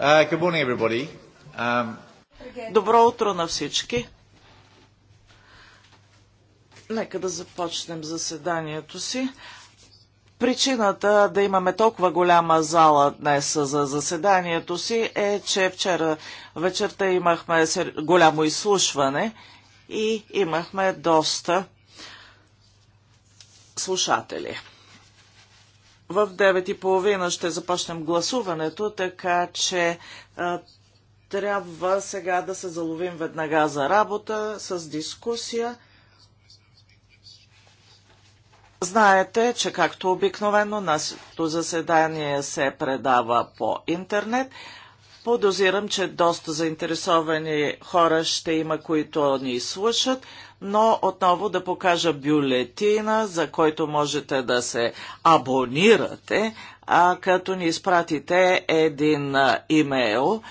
Uh, um, Добро утро на всички. Нека да започнем заседанието си. Причината да имаме толкова голяма зала днес за заседанието си е, че вчера вечерта имахме голямо изслушване и имахме доста слушатели в 9.30 ще започнем гласуването, така че а, трябва сега да се заловим веднага за работа с дискусия. Знаете, че както обикновено нашето заседание се предава по интернет. Подозирам, че доста заинтересовани хора ще има, които ни слушат но отново да покажа бюлетина, за който можете да се абонирате, а като ни изпратите един имейл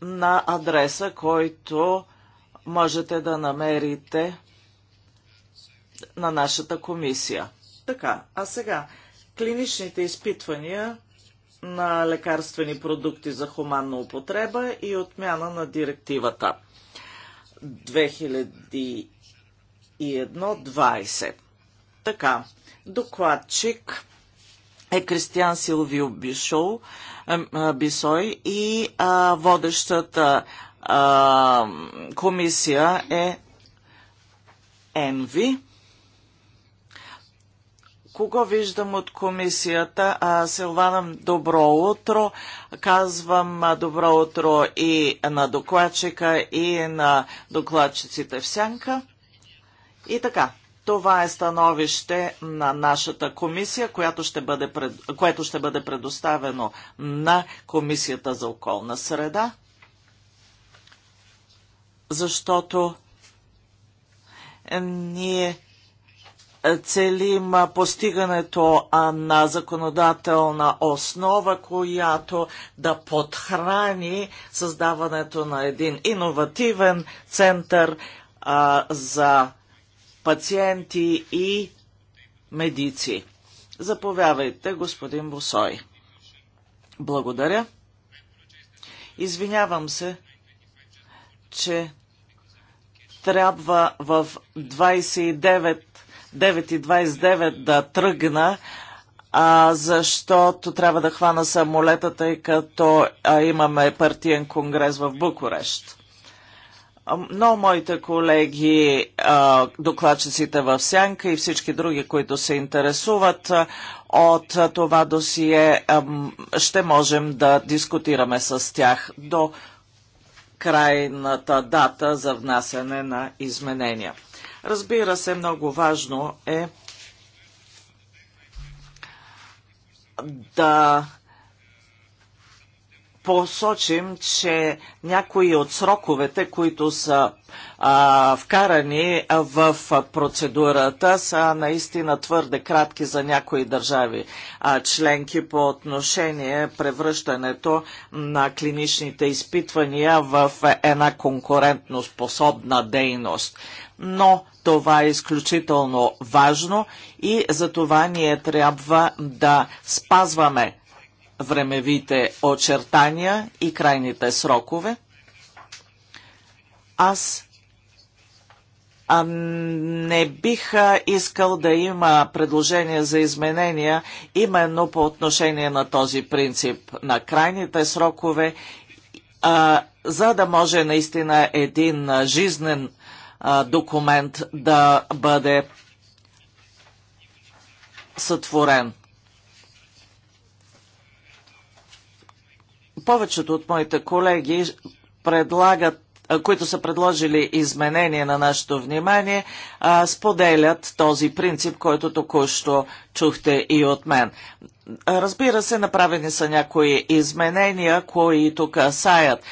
на адреса, който можете да намерите на нашата комисия. Така, а сега клиничните изпитвания на лекарствени продукти за хуманна употреба и отмяна на директивата 1.20. Така, докладчик е Кристиан Силвио Бишол, Бисой и а, водещата а, комисия е Енви. Кого виждам от комисията? А, Силвана, добро утро. Казвам добро утро и на докладчика, и на докладчиците в сянка. И така, това е становище на нашата комисия, която ще бъде пред... което ще бъде предоставено на Комисията за околна среда, защото ние целим постигането на законодателна основа, която да подхрани създаването на един иновативен център за пациенти и медици. Заповядайте, господин Босой. Благодаря. Извинявам се, че трябва в 29, 9 и 29 да тръгна, а, защото трябва да хвана самолета, тъй като а, имаме партиен конгрес в Букурещ но моите колеги, докладчиците в Сянка и всички други, които се интересуват от това досие, ще можем да дискутираме с тях до крайната дата за внасяне на изменения. Разбира се, много важно е да посочим, че някои от сроковете, които са а, вкарани в процедурата, са наистина твърде кратки за някои държави а, членки по отношение превръщането на клиничните изпитвания в една конкурентно способна дейност. Но това е изключително важно и за това ние трябва да спазваме времевите очертания и крайните срокове. Аз а не бих искал да има предложения за изменения именно по отношение на този принцип на крайните срокове, а, за да може наистина един жизнен а, документ да бъде сътворен. повечето от моите колеги предлагат които са предложили изменение на нашето внимание, споделят този принцип, който току-що чухте и от мен. Разбира се, направени са някои изменения, които касаят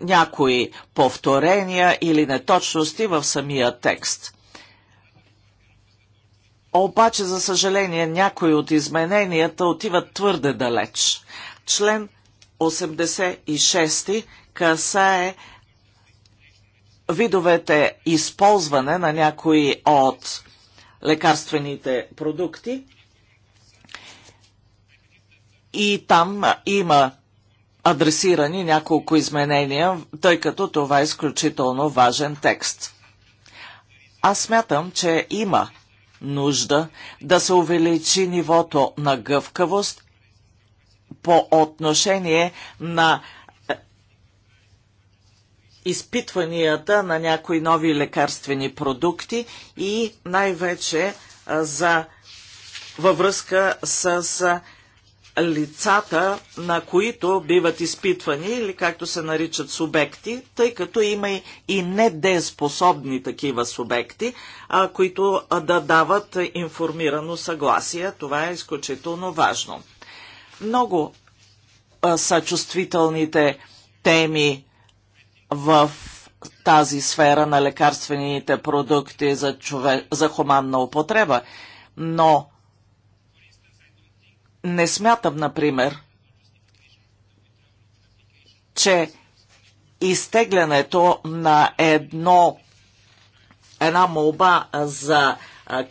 някои повторения или неточности в самия текст. Обаче, за съжаление, някои от измененията отиват твърде далеч. Член 86 касае видовете използване на някои от лекарствените продукти. И там има адресирани няколко изменения, тъй като това е изключително важен текст. Аз смятам, че има нужда да се увеличи нивото на гъвкавост по отношение на е, изпитванията на някои нови лекарствени продукти и най-вече е, за във връзка с е, лицата, на които биват изпитвани или както се наричат субекти, тъй като има и недееспособни такива субекти, а, които да дават информирано съгласие. Това е изключително важно. Много а, са чувствителните теми в тази сфера на лекарствените продукти за, чове... за хуманна употреба, но не смятам, например, че изтеглянето на едно, една молба за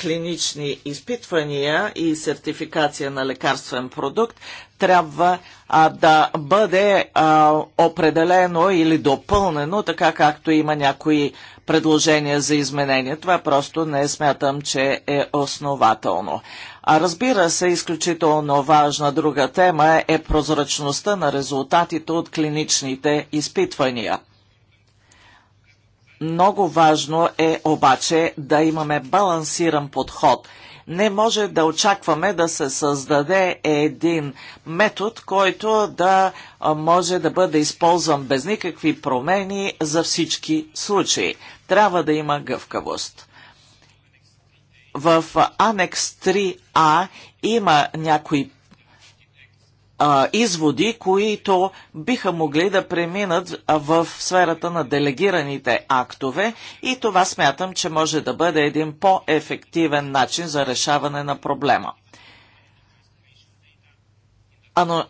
клинични изпитвания и сертификация на лекарствен продукт трябва а, да бъде а, определено или допълнено, така както има някои предложения за изменение. Това просто не смятам, че е основателно. А разбира се, изключително важна друга тема е прозрачността на резултатите от клиничните изпитвания – много важно е обаче да имаме балансиран подход. Не може да очакваме да се създаде един метод, който да може да бъде използван без никакви промени за всички случаи. Трябва да има гъвкавост. В анекс 3а има някои а, изводи, които биха могли да преминат в сферата на делегираните актове и това смятам, че може да бъде един по-ефективен начин за решаване на проблема. Ано,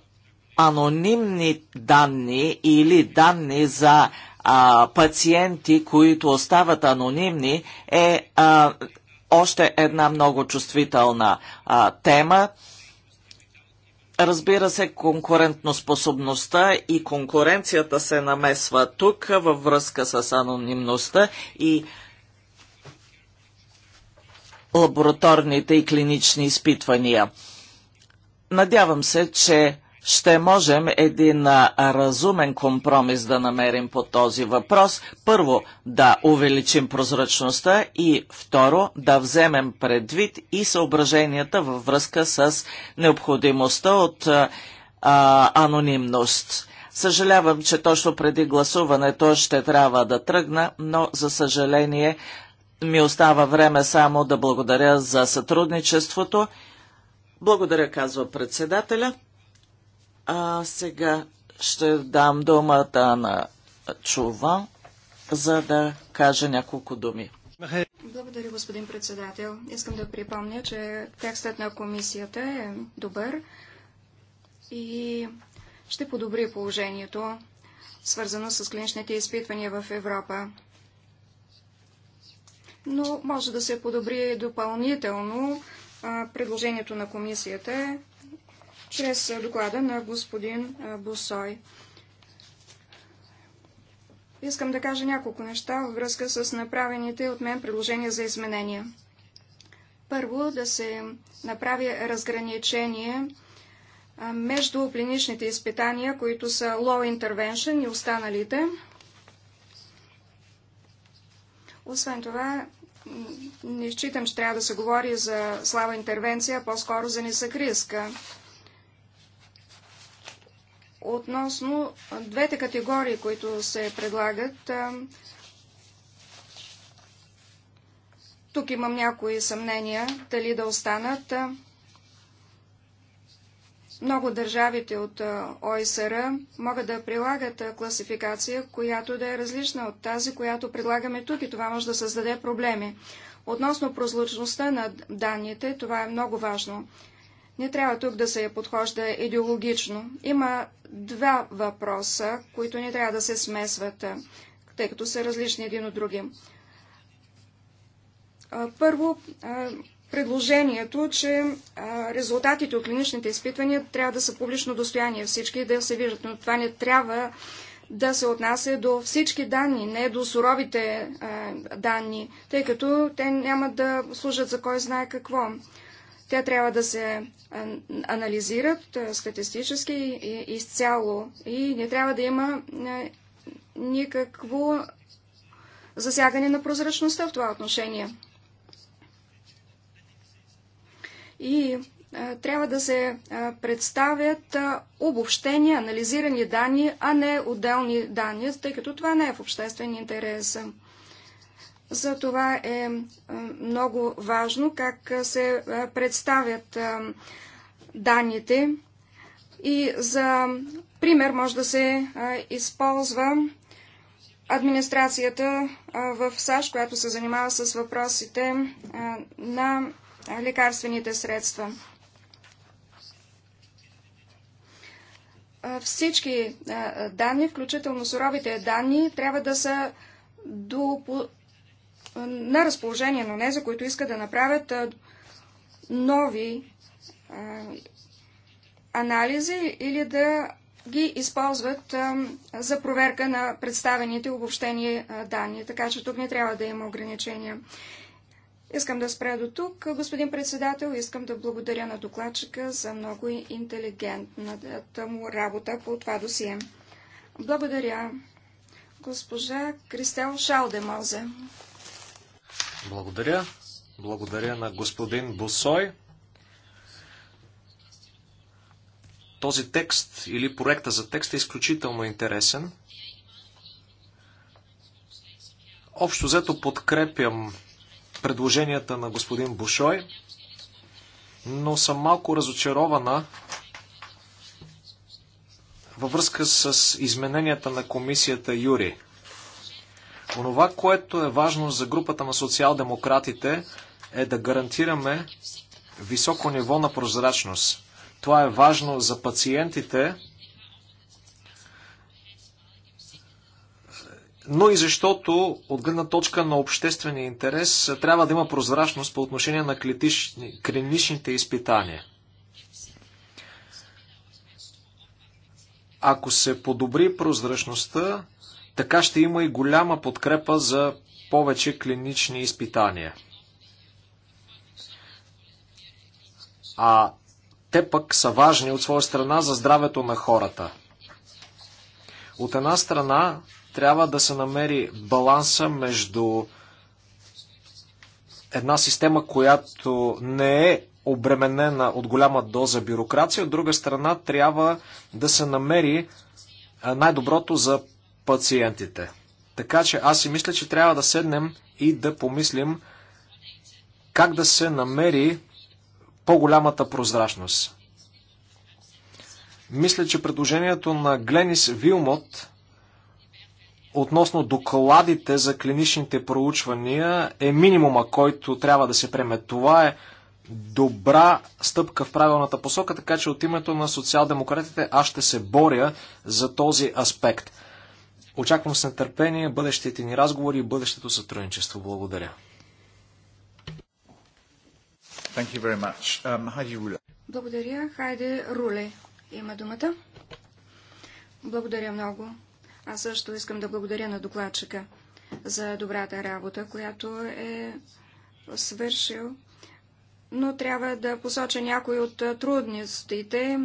анонимни данни или данни за а, пациенти, които остават анонимни, е а, още една много чувствителна а, тема. Разбира се, конкурентноспособността и конкуренцията се намесва тук във връзка с анонимността и лабораторните и клинични изпитвания. Надявам се, че ще можем един разумен компромис да намерим по този въпрос. Първо, да увеличим прозрачността и второ, да вземем предвид и съображенията във връзка с необходимостта от а, анонимност. Съжалявам, че точно преди гласуването ще трябва да тръгна, но за съжаление ми остава време само да благодаря за сътрудничеството. Благодаря, казва председателя. А сега ще дам думата на Чува, за да каже няколко думи. Благодаря, господин председател. Искам да припомня, че текстът на комисията е добър и ще подобри положението, свързано с клиничните изпитвания в Европа. Но може да се подобри допълнително предложението на комисията чрез доклада на господин Босой. Искам да кажа няколко неща във връзка с направените от мен предложения за изменения. Първо, да се направи разграничение между клиничните изпитания, които са low intervention и останалите. Освен това, не считам, че трябва да се говори за слаба интервенция, а по-скоро за нисък риска. Относно двете категории, които се предлагат, тук имам някои съмнения, дали да останат. Много държавите от ОСР могат да прилагат класификация, която да е различна от тази, която предлагаме тук и това може да създаде проблеми. Относно прозрачността на данните, това е много важно. Не трябва тук да се подхожда идеологично. Има два въпроса, които не трябва да се смесват, тъй като са различни един от други. Първо, предложението, че резултатите от клиничните изпитвания трябва да са публично достояние всички да се виждат, но това не трябва да се отнася до всички данни, не до суровите данни, тъй като те няма да служат за кой знае какво. Те трябва да се анализират статистически и изцяло и не трябва да има никакво засягане на прозрачността в това отношение. И трябва да се представят обобщени, анализирани данни, а не отделни данни, тъй като това не е в обществен интерес. За това е, е много важно как е, се е, представят данните и за пример може да се използва администрацията в САЩ, която се занимава с въпросите на лекарствените средства. Всички данни, включително суровите данни, трябва да са на разположение на нези, които искат да направят нови анализи или да ги използват за проверка на представените обобщени данни. Така че тук не трябва да има ограничения. Искам да спре до тук, господин председател. Искам да благодаря на докладчика за много интелигентната му работа по това досие. Благодаря. Госпожа Кристел Шалдемозе. Благодаря. Благодаря на господин Босой. Този текст или проекта за текст е изключително интересен. Общо взето подкрепям предложенията на господин Бушой, но съм малко разочарована във връзка с измененията на комисията Юри. Онова, което е важно за групата на социал-демократите е да гарантираме високо ниво на прозрачност. Това е важно за пациентите, но и защото от гледна точка на обществения интерес трябва да има прозрачност по отношение на клиничните изпитания. Ако се подобри прозрачността, така ще има и голяма подкрепа за повече клинични изпитания. А те пък са важни от своя страна за здравето на хората. От една страна трябва да се намери баланса между една система, която не е обременена от голяма доза бюрокрация, от друга страна трябва да се намери най-доброто за пациентите. Така че аз си мисля, че трябва да седнем и да помислим как да се намери по-голямата прозрачност. Мисля, че предложението на Гленис Вилмот относно докладите за клиничните проучвания е минимума, който трябва да се преме. Това е добра стъпка в правилната посока, така че от името на социал-демократите аз ще се боря за този аспект. Очаквам с нетърпение бъдещите ни разговори и бъдещето сътрудничество. Благодаря. Um, Благодаря. Хайде Руле има думата. Благодаря много. Аз също искам да благодаря на докладчика за добрата работа, която е свършил. Но трябва да посоча някои от трудностите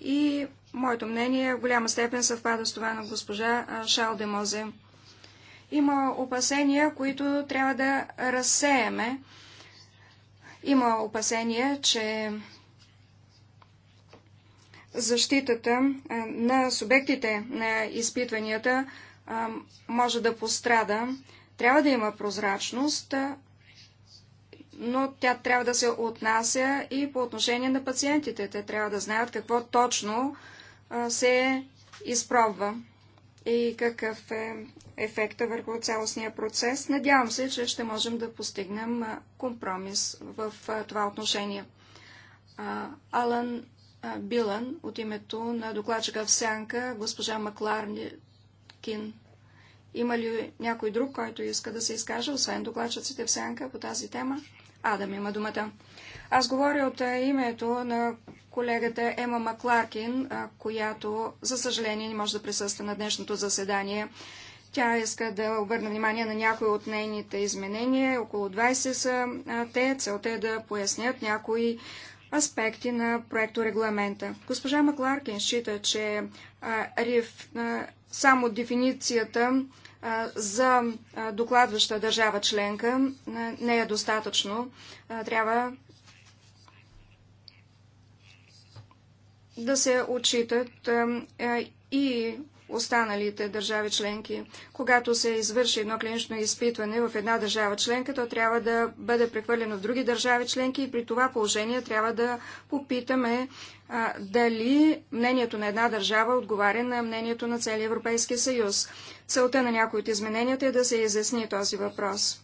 и Моето мнение в голяма степен съвпада с това на госпожа Шал де Мозе. Има опасения, които трябва да разсееме. Има опасения, че защитата на субектите на изпитванията може да пострада. Трябва да има прозрачност, но тя трябва да се отнася и по отношение на пациентите. Те трябва да знаят какво точно се изпробва и какъв е ефекта върху цялостния процес. Надявам се, че ще можем да постигнем компромис в това отношение. Алан Билан от името на докладчика в Сянка, госпожа Макларкин. Има ли някой друг, който иска да се изкаже, освен докладчиците в Сянка по тази тема? Адам има думата. Аз говоря от името на колегата Ема Макларкин, която, за съжаление, не може да присъства на днешното заседание. Тя иска да обърна внимание на някои от нейните изменения. Около 20 са те. Целта е да пояснят някои аспекти на регламента. Госпожа Макларкин счита, че риф, само дефиницията за докладваща държава членка не е достатъчно. Трябва да се отчитат е, е, и останалите държави членки. Когато се извърши едно клинично изпитване в една държава членка, то трябва да бъде прехвърлено в други държави членки и при това положение трябва да попитаме е, дали мнението на една държава отговаря на мнението на целия Европейски съюз. Целта на някои от измененията е да се изясни този въпрос.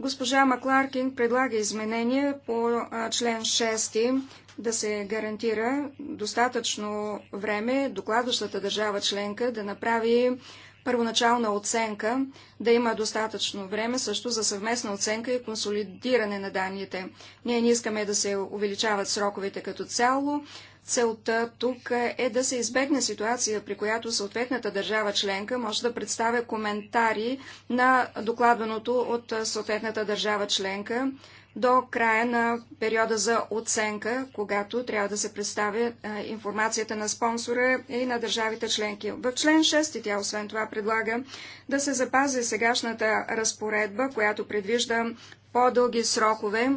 Госпожа Макларкин предлага изменение по член 6, да се гарантира достатъчно време докладващата държава членка да направи първоначална оценка, да има достатъчно време също за съвместна оценка и консолидиране на данните. Ние не искаме да се увеличават сроковете като цяло. Целта тук е да се избегне ситуация, при която съответната държава членка може да представя коментари на докладваното от съответната държава членка, до края на периода за оценка, когато трябва да се представя е, информацията на спонсора и на държавите членки. В член 6 тя освен това предлага да се запази сегашната разпоредба, която предвижда по-дълги срокове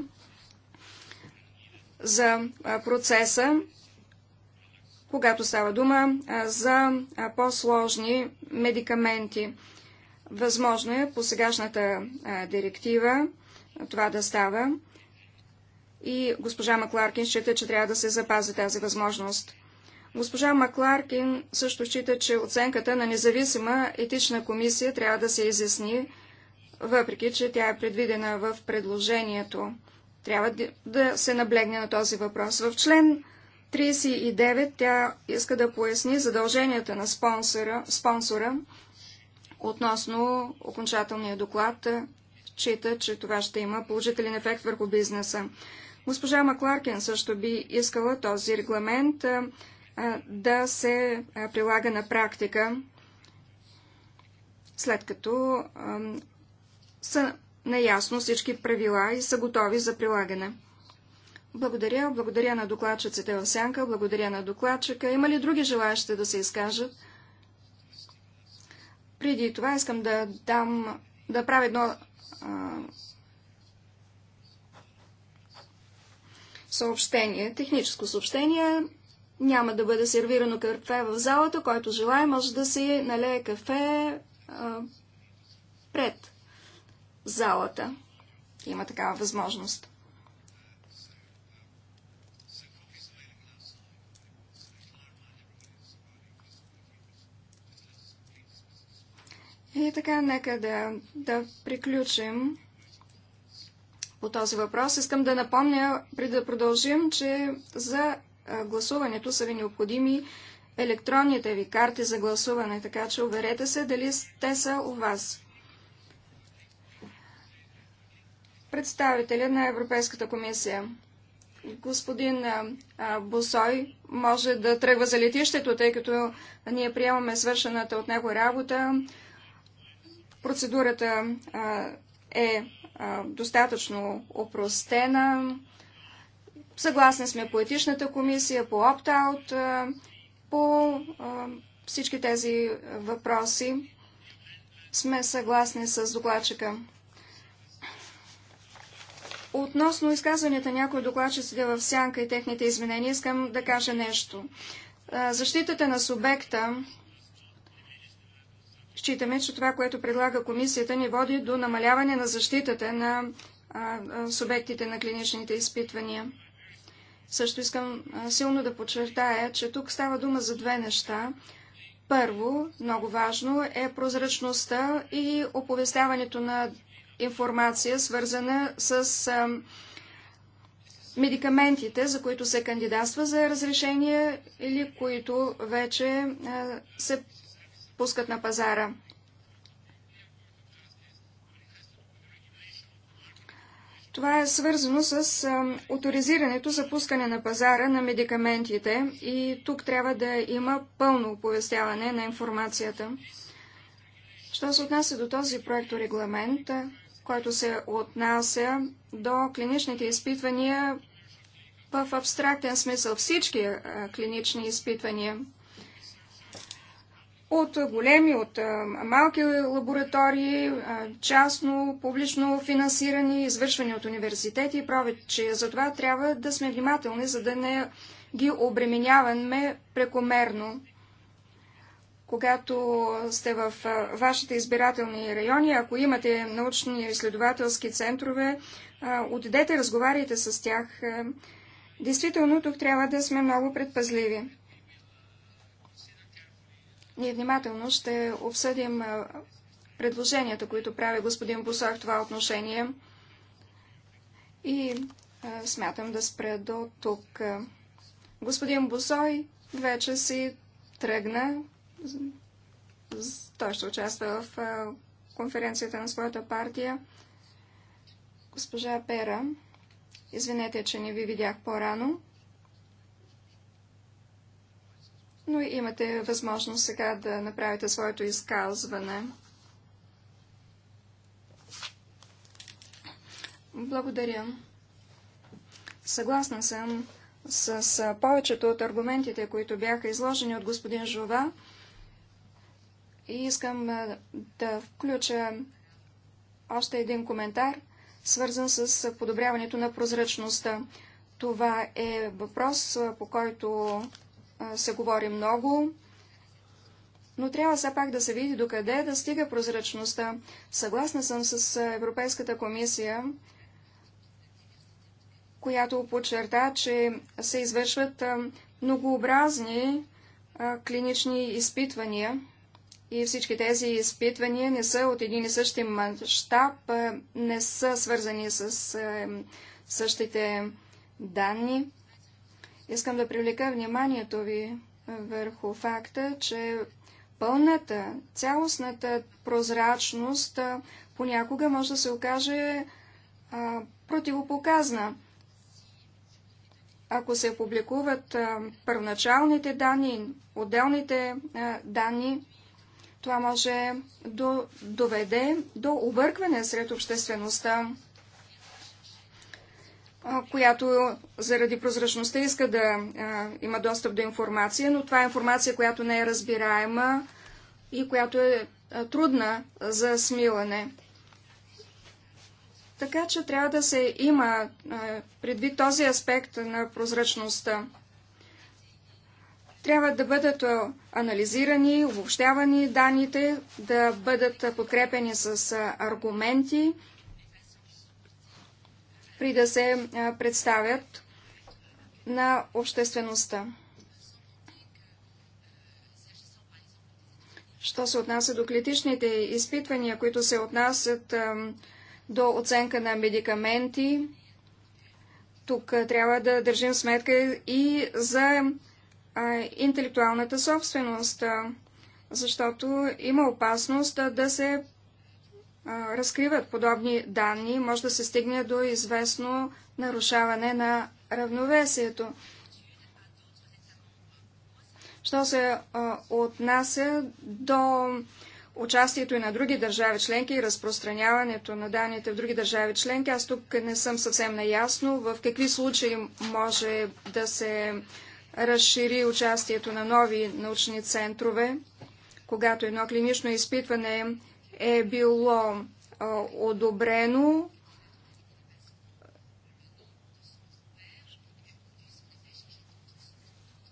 за е, процеса, когато става дума е, за по-сложни медикаменти. Възможно е по сегашната директива това да става. И госпожа Макларкин счита, че трябва да се запази тази възможност. Госпожа Макларкин също счита, че оценката на независима етична комисия трябва да се изясни, въпреки че тя е предвидена в предложението. Трябва да се наблегне на този въпрос. В член 39 тя иска да поясни задълженията на спонсора, спонсора относно окончателния доклад счита, че това ще има положителен ефект върху бизнеса. Госпожа Макларкен също би искала този регламент да се прилага на практика, след като са наясно всички правила и са готови за прилагане. Благодаря, благодаря на докладчиците в сянка, благодаря на докладчика. Има ли други желаящи да се изкажат? Преди това искам да дам, да правя едно съобщение, техническо съобщение. Няма да бъде сервирано кафе в залата. Който желая, може да си налее кафе а, пред залата. Има такава възможност. И така, нека да, да приключим по този въпрос. Искам да напомня, преди да продължим, че за гласуването са ви необходими електронните ви карти за гласуване, така че уверете се дали те са у вас. Представителя на Европейската комисия. Господин Босой може да тръгва за летището, тъй като ние приемаме свършената от него работа. Процедурата е достатъчно опростена. Съгласни сме по етичната комисия, по опт-аут, по всички тези въпроси. Сме съгласни с докладчика. Относно изказванията някои докладчиците в сянка и техните изменения, искам да кажа нещо. Защитата на субекта Считаме, че това, което предлага комисията, ни води до намаляване на защитата на субектите на клиничните изпитвания. Също искам силно да подчертая, че тук става дума за две неща. Първо, много важно е прозрачността и оповестяването на информация, свързана с медикаментите, за които се кандидатства за разрешение или които вече се пускат на пазара. Това е свързано с авторизирането за пускане на пазара на медикаментите и тук трябва да има пълно оповестяване на информацията. Що се отнася до този регламент, който се отнася до клиничните изпитвания в абстрактен смисъл, всички клинични изпитвания – от големи, от малки лаборатории, частно, публично финансирани, извършвани от университети и прочее. Затова трябва да сме внимателни, за да не ги обременяваме прекомерно. Когато сте в вашите избирателни райони, ако имате научни изследователски центрове, отидете, разговаряйте с тях. Действително, тук трябва да сме много предпазливи. Ние внимателно ще обсъдим предложенията, които прави господин Босой в това отношение. И смятам да спра до тук. Господин Босой вече си тръгна. Той ще участва в конференцията на своята партия. Госпожа Пера, извинете, че не ви видях по-рано. но имате възможност сега да направите своето изказване. Благодаря. Съгласна съм с повечето от аргументите, които бяха изложени от господин Жова. И искам да включа още един коментар, свързан с подобряването на прозрачността. Това е въпрос, по който се говори много, но трябва все пак да се види докъде да стига прозрачността. Съгласна съм с Европейската комисия, която подчерта, че се извършват многообразни клинични изпитвания и всички тези изпитвания не са от един и същи мащаб, не са свързани с същите данни. Искам да привлека вниманието ви е, върху факта, че пълната, цялостната прозрачност е, понякога може да се окаже а, е, противопоказна. Ако се публикуват а, първоначалните данни, отделните а, данни, това може да доведе до объркване сред обществеността която заради прозрачността иска да а, има достъп до информация, но това е информация, която не е разбираема и която е а, трудна за смилане. Така че трябва да се има а, предвид този аспект на прозрачността. Трябва да бъдат анализирани, обобщавани данните, да бъдат подкрепени с аргументи, при да се представят на обществеността. Що се отнася до клетичните изпитвания, които се отнасят до оценка на медикаменти, тук трябва да държим сметка и за интелектуалната собственост, защото има опасност да се разкриват подобни данни, може да се стигне до известно нарушаване на равновесието. Що се отнася до участието и на други държави членки и разпространяването на данните в други държави членки, аз тук не съм съвсем наясно в какви случаи може да се разшири участието на нови научни центрове, когато едно клинично изпитване е било одобрено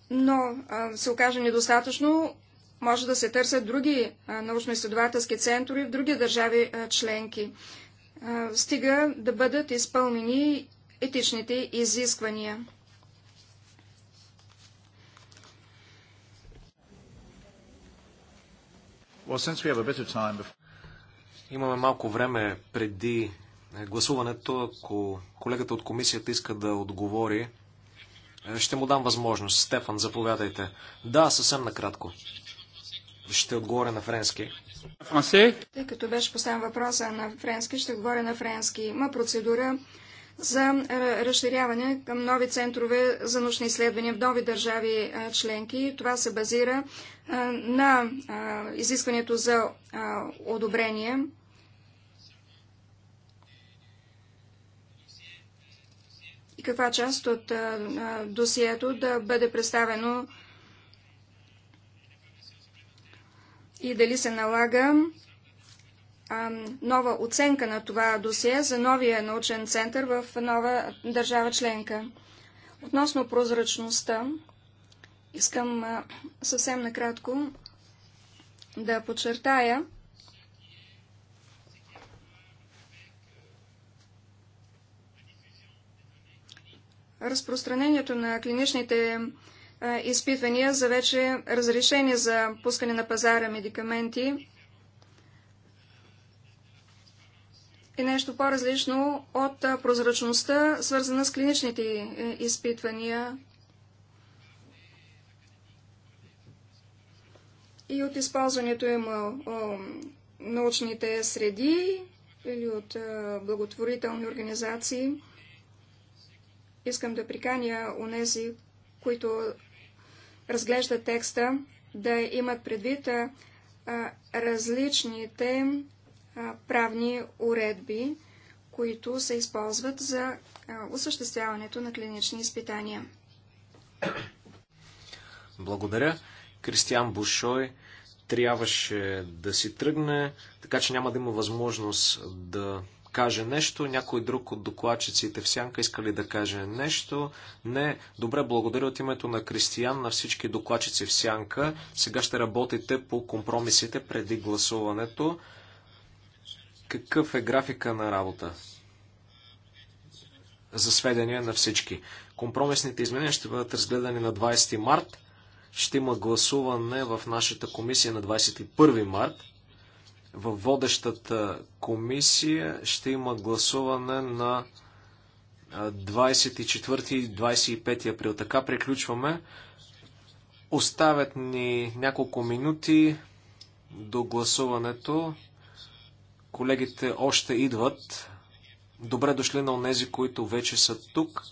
но а, се окаже недостатъчно, може да се търсят други научно-изследователски центрове в други държави а, членки. А, стига да бъдат изпълнени етичните изисквания. Well, since we have a bit of time before... Имаме малко време преди гласуването. Ако колегата от комисията иска да отговори, е, ще му дам възможност. Стефан, заповядайте. Да, съвсем накратко. Ще отговоря на френски. Тъй като беше поставен въпроса на френски, ще отговоря на френски. Има процедура за разширяване към нови центрове за научни изследвания в нови държави членки. Това се базира на изискването за одобрение. И каква част от досието да бъде представено и дали се налага нова оценка на това досие за новия научен център в нова държава членка. Относно прозрачността, искам съвсем накратко да подчертая, разпространението на клиничните изпитвания за вече разрешение за пускане на пазара медикаменти е нещо по-различно от прозрачността, свързана с клиничните е, изпитвания и от използването им научните среди или от благотворителни организации. Искам да приканя онези, които разглеждат текста, да имат предвид различните правни уредби, които се използват за осъществяването на клинични изпитания. Благодаря. Кристиан Бушой трябваше да си тръгне, така че няма да има възможност да каже нещо. Някой друг от докладчиците в сянка иска ли да каже нещо? Не. Добре, благодаря от името на Кристиян, на всички докладчици в сянка. Сега ще работите по компромисите преди гласуването какъв е графика на работа за сведения на всички. Компромисните изменения ще бъдат разгледани на 20 март. Ще има гласуване в нашата комисия на 21 март. Във водещата комисия ще има гласуване на 24 и 25 април. Така приключваме. Оставят ни няколко минути до гласуването. Колегите още идват. Добре дошли на онези, които вече са тук.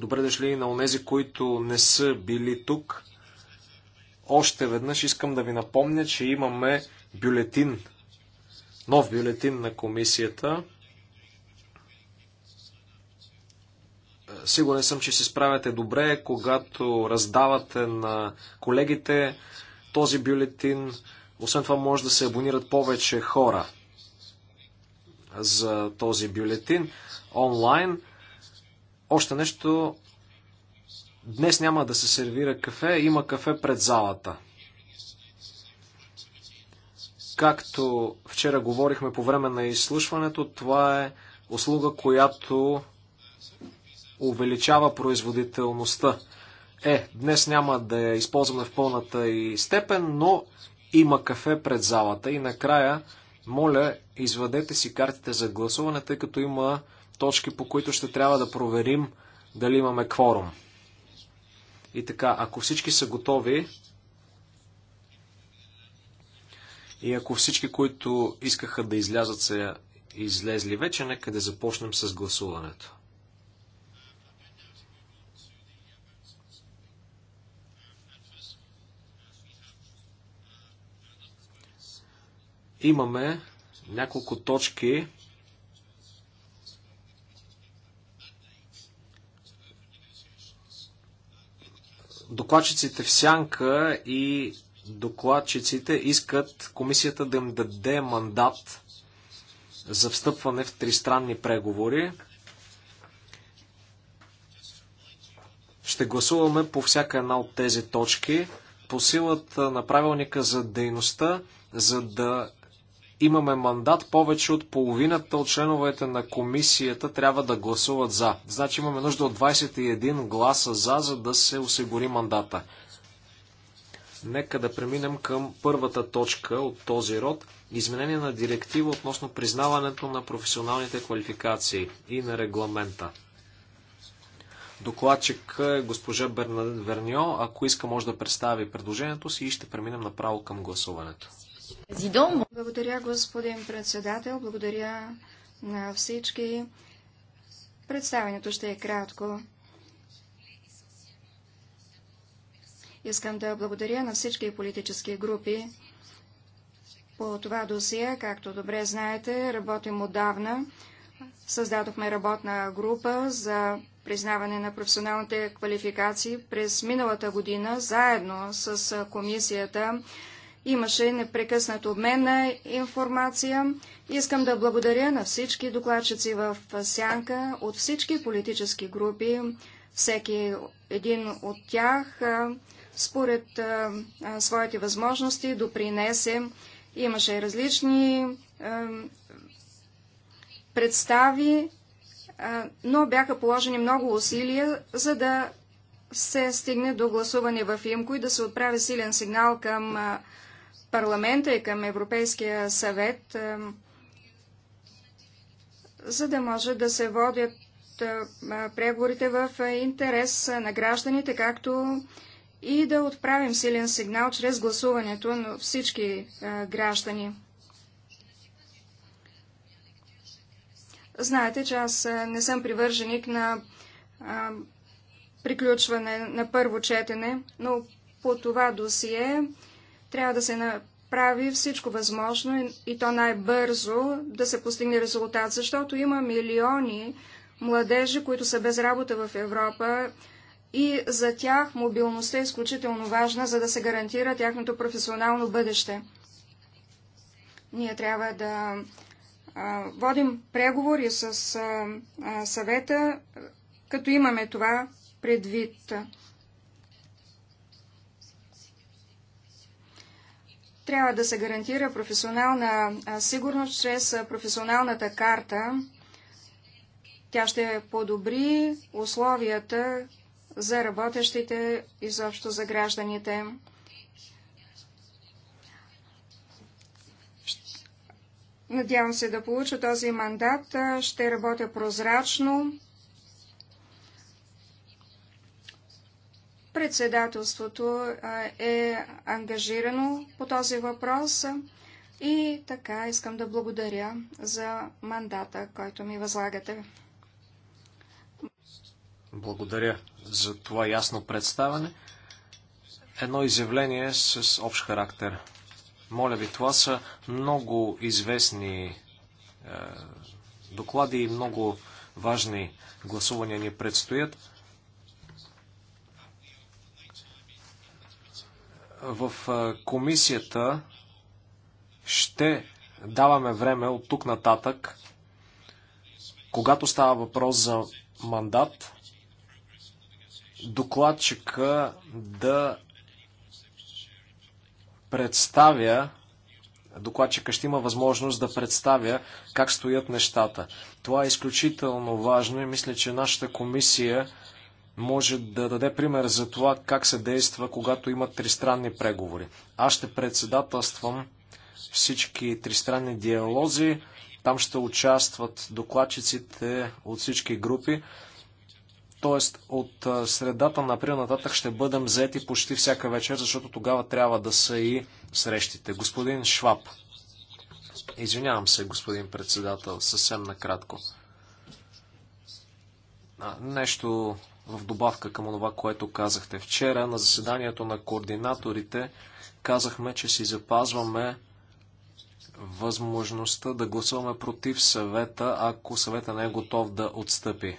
Добре дошли и на онези, които не са били тук. Още веднъж искам да ви напомня, че имаме бюлетин, нов бюлетин на комисията. Сигурен съм, че се справяте добре, когато раздавате на колегите този бюлетин. Освен това може да се абонират повече хора за този бюлетин онлайн. Още нещо. Днес няма да се сервира кафе, има кафе пред залата. Както вчера говорихме по време на изслушването, това е услуга, която увеличава производителността. Е, днес няма да я използваме в пълната и степен, но има кафе пред залата и накрая, моля, извадете си картите за гласуване, тъй като има точки, по които ще трябва да проверим дали имаме кворум. И така, ако всички са готови и ако всички, които искаха да излязат, са излезли вече, нека да започнем с гласуването. Имаме няколко точки, докладчиците в сянка и докладчиците искат комисията да им даде мандат за встъпване в тристранни преговори. Ще гласуваме по всяка една от тези точки по силата на правилника за дейността, за да имаме мандат, повече от половината от членовете на комисията трябва да гласуват за. Значи имаме нужда от 21 гласа за, за да се осигури мандата. Нека да преминем към първата точка от този род – изменение на директива относно признаването на професионалните квалификации и на регламента. Докладчик е госпожа Бернадет Верньо. Ако иска, може да представи предложението си и ще преминем направо към гласуването. Благодаря, господин председател. Благодаря на всички. Представенето ще е кратко. Искам да благодаря на всички политически групи по това досие. Както добре знаете, работим отдавна. Създадохме работна група за признаване на професионалните квалификации през миналата година, заедно с комисията Имаше непрекъснат обмен на информация. Искам да благодаря на всички докладчици в Сянка от всички политически групи. Всеки един от тях според своите възможности допринесе. Имаше различни представи, но бяха положени много усилия, за да се стигне до гласуване в Имко и да се отправи силен сигнал към парламента и към Европейския съвет, е, за да може да се водят е, е, преговорите в интерес на гражданите, както и да отправим силен сигнал чрез гласуването на всички граждани. Знаете, че аз не съм привърженик на приключване на първо четене, но по това досие трябва да се направи всичко възможно и то най-бързо да се постигне резултат, защото има милиони младежи, които са без работа в Европа и за тях мобилността е изключително важна, за да се гарантира тяхното професионално бъдеще. Ние трябва да водим преговори с съвета, като имаме това предвид. Трябва да се гарантира професионална сигурност чрез професионалната карта. Тя ще подобри условията за работещите, изобщо за гражданите. Надявам се да получа този мандат. Ще работя прозрачно, Председателството е ангажирано по този въпрос и така искам да благодаря за мандата, който ми възлагате. Благодаря за това ясно представане. Едно изявление с общ характер. Моля ви, това са много известни е, доклади и много важни гласувания ни предстоят. в комисията ще даваме време от тук нататък, когато става въпрос за мандат, докладчика да представя докладчика ще има възможност да представя как стоят нещата. Това е изключително важно и мисля, че нашата комисия може да даде пример за това как се действа, когато има тристранни преговори. Аз ще председателствам всички тристранни диалози. Там ще участват докладчиците от всички групи. Тоест от средата на април нататък ще бъдем заети почти всяка вечер, защото тогава трябва да са и срещите. Господин Шваб. Извинявам се, господин председател, съвсем накратко. Нещо в добавка към това, което казахте. Вчера на заседанието на координаторите казахме, че си запазваме възможността да гласуваме против съвета, ако съвета не е готов да отстъпи.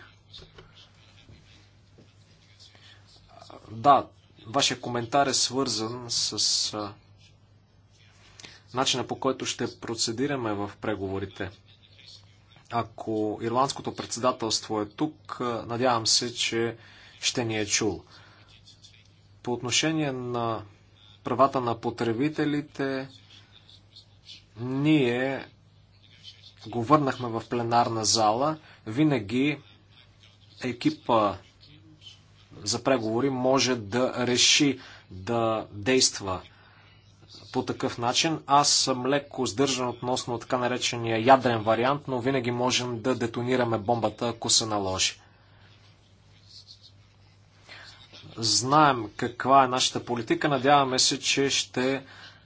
Да, вашия коментар е свързан с начина по който ще процедираме в преговорите. Ако ирландското председателство е тук, надявам се, че ще ни е чул. По отношение на правата на потребителите, ние го върнахме в пленарна зала. Винаги екипа за преговори може да реши да действа по такъв начин. Аз съм леко сдържан относно така наречения ядрен вариант, но винаги можем да детонираме бомбата, ако се наложи. Знаем каква е нашата политика. Надяваме се, че ще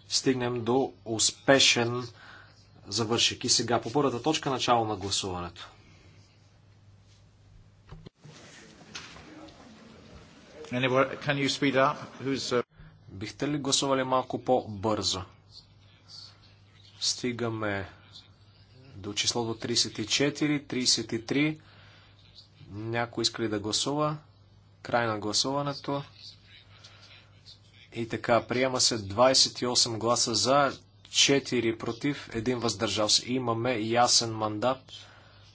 стигнем до успешен завършек. И сега по първата точка начало на гласуването. Can you speed up? Who's, uh... Бихте ли гласували малко по-бързо? Стигаме до числото 34, 33. Някой иска ли да гласува? Край на гласуването. И така, приема се 28 гласа за, 4 против, 1 въздържал се. Имаме ясен мандат.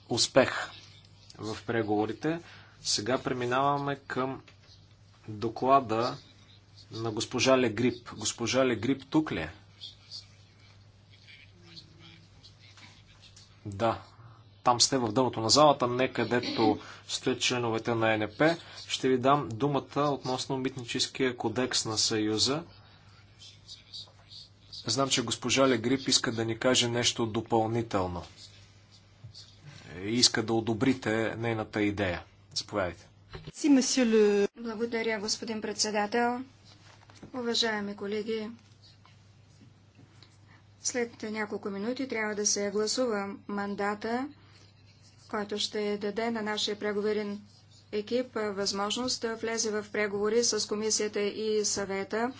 Успех в преговорите. Сега преминаваме към доклада на госпожа Легрип. Госпожа Легрип тук ли е? Да, там сте в дъното на залата, не където стоят членовете на НП. Ще ви дам думата относно митническия кодекс на Съюза. Знам, че госпожа Легрип иска да ни каже нещо допълнително. Иска да одобрите нейната идея. Заповядайте. Благодаря, господин председател. Уважаеми колеги, след няколко минути трябва да се гласува мандата, който ще даде на нашия преговорен екип възможност да влезе в преговори с комисията и съвета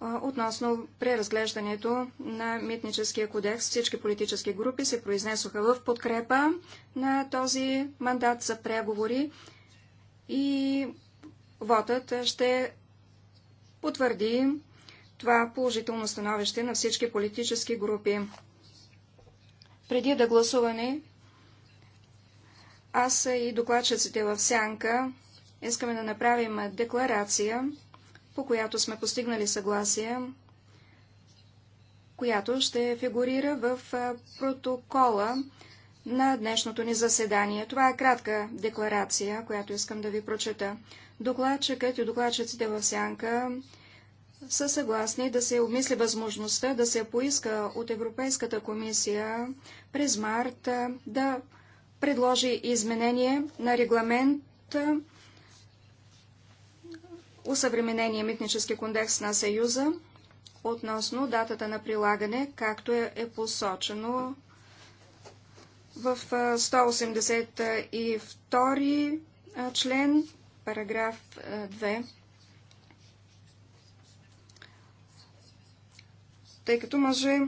относно преразглеждането на митническия кодекс. Всички политически групи се произнесоха в подкрепа на този мандат за преговори и вотът ще потвърди това положително становище на всички политически групи. Преди да гласуваме аз и докладчиците в Сянка искаме да направим декларация, по която сме постигнали съгласие, която ще фигурира в протокола на днешното ни заседание. Това е кратка декларация, която искам да ви прочета. Докладчикът и докладчиците в сянка са съгласни да се обмисли възможността да се поиска от Европейската комисия през март да предложи изменение на регламент усъвременение митнически кондекс на Съюза относно датата на прилагане, както е, е посочено в 182 член параграф 2, е, тъй като може е,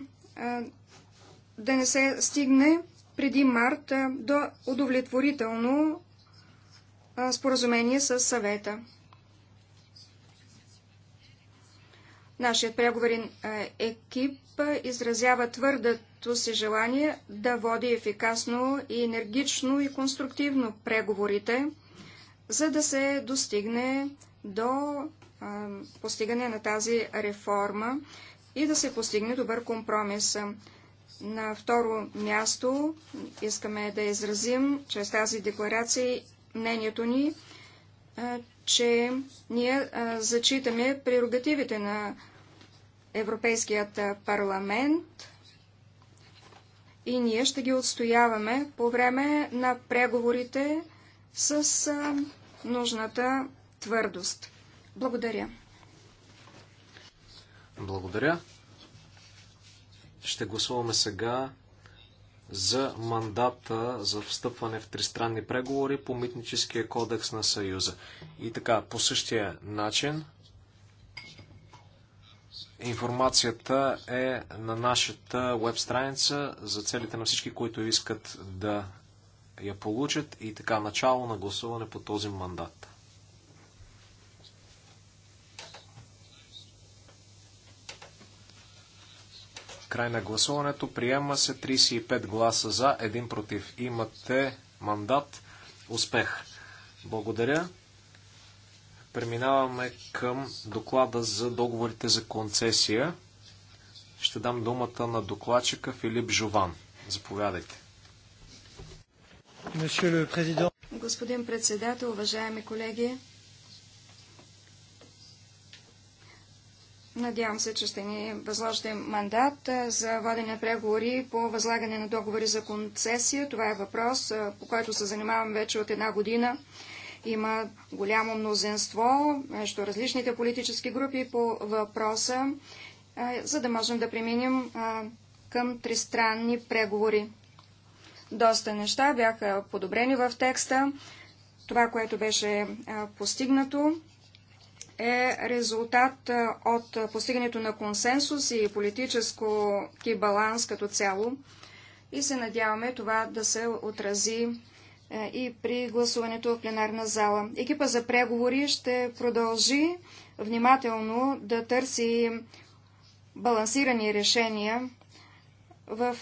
да не се стигне преди март е, до удовлетворително споразумение с съвета. Нашият преговорен екип изразява твърдото си желание да води ефикасно и енергично и конструктивно преговорите за да се достигне до а, постигане на тази реформа и да се постигне добър компромис. На второ място искаме да изразим чрез тази декларация мнението ни, а, че ние а, зачитаме прерогативите на Европейският парламент и ние ще ги отстояваме по време на преговорите с нужната твърдост. Благодаря. Благодаря. Ще гласуваме сега за мандата за встъпване в тристранни преговори по Митническия кодекс на Съюза. И така, по същия начин информацията е на нашата веб страница за целите на всички, които искат да я получат и така начало на гласуване по този мандат. Край на гласуването. Приема се 35 гласа за, 1 против. Имате мандат. Успех. Благодаря. Преминаваме към доклада за договорите за концесия. Ще дам думата на докладчика Филип Жован. Заповядайте. Господин председател, уважаеми колеги, надявам се, че ще ни възложите мандат за водене на преговори по възлагане на договори за концесия. Това е въпрос, по който се занимавам вече от една година. Има голямо мнозинство между различните политически групи по въпроса, за да можем да преминем към тристранни преговори. Доста неща бяха подобрени в текста. Това, което беше постигнато, е резултат от постигането на консенсус и политическо баланс като цяло. И се надяваме това да се отрази и при гласуването в пленарна зала. Екипа за преговори ще продължи внимателно да търси балансирани решения в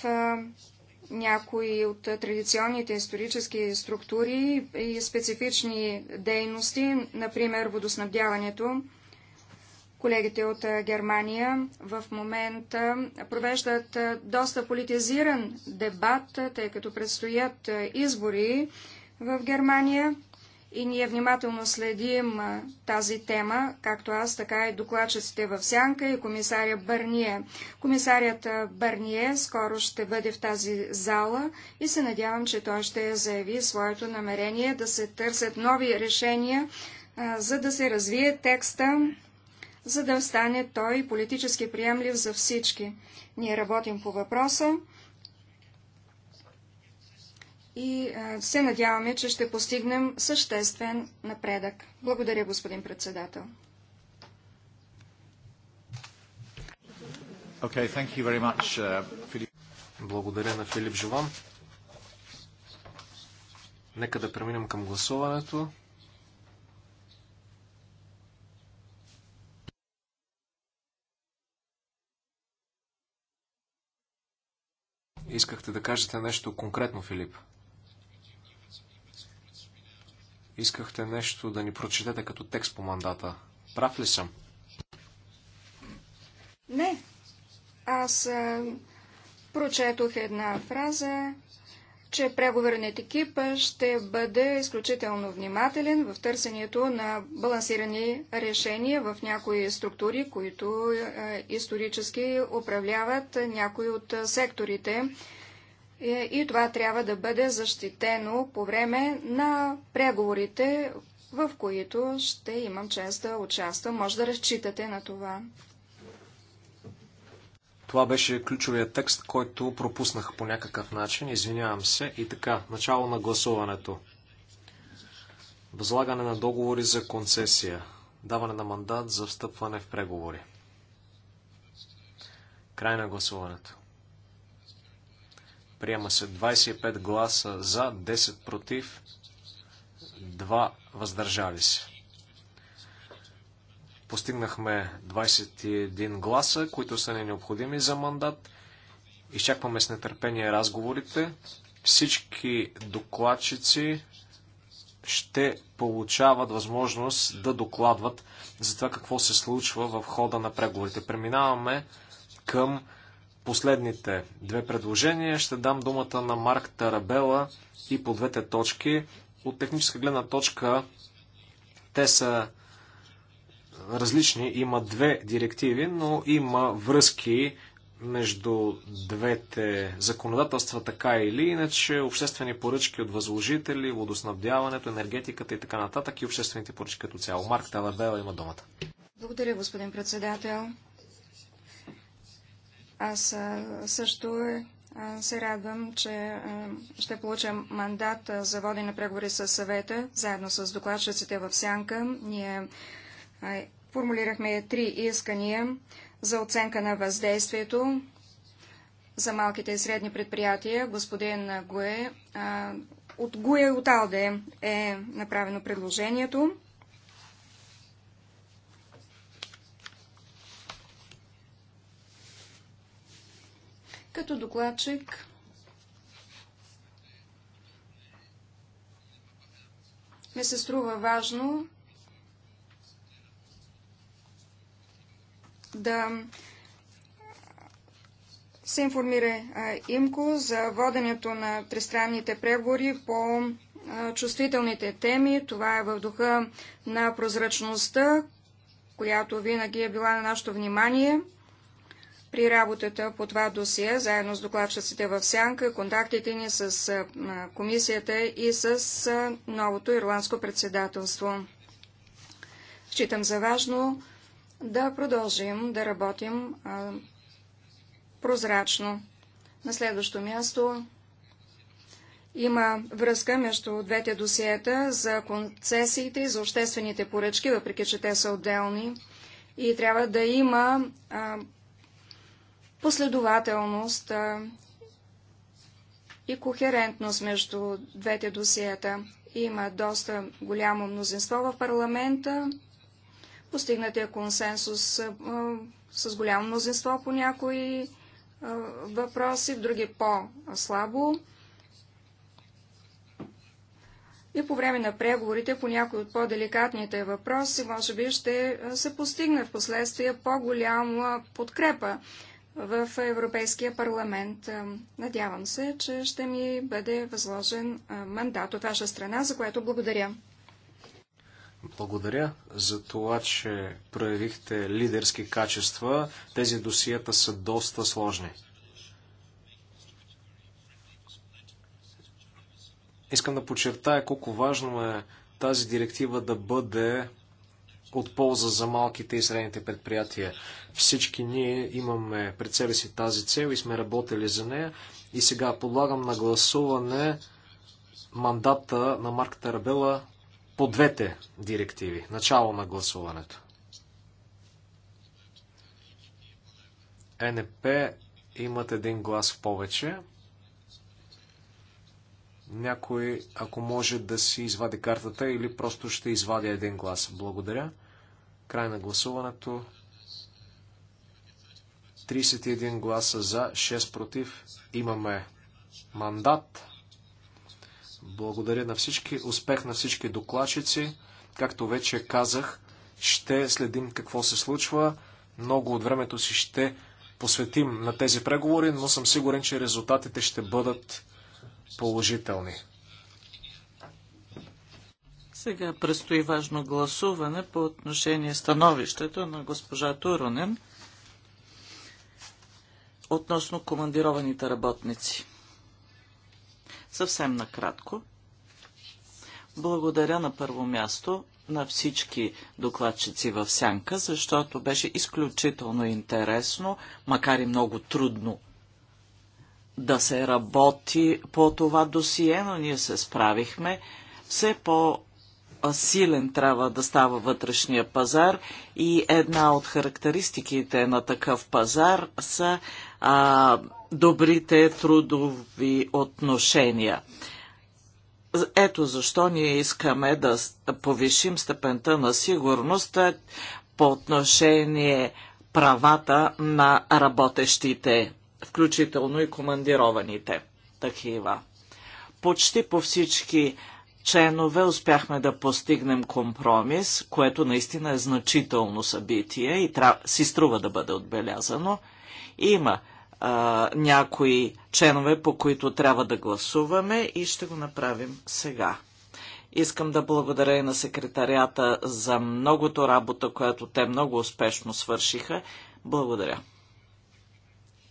някои от традиционните исторически структури и специфични дейности, например водоснабдяването. Колегите от Германия в момента провеждат доста политизиран дебат, тъй като предстоят избори в Германия и ние внимателно следим тази тема, както аз, така и докладчиците в Сянка и комисаря Бърние. Комисарият Бърние скоро ще бъде в тази зала и се надявам, че той ще заяви своето намерение да се търсят нови решения, за да се развие текста, за да стане той политически приемлив за всички. Ние работим по въпроса и се надяваме, че ще постигнем съществен напредък. Благодаря, господин председател. Okay, thank you very much, uh, Благодаря на Филип Живан. Нека да преминем към гласуването. Искахте да кажете нещо конкретно, Филип? Искахте нещо да ни прочетете като текст по мандата. Прав ли съм? Не. Аз а, прочетох една фраза, че преговорният екип ще бъде изключително внимателен в търсенето на балансирани решения в някои структури, които а, исторически управляват някои от секторите е, и това трябва да бъде защитено по време на преговорите, в които ще имам чест да участвам. Може да разчитате на това. Това беше ключовия текст, който пропуснах по някакъв начин. Извинявам се. И така, начало на гласуването. Възлагане на договори за концесия. Даване на мандат за встъпване в преговори. Край на гласуването. Приема се 25 гласа за, 10 против, 2 въздържали се. Постигнахме 21 гласа, които са ни необходими за мандат. Изчакваме с нетърпение разговорите. Всички докладчици ще получават възможност да докладват за това какво се случва в хода на преговорите. Преминаваме към последните две предложения. Ще дам думата на Марк Тарабела и по двете точки. От техническа гледна точка те са различни. Има две директиви, но има връзки между двете законодателства, така или иначе, обществени поръчки от възложители, водоснабдяването, енергетиката и така нататък и обществените поръчки като цяло. Марк Талабела има думата. Благодаря, господин председател. Аз също е, се радвам, че ще получа мандат за водене на преговори с съвета, заедно с докладчиците в Сянка. Ние формулирахме три искания за оценка на въздействието за малките и средни предприятия. Господин Гуе, от Гуе от Алде е направено предложението. Като докладчик ми се струва важно да се информира ИМКО за воденето на тристранните преговори по чувствителните теми. Това е в духа на прозрачността, която винаги е била на нашето внимание – при работата по това досие, заедно с докладчиците в Сянка, контактите ни с комисията и с новото ирландско председателство. Считам за важно да продължим да работим прозрачно. На следващо място има връзка между двете досиета за концесиите и за обществените поръчки, въпреки че те са отделни. И трябва да има а, последователност и кохерентност между двете досиета. Има доста голямо мнозинство в парламента. Постигнат е консенсус с голямо мнозинство по някои въпроси, в други по-слабо. И по време на преговорите по някои от по-деликатните въпроси, може би ще се постигне в последствие по-голяма подкрепа в Европейския парламент. Е, надявам се, че ще ми бъде възложен е, мандат от ваша страна, за което благодаря. Благодаря за това, че проявихте лидерски качества. Тези досията са доста сложни. Искам да подчертая колко важно е тази директива да бъде от полза за малките и средните предприятия. Всички ние имаме пред себе си тази цел и сме работили за нея. И сега подлагам на гласуване мандата на Марк Тарабела по двете директиви. Начало на гласуването. Е НП имат един глас в повече. Някой, ако може да си извади картата или просто ще извадя един глас. Благодаря. Край на гласуването. 31 гласа за, 6 против. Имаме мандат. Благодаря на всички. Успех на всички докладчици. Както вече казах, ще следим какво се случва. Много от времето си ще посветим на тези преговори, но съм сигурен, че резултатите ще бъдат положителни. Сега предстои важно гласуване по отношение становището на госпожа Туронен относно командированите работници. Съвсем накратко. Благодаря на първо място на всички докладчици в Сянка, защото беше изключително интересно, макар и много трудно да се работи по това досие, но ние се справихме. Все по силен трябва да става вътрешния пазар и една от характеристиките на такъв пазар са а, добрите трудови отношения. Ето защо ние искаме да повишим степента на сигурност по отношение правата на работещите, включително и командированите такива. Почти по всички членове успяхме да постигнем компромис, което наистина е значително събитие и тря... си струва да бъде отбелязано. Има а, някои членове, по които трябва да гласуваме и ще го направим сега. Искам да благодаря и на секретарията за многото работа, която те много успешно свършиха. Благодаря.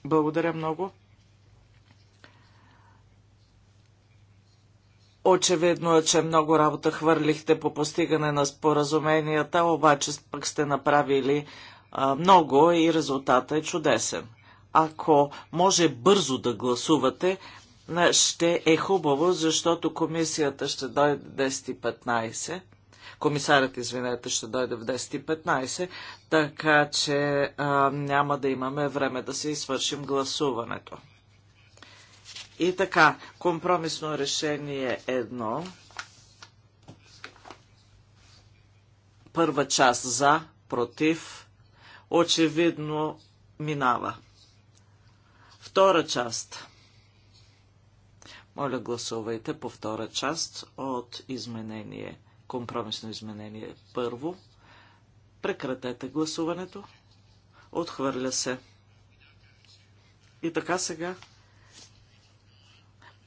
Благодаря много. Очевидно е, че много работа хвърлихте по постигане на споразуменията, обаче пък сте направили а, много и резултата е чудесен. Ако може бързо да гласувате, ще е хубаво, защото комисията ще дойде 10.15. Комисарят, извинете, ще дойде в 10.15, така че а, няма да имаме време да се извършим гласуването. И така, компромисно решение едно. Първа част за, против, очевидно минава. Втора част. Моля, гласувайте по втора част от изменение, компромисно изменение първо. Прекратете гласуването. Отхвърля се. И така сега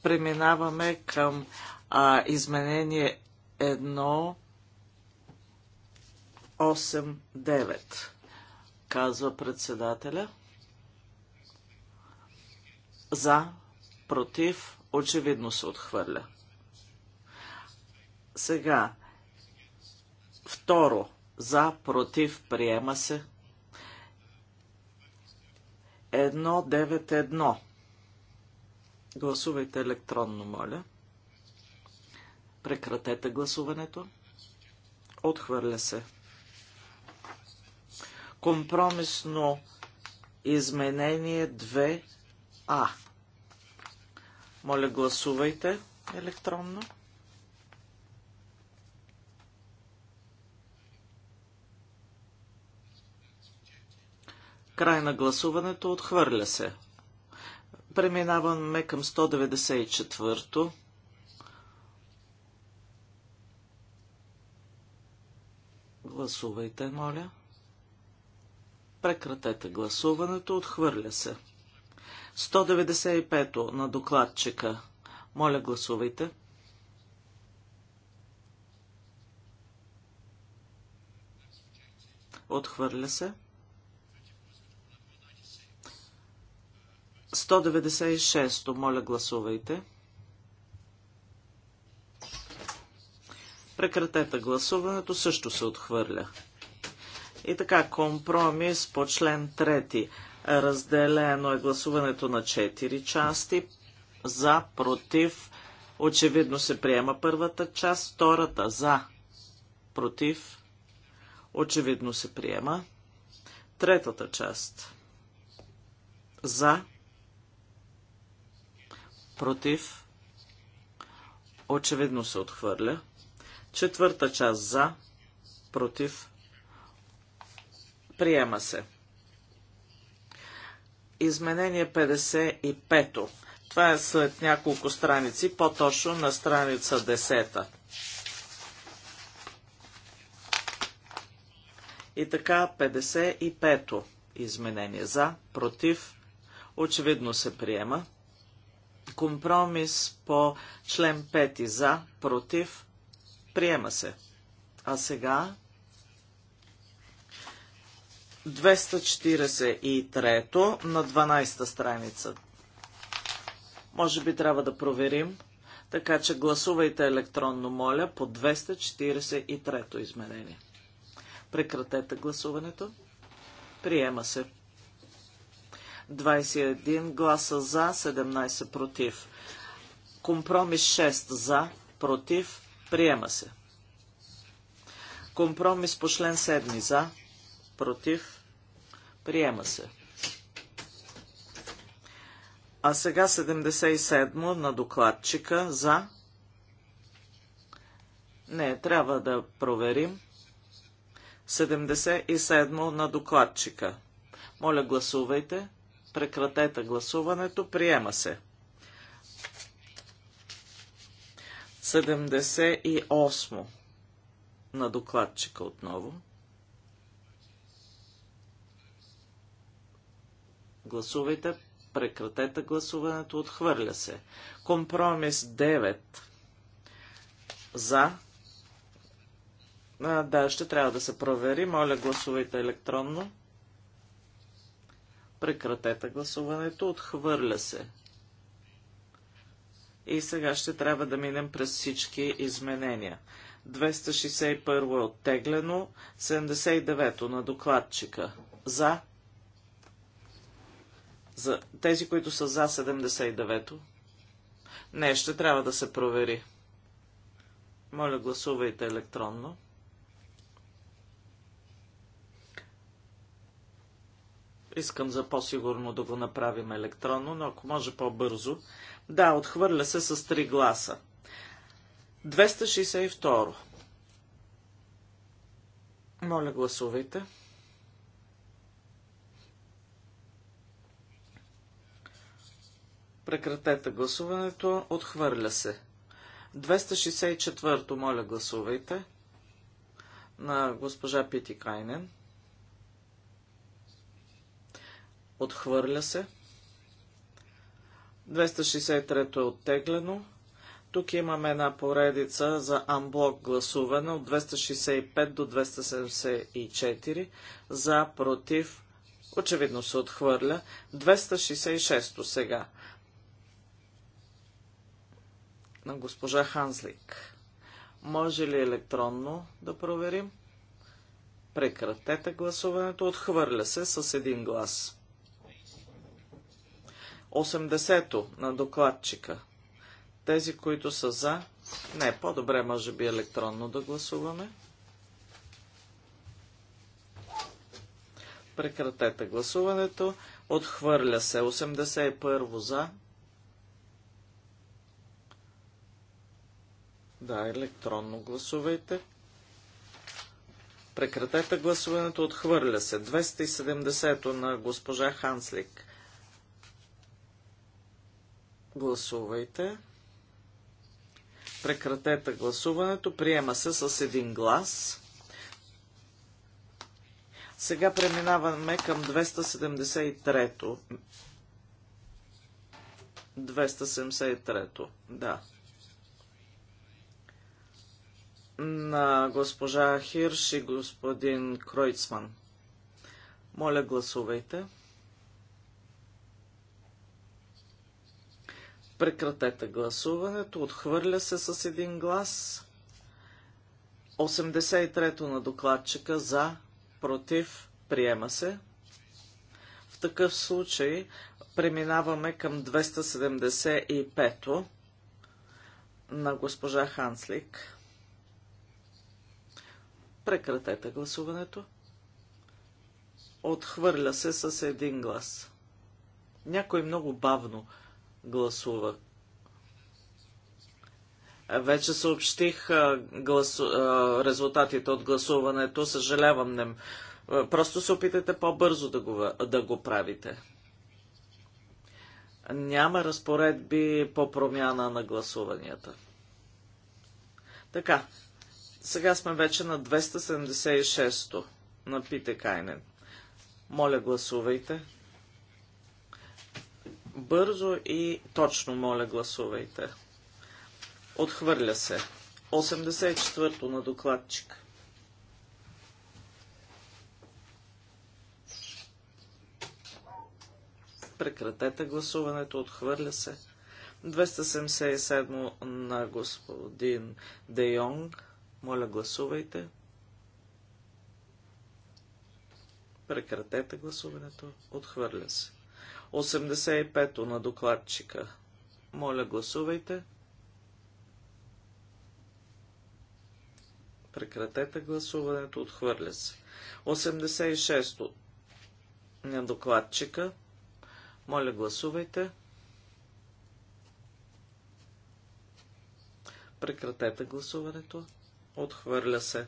преминаваме към а, изменение 1.8.9, казва председателя. За, против, очевидно се отхвърля. Сега, второ, за, против, приема се. 1.9.1 Гласувайте електронно, моля. Прекратете гласуването. Отхвърля се. Компромисно изменение 2А. Моля, гласувайте електронно. Край на гласуването отхвърля се. Преминаваме към 194-то. Гласувайте, моля. Прекратете гласуването. Отхвърля се. 195-то на докладчика. Моля, гласувайте. Отхвърля се. 196. Моля, гласувайте. Прекратете гласуването. Също се отхвърля. И така, компромис по член 3. Разделено е гласуването на 4 части. За, против. Очевидно се приема първата част. Втората за, против. Очевидно се приема. Третата част. За, против, очевидно се отхвърля. Четвърта част за, против, приема се. Изменение 55-то. Това е след няколко страници, по-точно на страница 10. И така 55-то изменение за, против, очевидно се приема. Компромис по член 5 за, против, приема се. А сега 243 на 12-та страница. Може би трябва да проверим. Така че гласувайте електронно, моля, по 243-то измерение. Прекратете гласуването. Приема се. 21 гласа за, 17 против. Компромис 6 за, против, приема се. Компромис по член 7 за, против, приема се. А сега 77 на докладчика за. Не, трябва да проверим. 77 на докладчика. Моля, гласувайте. 77. Прекратете гласуването. Приема се. 78 на докладчика отново. Гласувайте. Прекратете гласуването. Отхвърля се. Компромис 9 за. А, да, ще трябва да се провери. Моля, гласувайте електронно. Прекратете гласуването. Отхвърля се. И сега ще трябва да минем през всички изменения. 261 е оттеглено, 79 то на докладчика. За. За тези, които са за 79-то. Не, ще трябва да се провери. Моля, гласувайте електронно. Искам за по-сигурно да го направим електронно, но ако може по-бързо. Да, отхвърля се с три гласа. 262. Моля, гласувайте. Прекратете гласуването. Отхвърля се. 264. Моля, гласувайте. На госпожа Пити Кайнен. 265. Отхвърля се. 263 е оттеглено. Тук имаме една поредица за амблок гласуване от 265 до 274 за против. Очевидно се отхвърля. 266 сега. На госпожа Ханслик. Може ли електронно да проверим? Прекратете гласуването. Отхвърля се с един глас. 80-то на докладчика. Тези, които са за, не, по-добре може би електронно да гласуваме. Прекратете гласуването. Отхвърля се 81 за. Да, електронно гласувайте. Прекратете гласуването. Отхвърля се 270 на госпожа Ханслик. Гласувайте. Прекратете гласуването. Приема се с един глас. Сега преминаваме към 273-то. 273-то, да. На госпожа Хирш и господин Кройцман. Моля, гласувайте. Прекратете гласуването. Отхвърля се с един глас. 83-то на докладчика за, против, приема се. В такъв случай преминаваме към 275-то на госпожа Ханслик. Прекратете гласуването. Отхвърля се с един глас. Някой много бавно гласува. Вече съобщих гласу... резултатите от гласуването. Съжалявам, не. Просто се опитайте по-бързо да го, да го правите. Няма разпоредби по промяна на гласуванията. Така, сега сме вече на 276-то на Пите Кайнен. Моля, гласувайте. Бързо и точно, моля, гласувайте. Отхвърля се. 84-то на докладчик. Прекратете гласуването. Отхвърля се. 277 на господин Де Йонг. Моля, гласувайте. Прекратете гласуването. Отхвърля се. 85-то на докладчика. Моля, гласувайте. Прекратете гласуването. Отхвърля се. 86-то на докладчика. Моля, гласувайте. Прекратете гласуването. Отхвърля се.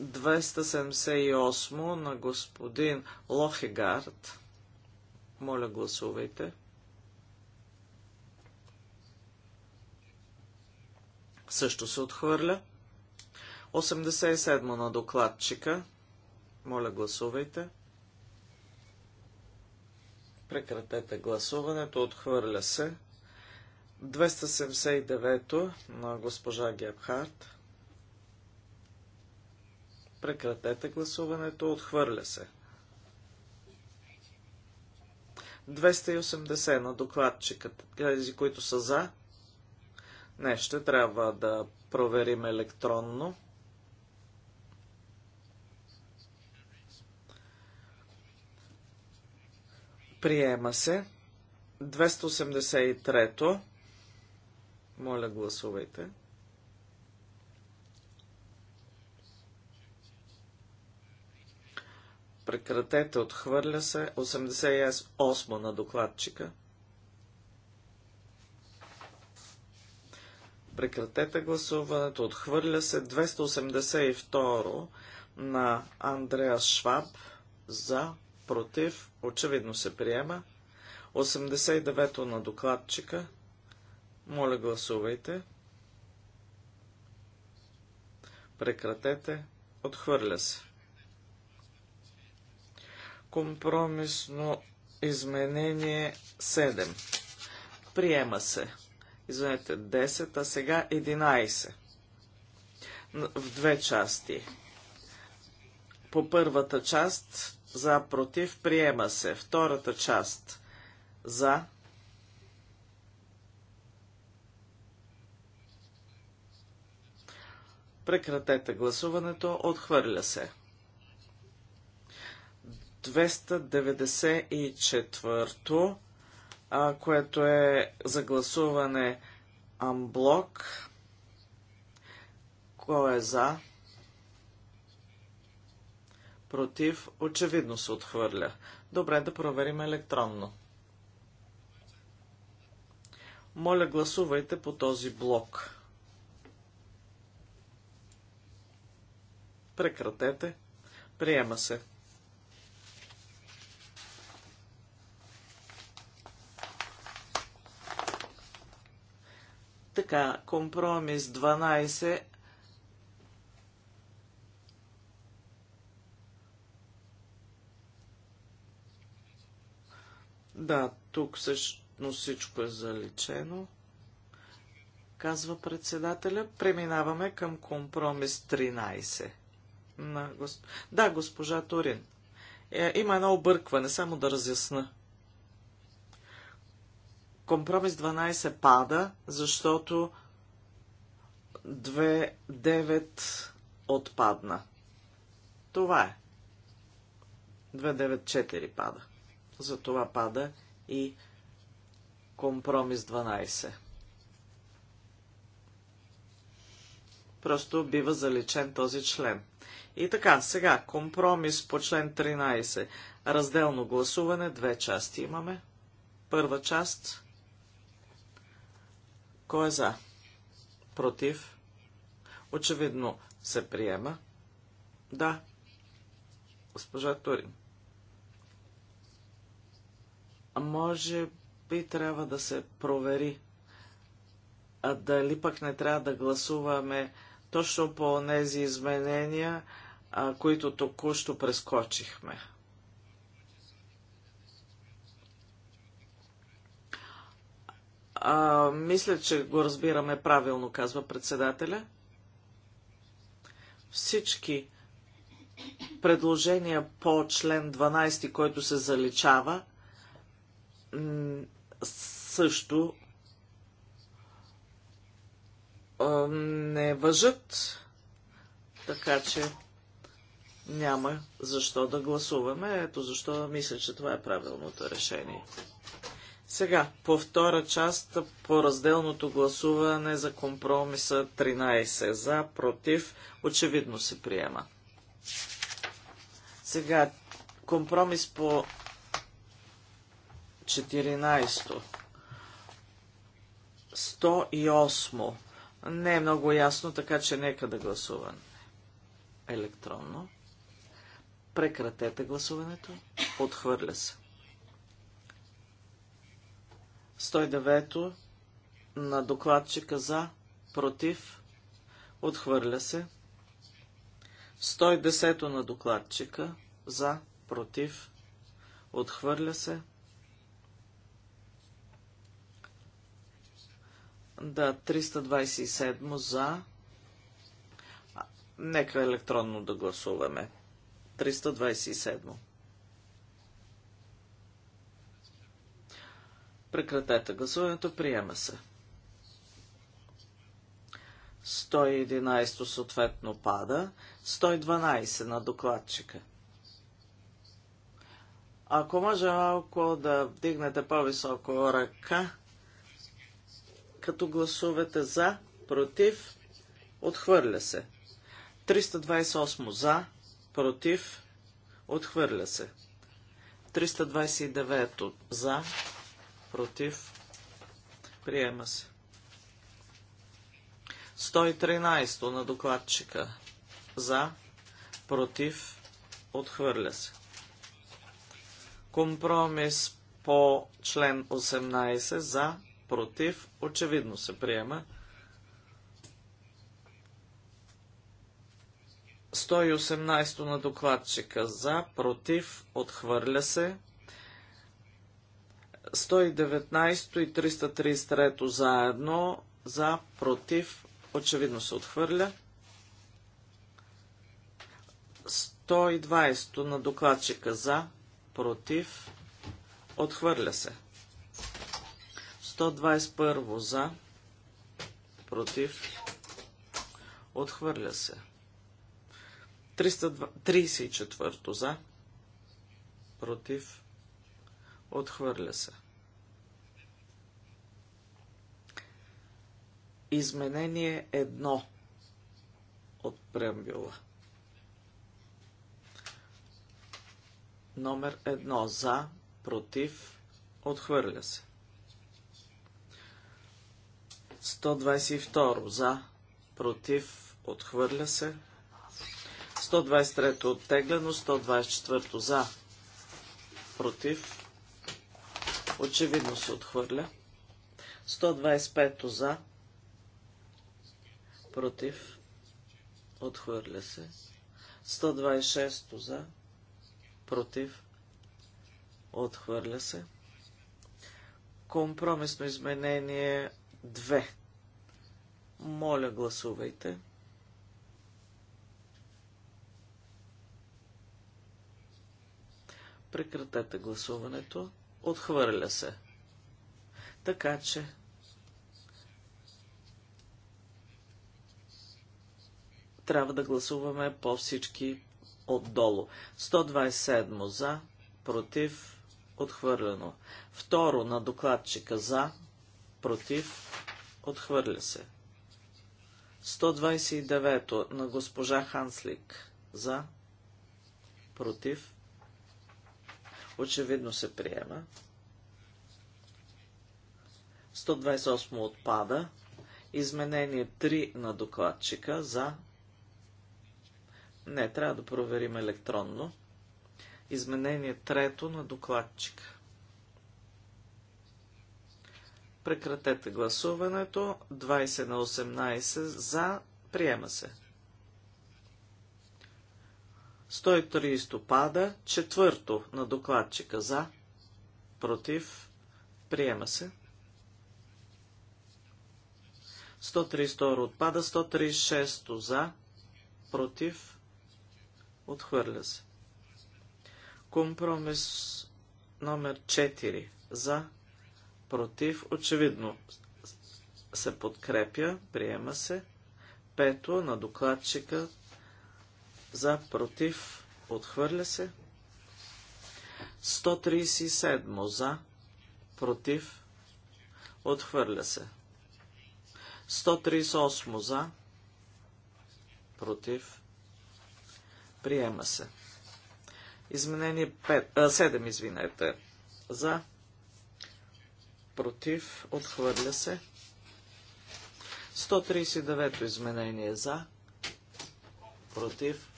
278 на господин Лохегард. Моля, гласувайте. Също се отхвърля. 87 на докладчика. Моля, гласувайте. Прекратете гласуването. Отхвърля се. 279 на госпожа Гебхарт. Прекратете гласуването. Отхвърля се. 280 на докладчиката. Тези, които са за, не, ще трябва да проверим електронно. Приема се. 283-то. Моля, гласувайте. 283 Прекратете, отхвърля се. 88 на докладчика. Прекратете гласуването. Отхвърля се 282 на Андреас Шваб за, против, очевидно се приема. 89-то на докладчика. Моля гласувайте. Прекратете. Отхвърля се. Компромисно изменение 7. Приема се. Извинете, 10, а сега 11. В две части. По първата част за против приема се. Втората част за Прекратете гласуването. Отхвърля се. 294-то, което е за гласуване амблок. Кой е за? Против? Очевидно се отхвърля. Добре, да проверим електронно. Моля, гласувайте по този блок. Прекратете. Приема се. Така, компромис 12 Да, тук всъщност всичко е заличено, казва председателя. Преминаваме към компромис 13. На госп... Да, госпожа Турин. Е, има едно объркване, само да разясна. Компромис 12 пада, защото 2.9 отпадна. Това е. 2.9.4 пада. Затова пада и компромис 12. Просто бива заличен този член. И така, сега, компромис по член 13. Разделно гласуване, две части имаме. Първа част кой е за? Против? Очевидно се приема. Да. Госпожа Турин. Може би трябва да се провери. А дали пък не трябва да гласуваме точно по тези изменения, а, които току-що прескочихме. А, мисля, че го разбираме правилно, казва председателя. Всички предложения по член 12, който се заличава, също не въжат, така че няма защо да гласуваме. Ето защо мисля, че това е правилното решение. Сега, по втора част, по разделното гласуване за компромиса 13 за, против, очевидно се приема. Сега, компромис по 14. 108. Не е много ясно, така че нека да гласуваме електронно. Прекратете гласуването. Отхвърля се. 109 на докладчика за, против, отхвърля се. 110 на докладчика за, против, отхвърля се. Да, 327 за. Нека електронно да гласуваме. 327. Прекратете гласуването. Приема се. 111 съответно пада. 112 на докладчика. Ако може малко да вдигнете по-високо ръка, като гласувате за, против, отхвърля се. 328 за, против, отхвърля се. 329 за, против, приема се. 113 на докладчика за, против, отхвърля се. Компромис по член 18 за, против, очевидно се приема. 118 на докладчика за, против, отхвърля се. 119 и 333 заедно за, против, очевидно се отхвърля. 120 на докладчика за, против, отхвърля се. 121 за, против, отхвърля се. 334 за, против, отхвърля се. Изменение едно от преамбюла. Номер едно. За, против, отхвърля се. 122. За, против, отхвърля се. 123. Оттеглено. 124. За, против. Очевидно се отхвърля. 125. За, против, отхвърля се. 126 за, против, отхвърля се. Компромисно изменение 2. Моля, гласувайте. Прекратете гласуването. Отхвърля се. Така че трябва да гласуваме по всички отдолу. 127 за, против, отхвърлено. Второ на докладчика за, против, отхвърля се. 129 на госпожа Ханслик за, против, очевидно се приема. 128 отпада. Изменение 3 на докладчика за, не, трябва да проверим електронно. Изменение трето на докладчика. Прекратете гласуването. 20 на 18 за. Приема се. 130 пада. Четвърто на докладчика за. Против. Приема се. 132 отпада. 136 за. Против. Отхвърля се. Компромис номер 4. За. Против. Очевидно се подкрепя. Приема се. Пето на докладчика. За. Против. Отхвърля се. 137. За. Против. Отхвърля се. 138. За. Против. Приема се. Изменение 5, а, 7, извинете. За. Против. Отхвърля се. 139-то изменение за. Против.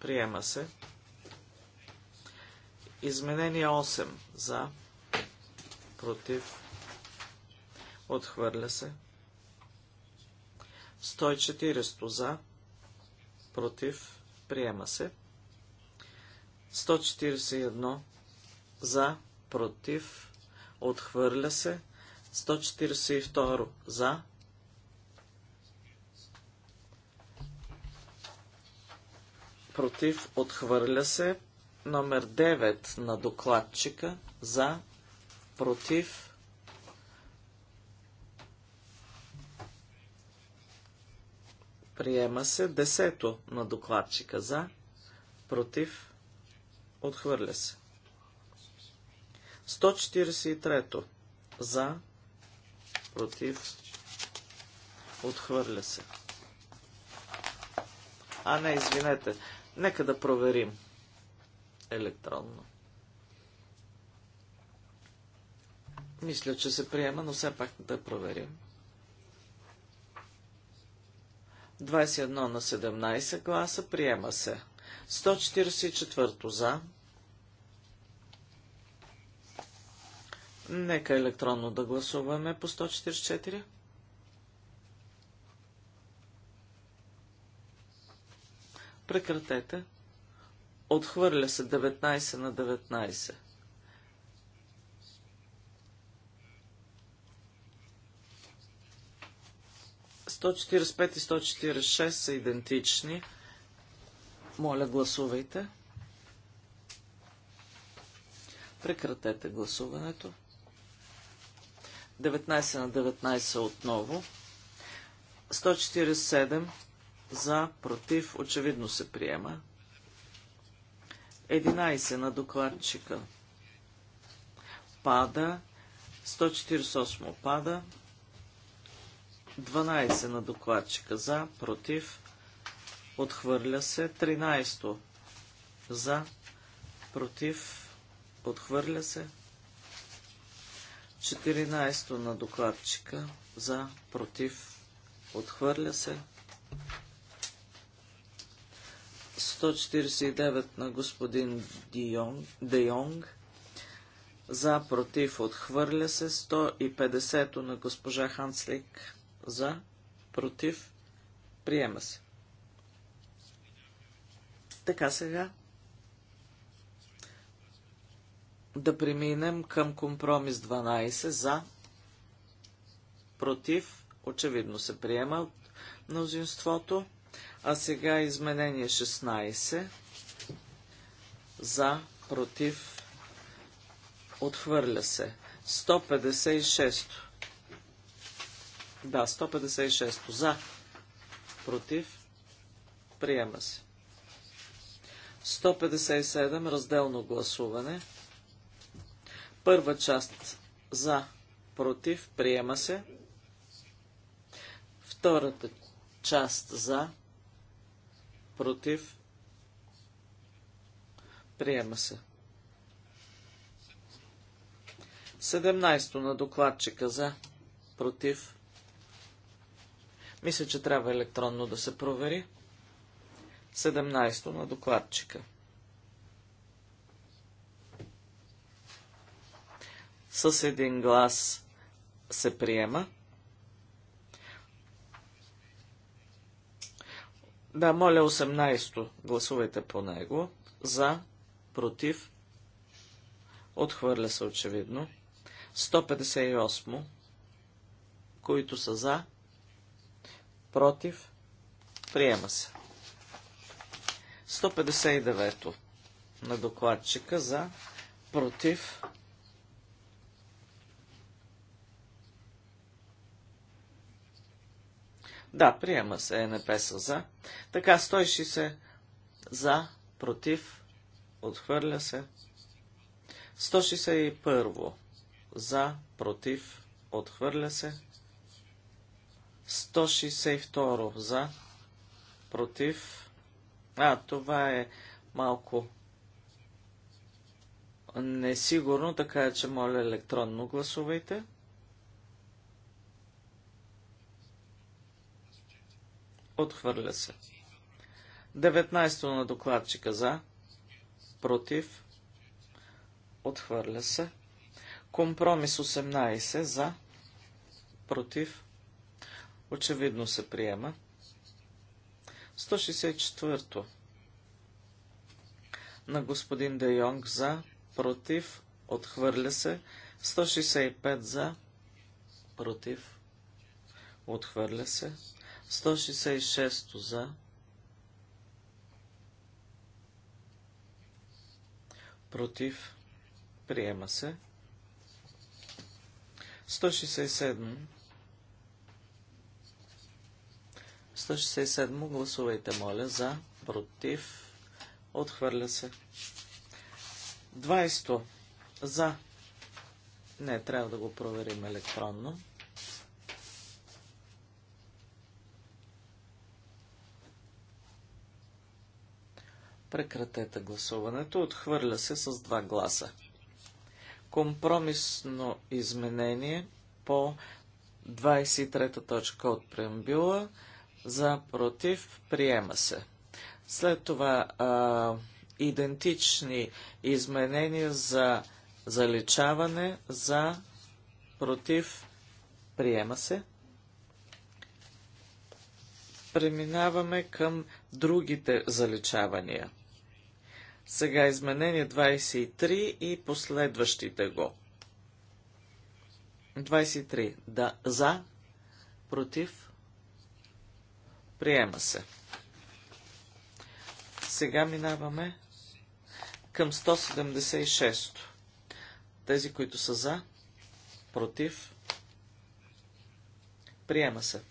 Приема се. Изменение 8 за. Против. Отхвърля се. 140 за. Против приема се. 141 за, против, отхвърля се. 142 за, против, отхвърля се. Номер 9 на докладчика за, против, Приема се десето на докладчика за, против, отхвърля се. 143 за, против, отхвърля се. А не, извинете, нека да проверим електронно. Мисля, че се приема, но все пак да проверим. 21 на 17 гласа. Приема се. 144 за. Нека електронно да гласуваме по 144. Прекратете. Отхвърля се 19 на 19. 145 и 146 са идентични. Моля, гласувайте. Прекратете гласуването. 19 на 19 отново. 147 за, против, очевидно се приема. 11 на докладчика. Пада. 148 пада. 12 на докладчика за, против, отхвърля се. 13 за, против, отхвърля се. 14 на докладчика за, против, отхвърля се. 149 на господин Дейонг За, против, отхвърля се. 150 на госпожа Ханслик за, против, приема се. Така сега да преминем към компромис 12 за, против, очевидно се приема от мнозинството, а сега изменение 16 за, против, отхвърля се. 156 да, 156 за. Против. Приема се. 157 разделно гласуване. Първа част за. Против. Приема се. Втората част за. Против. Приема се. 17 на докладчика за. Против. Мисля, че трябва електронно да се провери. 17 на докладчика. С един глас се приема. Да, моля 18-то, гласувайте по него. За, против, отхвърля се очевидно. 158 които са за, против, приема се. 159-то на докладчика за против. Да, приема се е са за. Така, 160 за, против, отхвърля се. 161 за, против, отхвърля се. 162 за, против. А, това е малко несигурно, така е, че моля електронно гласувайте. Отхвърля се. 19 на докладчика за, против, отхвърля се. Компромис 18 за, против, Очевидно се приема. 164 на господин Де Йонг за, против, отхвърля се, 165 за, против, отхвърля се, 166 за, против, приема се, 167 167 гласувайте, моля, за, против, отхвърля се. 20 за. Не, трябва да го проверим електронно. Прекратете гласуването. Отхвърля се с два гласа. Компромисно изменение по 23 точка от преамбюла за против, приема се. След това а, идентични изменения за заличаване, за против, приема се. Преминаваме към другите заличавания. Сега изменение 23 и последващите го. 23. Да, за, против, Приема се. Сега минаваме към 176. Тези, които са за, против, приема се.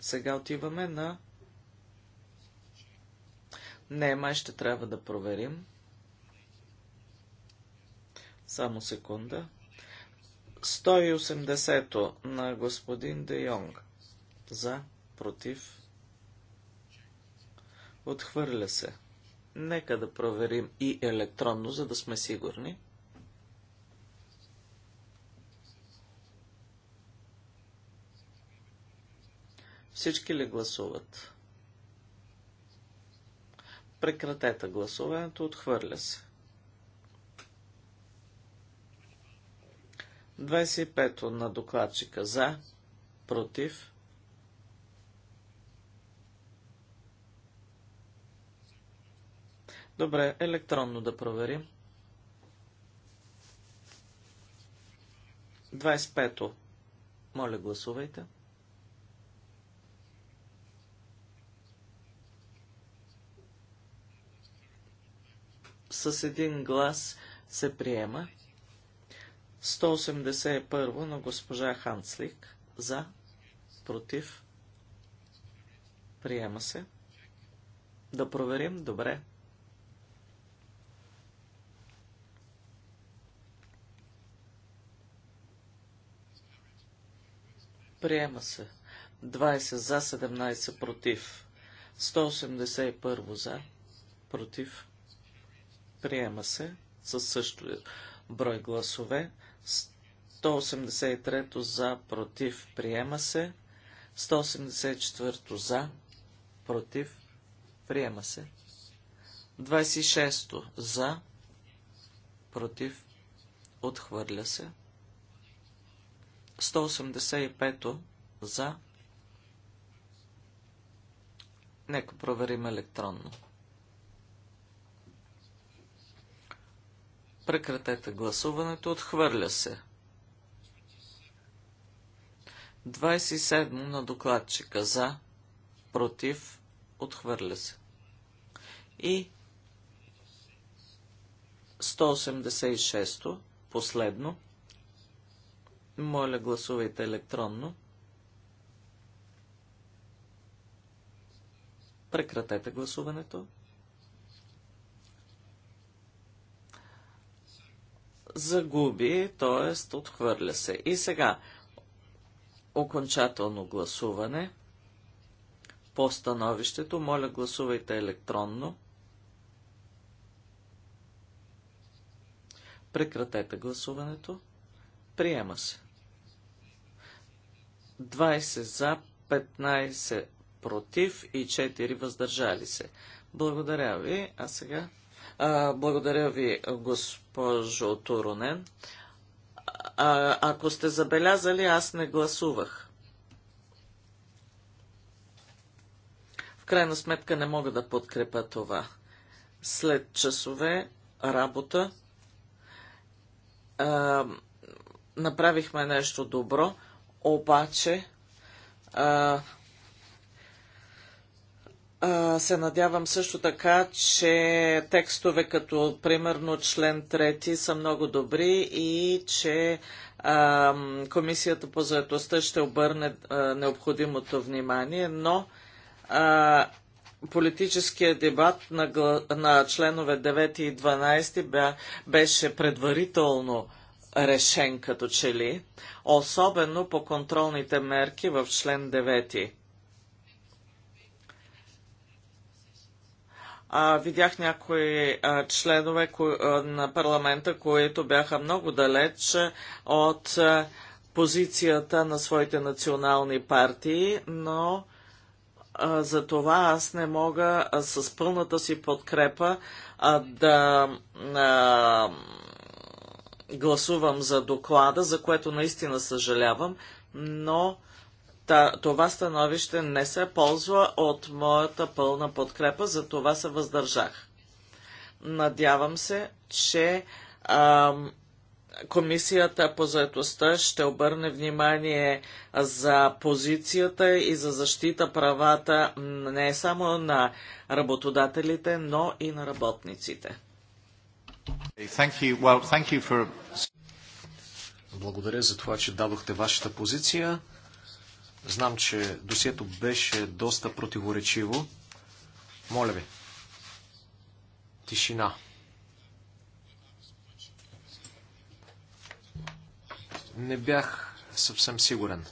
Сега отиваме на... Не, май ще трябва да проверим. Само секунда. 180-то на господин Де Йонг. За, против, отхвърля се. Нека да проверим и електронно, за да сме сигурни. Всички ли гласуват? Прекратете гласуването, отхвърля се. 25 на докладчика за, против, Добре, електронно да проверим. 25-то. Моля, гласувайте. С един глас се приема. 181 во на госпожа Ханцлик. За. Против. Приема се. Да проверим. Добре. Приема се. 20 за, 17 против. 181 за, против. Приема се със също брой гласове. 183 за, против. Приема се. 184 за, против. Приема се. 26 за, против. Отхвърля се. 185 за. Нека проверим електронно. Прекратете гласуването. Отхвърля се. 27 на докладчика за, против, отхвърля се. И 186 последно моля, гласувайте електронно. Прекратете гласуването. Загуби, т.е. отхвърля се. И сега окончателно гласуване по становището. Моля, гласувайте електронно. Прекратете гласуването. Приема се. 20 за, 15 против и 4 въздържали се. Благодаря ви. А сега. А, благодаря ви, госпожо Туронен. А, ако сте забелязали, аз не гласувах. В крайна сметка не мога да подкрепя това. След часове работа а, направихме нещо добро обаче а, а, се надявам също така, че текстове като примерно член 3 са много добри и че а, Комисията по заедостта ще обърне а, необходимото внимание, но а, политическия дебат на, на членове 9 и 12 бе, беше предварително решен като че ли, особено по контролните мерки в член 9. а, видях някои а, членове ко, а, на парламента, които бяха много далеч от а, позицията на своите национални партии, но а, за това аз не мога а, с пълната си подкрепа а, да а, гласувам за доклада, за което наистина съжалявам, но това становище не се ползва от моята пълна подкрепа, за това се въздържах. Надявам се, че ам, Комисията по заедостта ще обърне внимание за позицията и за защита правата не само на работодателите, но и на работниците. Благодаря за това, че дадохте вашата позиция. Знам, че досието беше доста противоречиво. Моля ви. Тишина. Не бях съвсем сигурен.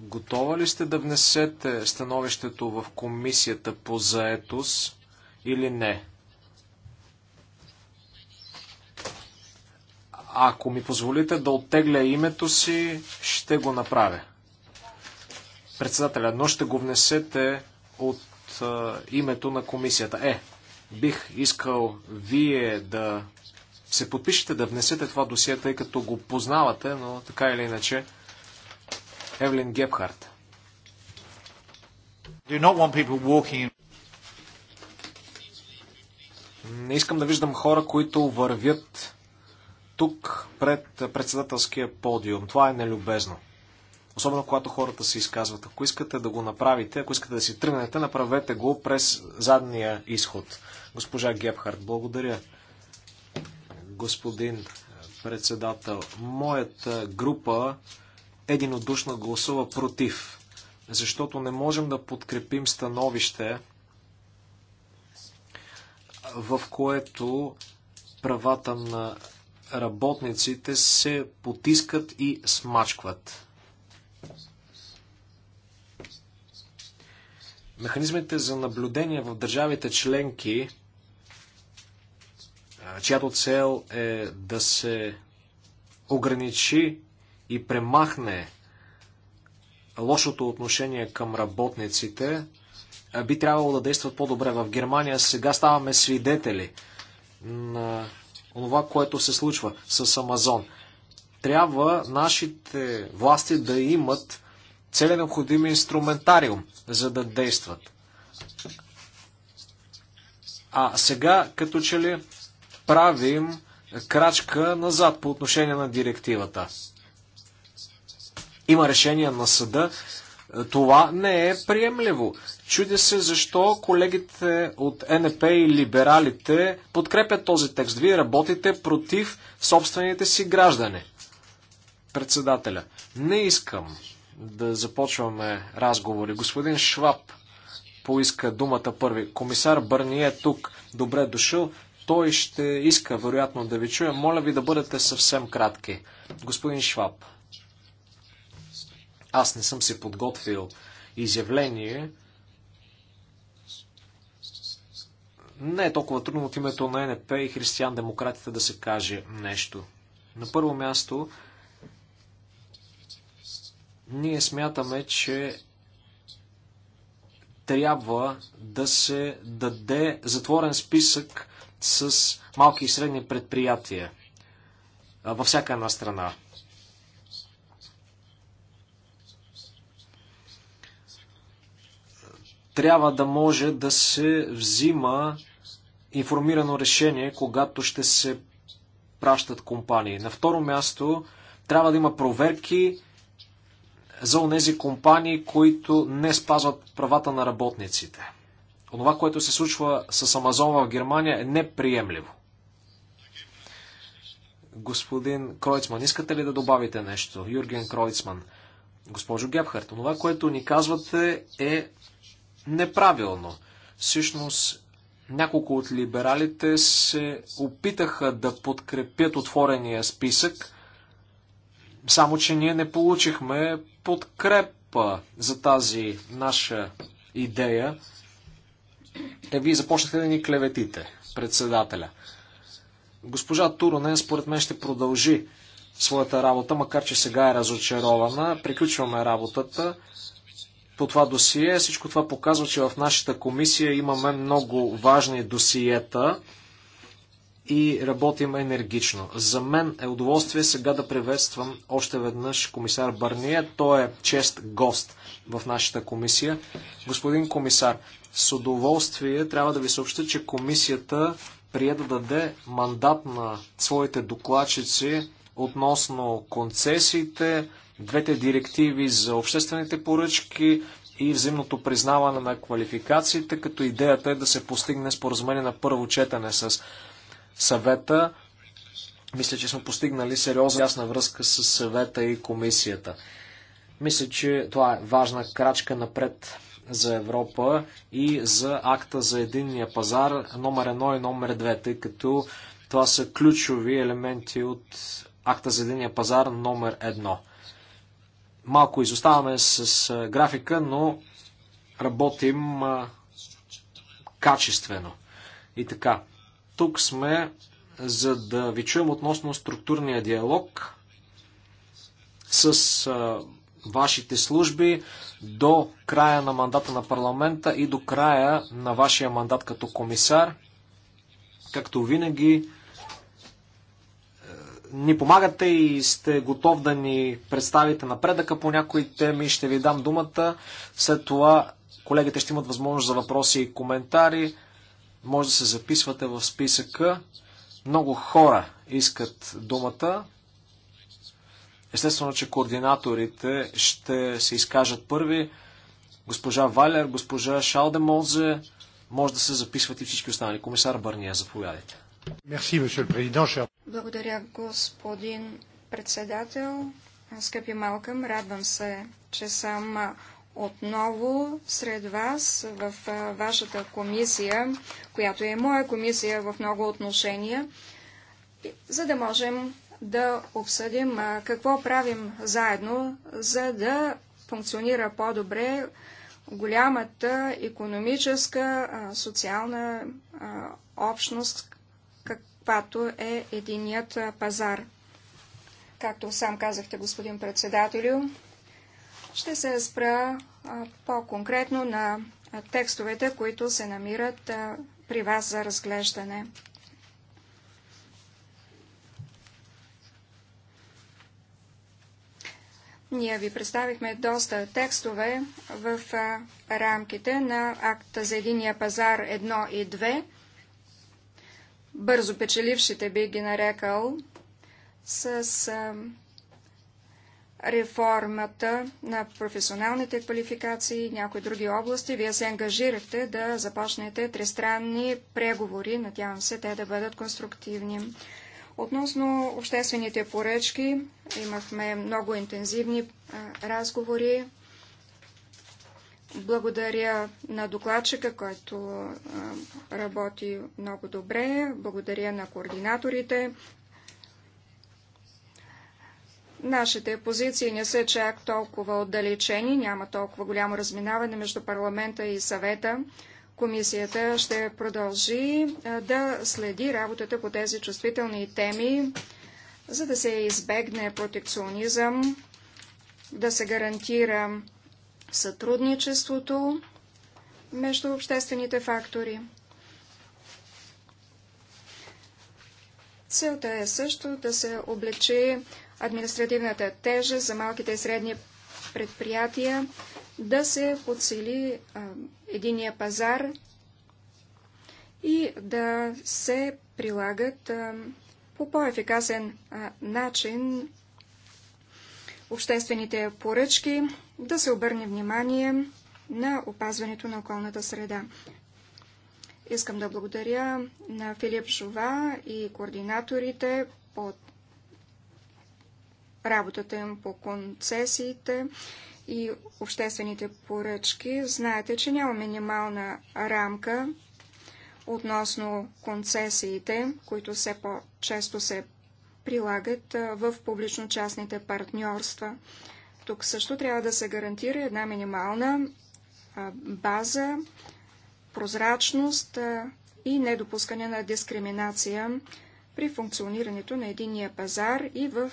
Готова ли сте да внесете становището в комисията по заетост или не? Ако ми позволите да оттегля името си, ще го направя. Председателя, но ще го внесете от а, името на комисията. Е, бих искал вие да се подпишете, да внесете това досие, тъй като го познавате, но така или иначе. Евлин Гепхарт. Не искам да виждам хора, които вървят тук пред председателския подиум. Това е нелюбезно. Особено когато хората се изказват. Ако искате да го направите, ако искате да си тръгнете, направете го през задния изход. Госпожа Гепхард, благодаря. Господин председател, моята група единодушно гласува против, защото не можем да подкрепим становище, в което правата на работниците се потискат и смачкват. Механизмите за наблюдение в държавите членки, чиято цел е да се ограничи и премахне лошото отношение към работниците, би трябвало да действат по-добре. В Германия сега ставаме свидетели на онова, което се случва с Амазон. Трябва нашите власти да имат цели необходим инструментариум, за да действат. А сега, като че ли правим крачка назад по отношение на директивата. Има решение на съда. Е, това не е приемливо. Чудя се защо колегите от НП и либералите подкрепят този текст. Вие работите против собствените си граждани. Председателя, не искам да започваме разговори. Господин Шваб поиска думата първи. Комисар Бърни е тук. Добре дошъл. Той ще иска, вероятно, да ви чуя. Моля ви да бъдете съвсем кратки. Господин Шваб, аз не съм си подготвил изявление не е толкова трудно от името на НП и християн-демократите да се каже нещо. На първо място, ние смятаме, че трябва да се даде затворен списък с малки и средни предприятия във всяка една страна. Трябва да може да се взима информирано решение, когато ще се пращат компании. На второ място, трябва да има проверки за онези компании, които не спазват правата на работниците. Онова, което се случва с Амазон в Германия е неприемливо. Господин Кройцман, искате ли да добавите нещо? Юрген Кройцман. Госпожо Гебхарт, това, което ни казвате е неправилно. Всъщност, няколко от либералите се опитаха да подкрепят отворения списък, само че ние не получихме подкрепа за тази наша идея. Е, вие започнахте да ни клеветите, председателя. Госпожа Туронен, според мен, ще продължи своята работа, макар че сега е разочарована. Приключваме работата по това досие. Всичко това показва, че в нашата комисия имаме много важни досиета и работим енергично. За мен е удоволствие сега да приветствам още веднъж комисар Барния. Той е чест гост в нашата комисия. Господин комисар, с удоволствие трябва да ви съобща, че комисията прие да даде мандат на своите докладчици относно концесиите, двете директиви за обществените поръчки и взаимното признаване на квалификациите, като идеята е да се постигне споразумение на първо четене с съвета. Мисля, че сме постигнали сериозна ясна връзка с съвета и комисията. Мисля, че това е важна крачка напред за Европа и за акта за единния пазар номер 1 и номер 2, тъй като това са ключови елементи от акта за единния пазар номер 1. Малко изоставаме с графика, но работим качествено. И така, тук сме, за да ви чуем относно структурния диалог с вашите служби до края на мандата на парламента и до края на вашия мандат като комисар. Както винаги, ни помагате и сте готов да ни представите напредъка по някои теми. Ще ви дам думата. След това колегите ще имат възможност за въпроси и коментари. Може да се записвате в списъка. Много хора искат думата. Естествено, че координаторите ще се изкажат първи. Госпожа Валер, госпожа Шалдемолзе, може да се записват и всички останали. Комисар Бърния, заповядайте. Благодаря, господин председател. Скъпи Малкъм, радвам се, че съм отново сред вас в вашата комисия, която е моя комисия в много отношения, за да можем да обсъдим какво правим заедно, за да функционира по-добре голямата економическа, социална общност, каквато е единият пазар. Както сам казахте, господин председателю, ще се спра по-конкретно на текстовете, които се намират при вас за разглеждане. Ние ви представихме доста текстове в рамките на акта за единия пазар 1 и 2 бързо печелившите, би ги нарекал, с а, реформата на професионалните квалификации и някои други области. Вие се ангажирахте да започнете тристранни преговори. Надявам се те да бъдат конструктивни. Относно обществените поръчки, имахме много интензивни а, разговори благодаря на докладчика, който работи много добре. Благодаря на координаторите. Нашите позиции не са чак толкова отдалечени, няма толкова голямо разминаване между парламента и съвета. Комисията ще продължи да следи работата по тези чувствителни теми, за да се избегне протекционизъм, да се гарантира сътрудничеството между обществените фактори. Целта е също да се облегчи административната тежест за малките и средни предприятия, да се подсели единия пазар и да се прилагат по по-ефикасен начин обществените поръчки, да се обърне внимание на опазването на околната среда. Искам да благодаря на Филип Жова и координаторите по работата им по концесиите и обществените поръчки. Знаете, че няма минимална рамка относно концесиите, които все по-често се прилагат в публично-частните партньорства. Тук също трябва да се гарантира една минимална база, прозрачност и недопускане на дискриминация при функционирането на единния пазар и в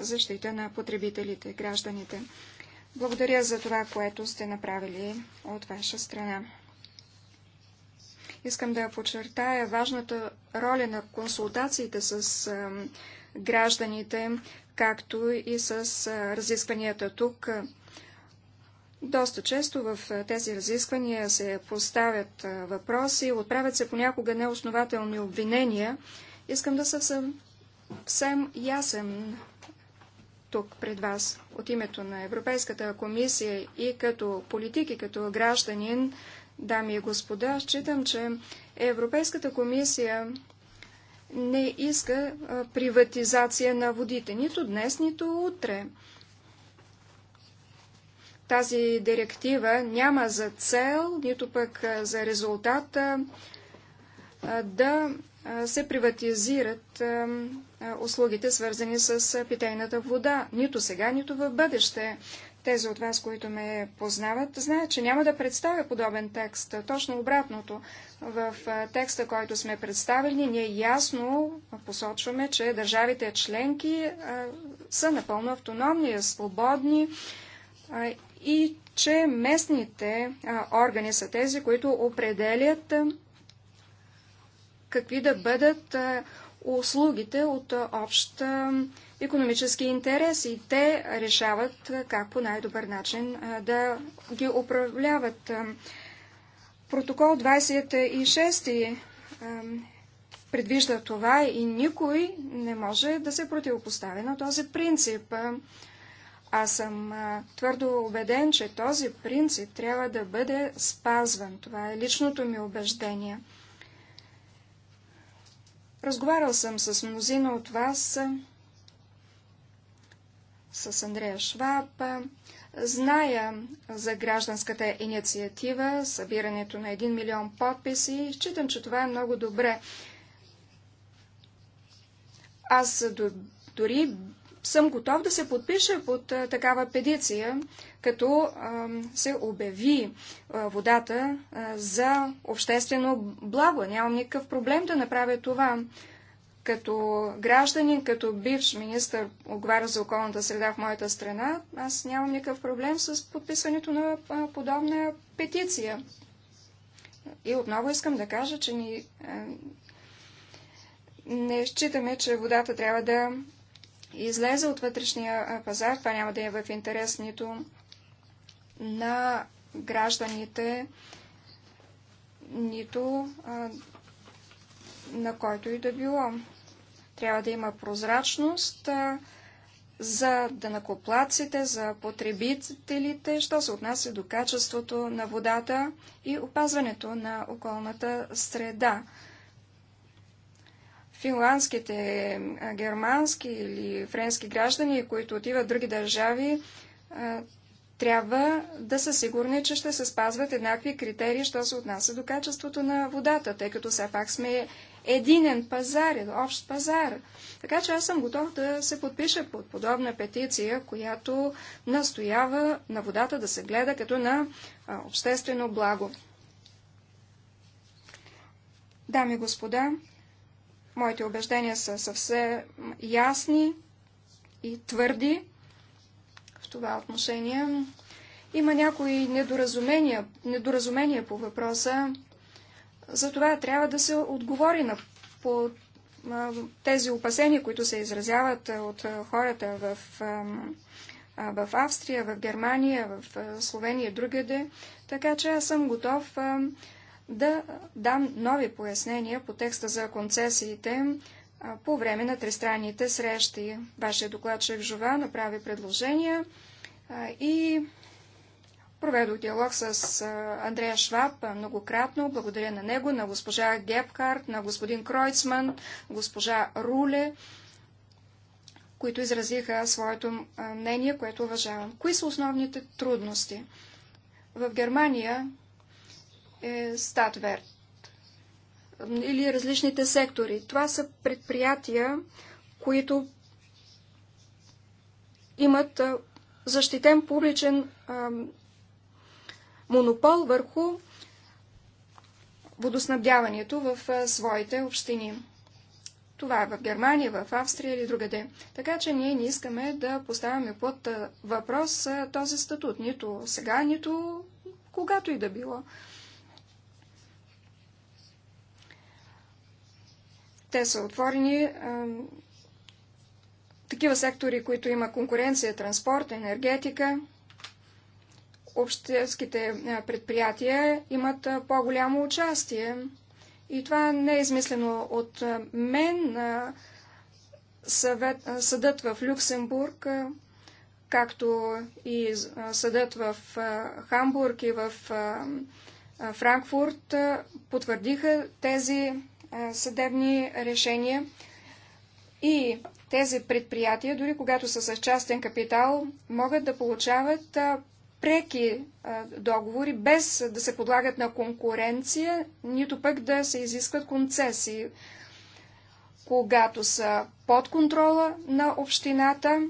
защита на потребителите, гражданите. Благодаря за това, което сте направили от ваша страна. Искам да подчертая важната роля на консултациите с гражданите, както и с разискванията тук. Доста често в тези разисквания се поставят въпроси, отправят се понякога неоснователни обвинения. Искам да съвсем, съвсем ясен тук пред вас от името на Европейската комисия и като политик и като гражданин, дами и господа, считам, че Европейската комисия не иска приватизация на водите, нито днес, нито утре. Тази директива няма за цел, нито пък за резултата да се приватизират услугите, свързани с питейната вода, нито сега, нито в бъдеще. Тези от вас, които ме познават, знаят, че няма да представя подобен текст. Точно обратното. В текста, който сме представили, ние ясно посочваме, че държавите членки са напълно автономни, свободни и че местните органи са тези, които определят какви да бъдат услугите от обща економически интереси и те решават как по най-добър начин да ги управляват. Протокол 26 предвижда това и никой не може да се противопостави на този принцип. Аз съм твърдо убеден, че този принцип трябва да бъде спазван. Това е личното ми убеждение. Разговарял съм с мнозина от вас с Андрея Шваб. Зная за гражданската инициатива, събирането на 1 милион подписи и считам, че това е много добре. Аз дори съм готов да се подпиша под такава петиция, като се обяви водата за обществено благо. Нямам никакъв проблем да направя това. Като граждани, като бивш министр, отговаря за околната среда в моята страна, аз нямам никакъв проблем с подписването на подобна петиция. И отново искам да кажа, че ни, не считаме, че водата трябва да излезе от вътрешния пазар. Това няма да е в интерес нито на гражданите, нито а, на който и да било. Трябва да има прозрачност за дънакоплаците, за потребителите, що се отнася до качеството на водата и опазването на околната среда. Финландските, германски или френски граждани, които отиват в други държави, трябва да са сигурни, че ще се спазват еднакви критерии, що се отнася до качеството на водата, тъй като все пак сме единен пазар, общ пазар. Така че аз съм готов да се подпиша под подобна петиция, която настоява на водата да се гледа като на обществено благо. Дами и господа, моите убеждения са съвсем ясни и твърди в това отношение. Има някои недоразумения, недоразумения по въпроса. Затова трябва да се отговори на по тези опасения, които се изразяват от хората в, в Австрия, в Германия, в Словения и другаде. Така че аз съм готов да дам нови пояснения по текста за концесиите по време на тристранните срещи. Вашия докладчик Жова направи предложения и Проведох диалог с Андрея Шваб многократно. Благодаря на него, на госпожа Гепкарт, на господин Кройцман, госпожа Руле, които изразиха своето мнение, което уважавам. Кои са основните трудности? В Германия е Статверт или различните сектори. Това са предприятия, които имат защитен публичен монопол върху водоснабдяването в своите общини. Това е в Германия, в Австрия или другаде. Така че ние не искаме да поставяме под въпрос този статут, нито сега, нито когато и да било. Те са отворени. такива сектори, които има конкуренция, транспорт, енергетика, общинските предприятия имат по-голямо участие. И това не е измислено от мен. Съвет, съдът в Люксембург, както и съдът в Хамбург и в Франкфурт потвърдиха тези съдебни решения. И тези предприятия, дори когато са с частен капитал, могат да получават преки договори, без да се подлагат на конкуренция, нито пък да се изискват концесии. Когато са под контрола на общината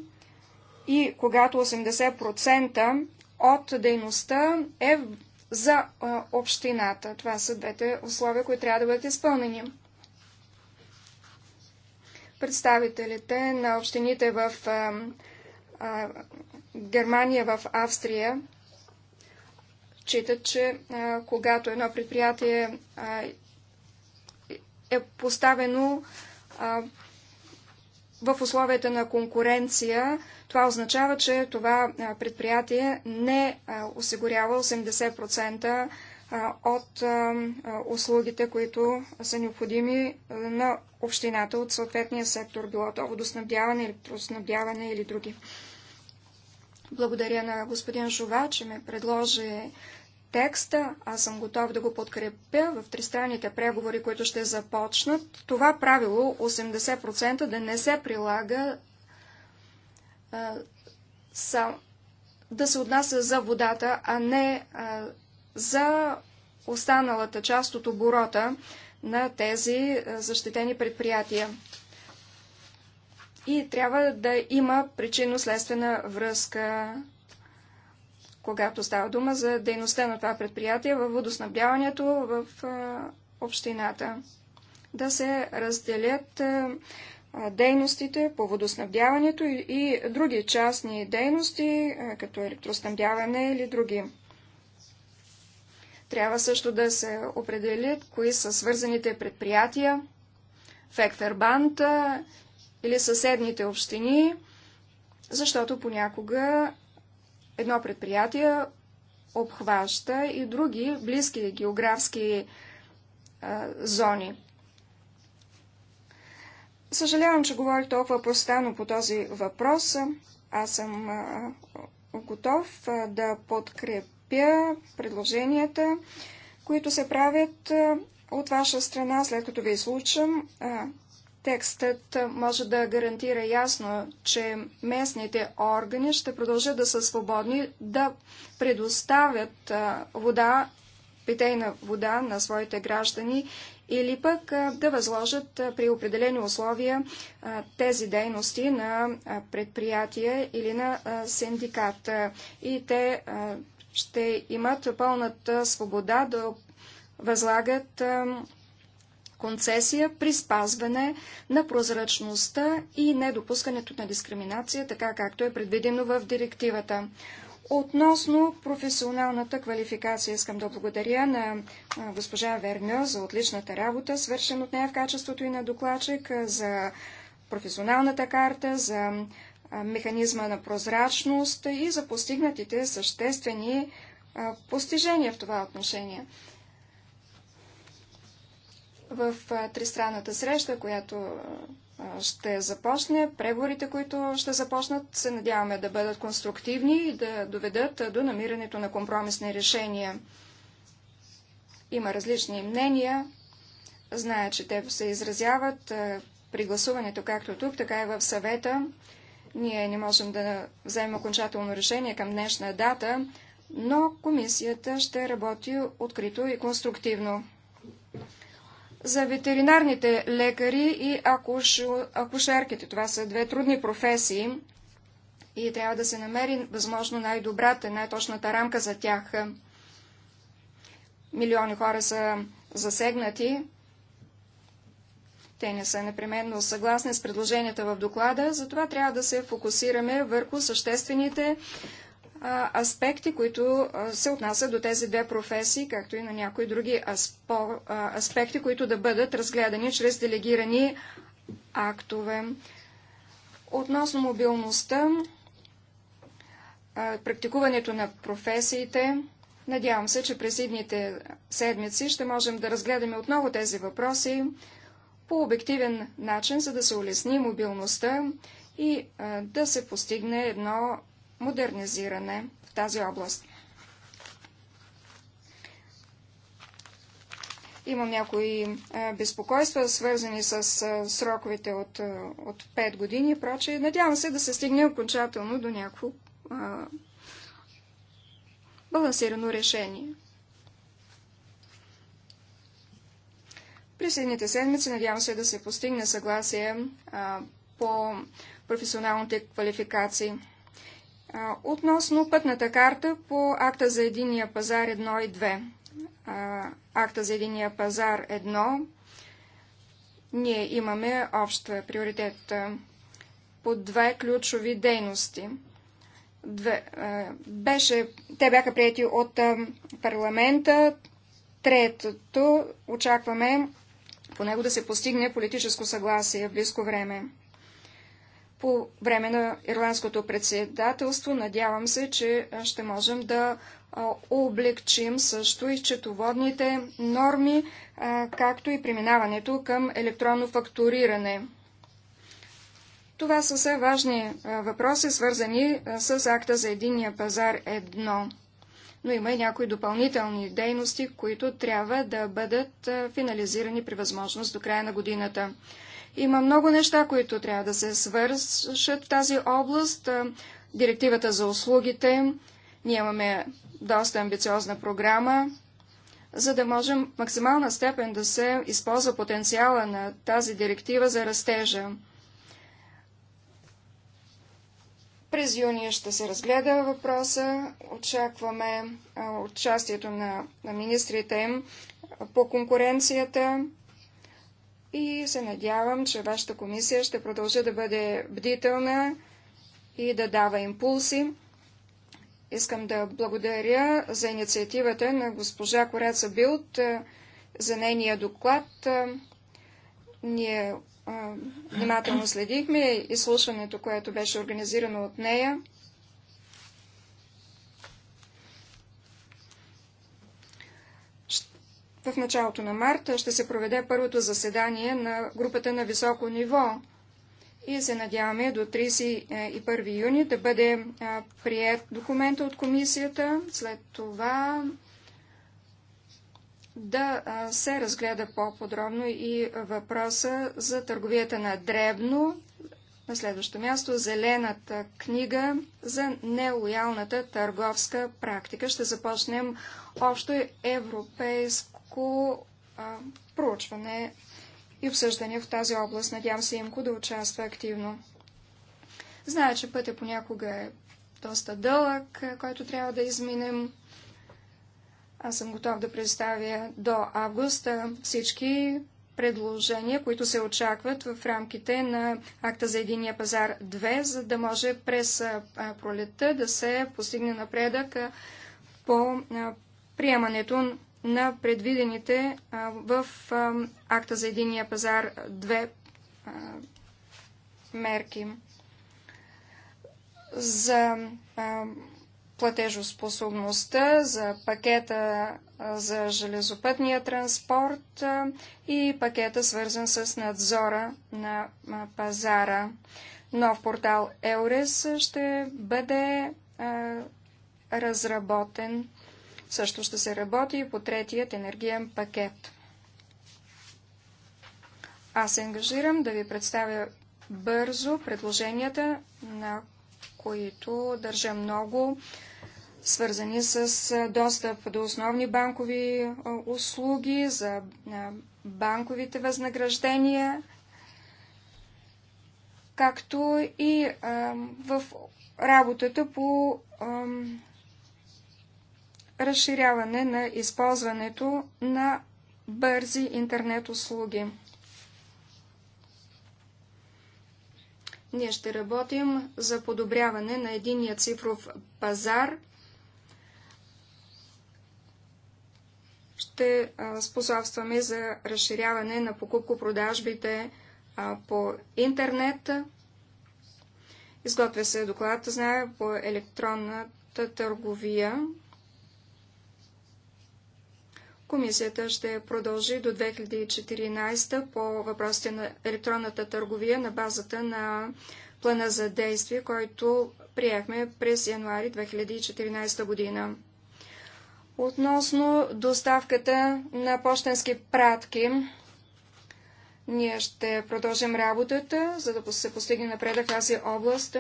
и когато 80% от дейността е за общината. Това са двете условия, които трябва да бъдат изпълнени. Представителите на общините в Германия в Австрия читат, че а, когато едно предприятие а, е поставено а, в условията на конкуренция, това означава, че това предприятие не осигурява 80% от услугите, които са необходими на общината от съответния сектор, било то водоснабдяване, електроснабдяване или други. Благодаря на господин Жова, че ме предложи текста. Аз съм готов да го подкрепя в тристранните преговори, които ще започнат. Това правило 80% да не се прилага а, са, да се отнася за водата, а не а, за останалата част от оборота на тези защитени предприятия. И трябва да има причинно-следствена връзка, когато става дума за дейността на това предприятие във водоснабдяването в общината. Да се разделят дейностите по водоснабдяването и, други частни дейности, като електроснабдяване или други. Трябва също да се определят кои са свързаните предприятия, Фекфербанта или съседните общини, защото понякога едно предприятие обхваща и други близки географски а, зони. Съжалявам, че говорих толкова простано по този въпрос. Аз съм а, готов а, да подкрепя предложенията, които се правят а, от ваша страна, след като ви изслушам. А, Текстът може да гарантира ясно, че местните органи ще продължат да са свободни да предоставят вода, питейна вода на своите граждани или пък да възложат при определени условия тези дейности на предприятия или на синдикат. И те ще имат пълната свобода да възлагат концесия при спазване на прозрачността и недопускането на дискриминация, така както е предвидено в директивата. Относно професионалната квалификация искам да благодаря на госпожа Верньо за отличната работа, свършена от нея в качеството и на докладчик, за професионалната карта, за механизма на прозрачност и за постигнатите съществени постижения в това отношение в тристранната среща, която ще започне, преговорите, които ще започнат, се надяваме да бъдат конструктивни и да доведат до намирането на компромисни решения. Има различни мнения. Зная, че те се изразяват при гласуването както тук, така и в съвета. Ние не можем да вземем окончателно решение към днешна дата, но комисията ще работи открито и конструктивно за ветеринарните лекари и акуш... акушерките. Това са две трудни професии и трябва да се намери възможно най-добрата, най-точната рамка за тях. Милиони хора са засегнати. Те не са непременно съгласни с предложенията в доклада, затова трябва да се фокусираме върху съществените аспекти, които се отнасят до тези две професии, както и на някои други аспекти, които да бъдат разгледани чрез делегирани актове. Относно мобилността, практикуването на професиите, надявам се, че през идните седмици ще можем да разгледаме отново тези въпроси по обективен начин, за да се улесни мобилността и да се постигне едно модернизиране в тази област. Имам някои е, безпокойства, свързани с е, сроковете от, е, от 5 години и прочее. Надявам се да се стигне окончателно до някакво балансирано решение. През следните седмици надявам се да се постигне съгласие а, по професионалните квалификации. Относно пътната карта по акта за единия пазар 1 и 2. Акта за единия пазар 1 ние имаме общ приоритет по две ключови дейности. Две, беше, те бяха прияти от парламента. Третото очакваме по него да се постигне политическо съгласие в близко време по време на ирландското председателство. Надявам се, че ще можем да облегчим също и счетоводните норми, както и преминаването към електронно фактуриране. Това са все важни въпроси, свързани с акта за единния пазар едно. Но има и някои допълнителни дейности, които трябва да бъдат финализирани при възможност до края на годината. Има много неща, които трябва да се свършат в тази област. Директивата за услугите. Ние имаме доста амбициозна програма, за да можем в максимална степен да се използва потенциала на тази директива за растежа. През юни ще се разгледа въпроса. Очакваме участието на, на министрите им по конкуренцията и се надявам, че вашата комисия ще продължи да бъде бдителна и да дава импулси. Искам да благодаря за инициативата на госпожа Кореца Билт, е, за нейния доклад. Е, ние е, внимателно следихме изслушването, което беше организирано от нея. В началото на март ще се проведе първото заседание на групата на високо ниво и се надяваме до 31 юни да бъде прият документа от комисията, след това да се разгледа по-подробно и въпроса за търговията на дребно, на следващо място зелената книга за нелоялната търговска практика. Ще започнем общо европейско по а, проучване и обсъждане в тази област. Надявам се Имко да участва активно. Зная, че пътя понякога е доста дълъг, който трябва да изминем. Аз съм готов да представя до август всички предложения, които се очакват в рамките на акта за единия пазар 2, за да може през пролетта да се постигне напредък по приемането на предвидените в акта за единия пазар две мерки за платежоспособността, за пакета за железопътния транспорт и пакета свързан с надзора на пазара. Нов портал Еурес ще бъде разработен също ще се работи и по третият енергиен пакет. Аз се ангажирам да ви представя бързо предложенията, на които държа много, свързани с достъп до основни банкови услуги, за банковите възнаграждения, както и а, в работата по а, разширяване на използването на бързи интернет-услуги. Ние ще работим за подобряване на единия цифров пазар. Ще способстваме за разширяване на покупко-продажбите по интернет. Изготвя се доклад, знае, по електронната търговия. Комисията ще продължи до 2014 по въпросите на електронната търговия на базата на плана за действие, който приехме през януари 2014 година. Относно доставката на почтенски пратки, ние ще продължим работата, за да се постигне напредък тази област.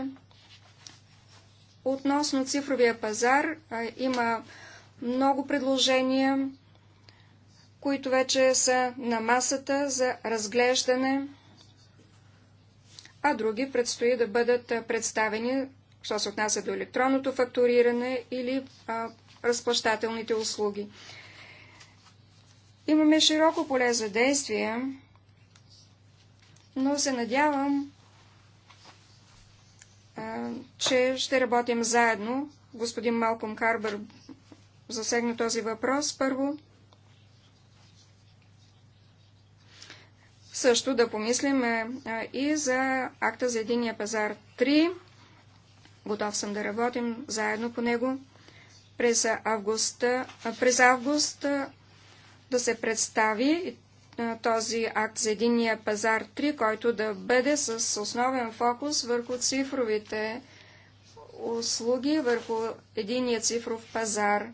Относно цифровия пазар, има много предложения които вече са на масата за разглеждане, а други предстои да бъдат представени, що се отнася до електронното фактуриране или а, разплащателните услуги. Имаме широко поле за действие, но се надявам, а, че ще работим заедно. Господин Малком Карбър засегна този въпрос. Първо, Също да помислим е, е, и за акта за единия пазар 3. Готов съм да работим заедно по него. През август, е, през август да се представи този акт за единия пазар 3, който да бъде с основен фокус върху цифровите услуги, върху единия цифров пазар.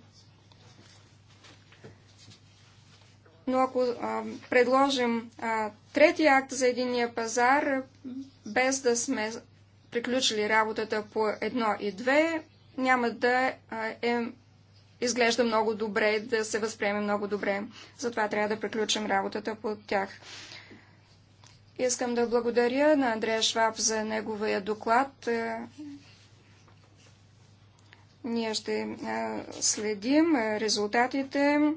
Но ако а, предложим а, Третия акт за единния пазар, без да сме приключили работата по едно и две, няма да е, изглежда много добре, да се възприеме много добре. Затова трябва да приключим работата по тях. Искам да благодаря на Андрея Шваб за неговия доклад. Е, ние ще е, следим е, резултатите,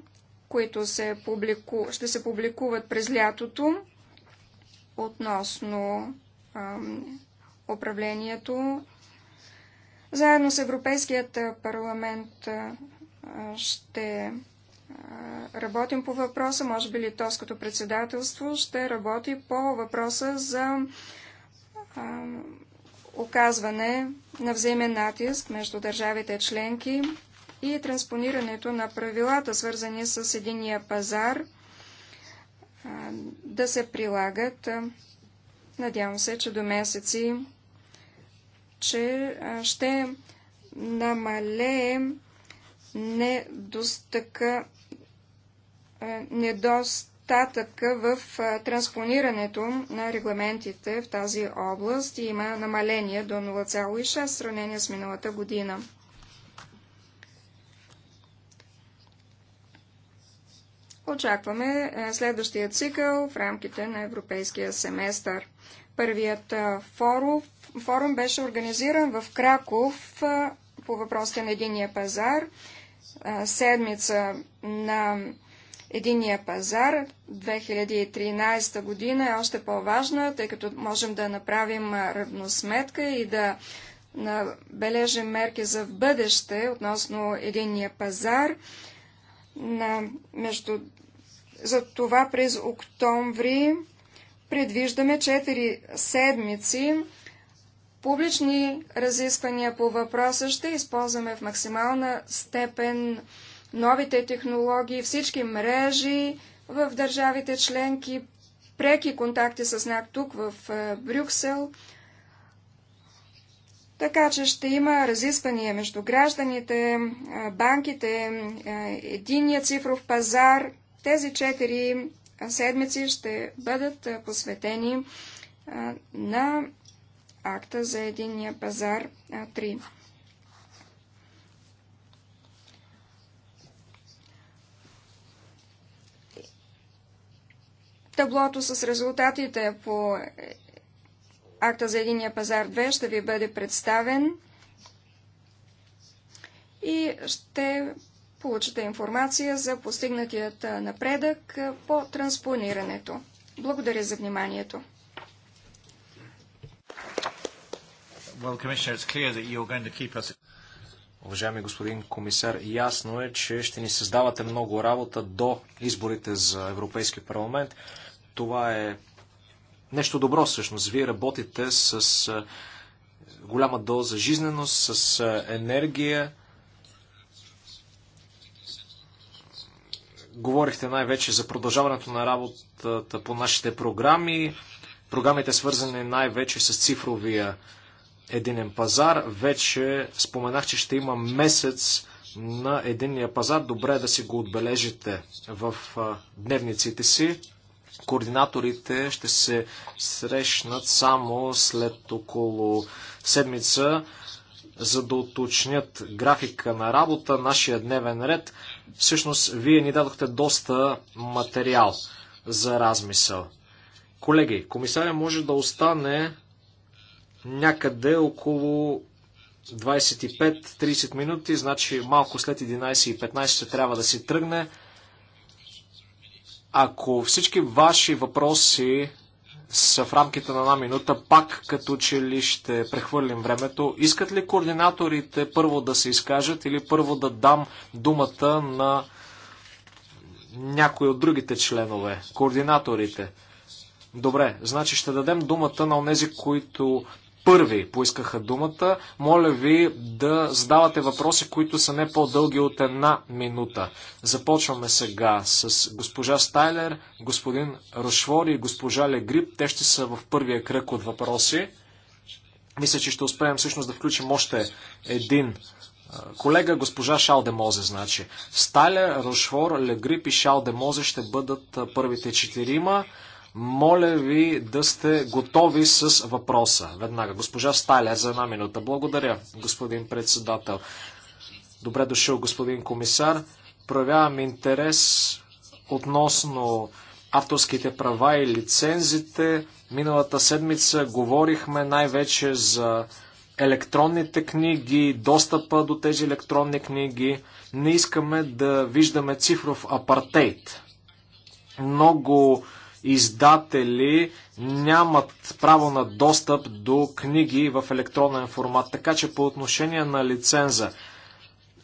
които се публику... ще се публикуват през лятото относно управлението. Заедно с Европейският парламент ще работим по въпроса, може би литовското председателство ще работи по въпроса за оказване на взаимен натиск между държавите членки и транспонирането на правилата, свързани с единия пазар – да се прилагат. Надявам се, че до месеци, че ще намалеем недостъка, недостатъка в транспонирането на регламентите в тази област и има намаление до 0,6 в сравнение с миналата година. Очакваме е, следващия цикъл в рамките на европейския семестър. Първият е, форум, форум беше организиран в Краков е, по въпросите на единия пазар. Седмица на единия пазар 2013 година е още по-важна, тъй като можем да направим равносметка и да набележим мерки за в бъдеще относно единния пазар на между затова през октомври предвиждаме 4 седмици публични разисквания по въпроса. Ще използваме в максимална степен новите технологии, всички мрежи в държавите членки, преки контакти с нас тук в е, Брюксел. Така че ще има разисквания между гражданите, е, банките, е, единия цифров пазар, тези четири седмици ще бъдат посветени на акта за единния пазар 3. Таблото с резултатите по акта за единия пазар 2 ще ви бъде представен и ще получите информация за постигнатият напредък по транспонирането. Благодаря за вниманието. Уважаеми господин комисар, ясно е, че ще ни създавате много работа до изборите за Европейски парламент. Това е нещо добро всъщност. Вие работите с голяма доза жизненост, с енергия. Говорихте най-вече за продължаването на работата по нашите програми, програмите свързани най-вече с цифровия единен пазар. Вече споменах, че ще има месец на единния пазар. Добре е да си го отбележите в дневниците си. Координаторите ще се срещнат само след около седмица, за да уточнят графика на работа, нашия дневен ред. Всъщност, вие ни дадохте доста материал за размисъл. Колеги, комисаря може да остане някъде около 25-30 минути, значи малко след 11.15 ще трябва да си тръгне. Ако всички ваши въпроси са в рамките на една минута, пак като че ли ще прехвърлим времето. Искат ли координаторите първо да се изкажат или първо да дам думата на някой от другите членове? Координаторите. Добре, значи ще дадем думата на онези, които първи поискаха думата. Моля ви да задавате въпроси, които са не по-дълги от една минута. Започваме сега с госпожа Стайлер, господин Рошвор и госпожа Легрип. Те ще са в първия кръг от въпроси. Мисля, че ще успеем всъщност да включим още един колега, госпожа Шал де Мозе, значи. Стайлер, Рошвор, Легрип и Шал де Мозе ще бъдат първите четирима. Моля ви да сте готови с въпроса. Веднага. Госпожа Сталя за една минута. Благодаря, господин председател. Добре дошъл, господин комисар. Проявявам интерес относно авторските права и лицензите. Миналата седмица говорихме най-вече за електронните книги, достъпа до тези електронни книги. Не искаме да виждаме цифров апартейт. Много издатели нямат право на достъп до книги в електронен формат. Така че по отношение на лиценза,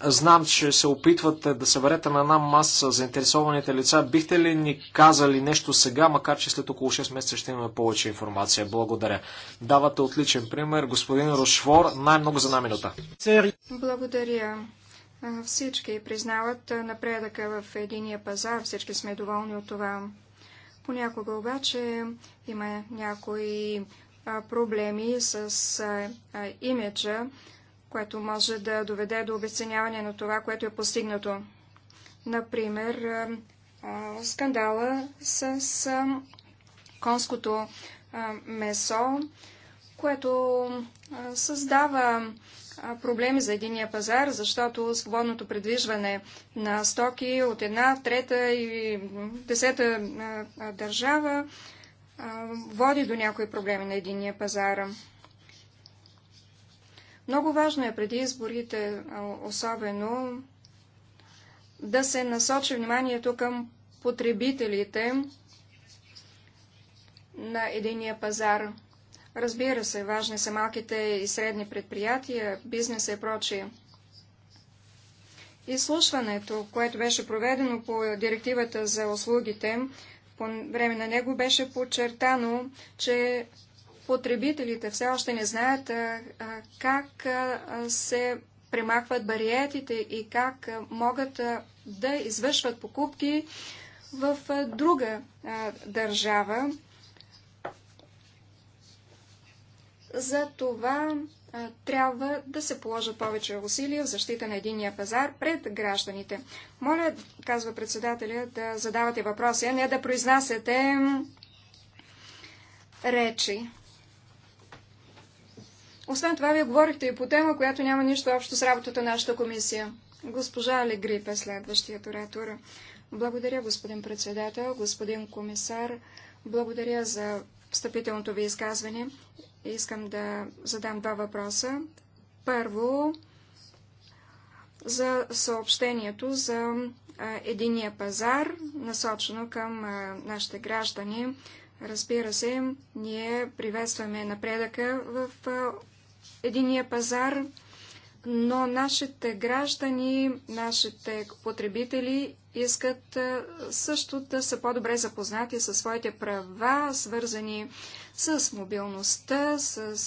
знам, че се опитвате да се върнете на една маса заинтересованите лица. Бихте ли ни казали нещо сега, макар че след около 6 месеца ще имаме повече информация? Благодаря. Давате отличен пример. Господин Рошвор, най-много за една минута. Благодаря. Всички признават напредъка в единия пазар. Всички сме доволни от това. Понякога обаче има някои проблеми с имиджа, което може да доведе до обесценяване на това, което е постигнато. Например, скандала с конското месо, което създава проблеми за единия пазар, защото свободното предвижване на стоки от една, трета и десета държава води до някои проблеми на единия пазар. Много важно е преди изборите, особено, да се насочи вниманието към потребителите на единия пазар – Разбира се, важни са малките и средни предприятия, бизнеса и прочие. Изслушването, което беше проведено по директивата за услугите, по време на него беше подчертано, че потребителите все още не знаят как се премахват бариетите и как могат да извършват покупки в друга държава За това а, трябва да се положат повече усилия в защита на единния пазар пред гражданите. Моля, казва председателя, да задавате въпроси, а не да произнасяте речи. Освен това, вие говорихте и по тема, която няма нищо общо с работата на нашата комисия. Госпожа Легрип е следващият оратор. Благодаря, господин председател, господин комисар. Благодаря за встъпителното ви изказване. Искам да задам два въпроса. Първо, за съобщението за единия пазар, насочено към нашите граждани. Разбира се, ние приветстваме напредъка в единия пазар, но нашите граждани, нашите потребители искат също да са по-добре запознати със своите права, свързани с мобилността, с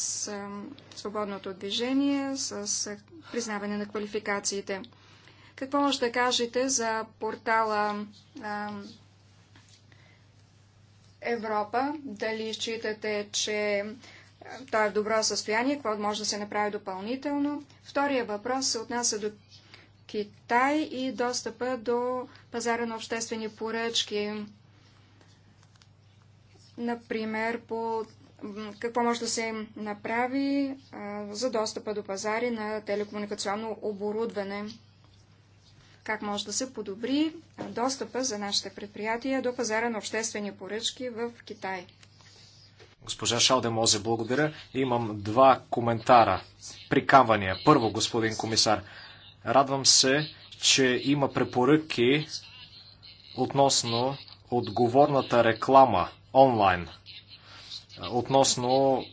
свободното движение, с е, признаване на квалификациите. Какво може да кажете за портала а, Европа? Дали считате, че е, той е в добро състояние? Какво може да се направи допълнително? Втория въпрос се отнася до Китай и достъпа до пазара на обществени поръчки например, по какво може да се направи а, за достъпа до пазари на телекомуникационно оборудване. Как може да се подобри достъпа за нашите предприятия до пазара на обществени поръчки в Китай. Госпожа Шалдемозе, благодаря. Имам два коментара, приканвания. Първо, господин комисар, радвам се, че има препоръки относно отговорната реклама – онлайн. Относно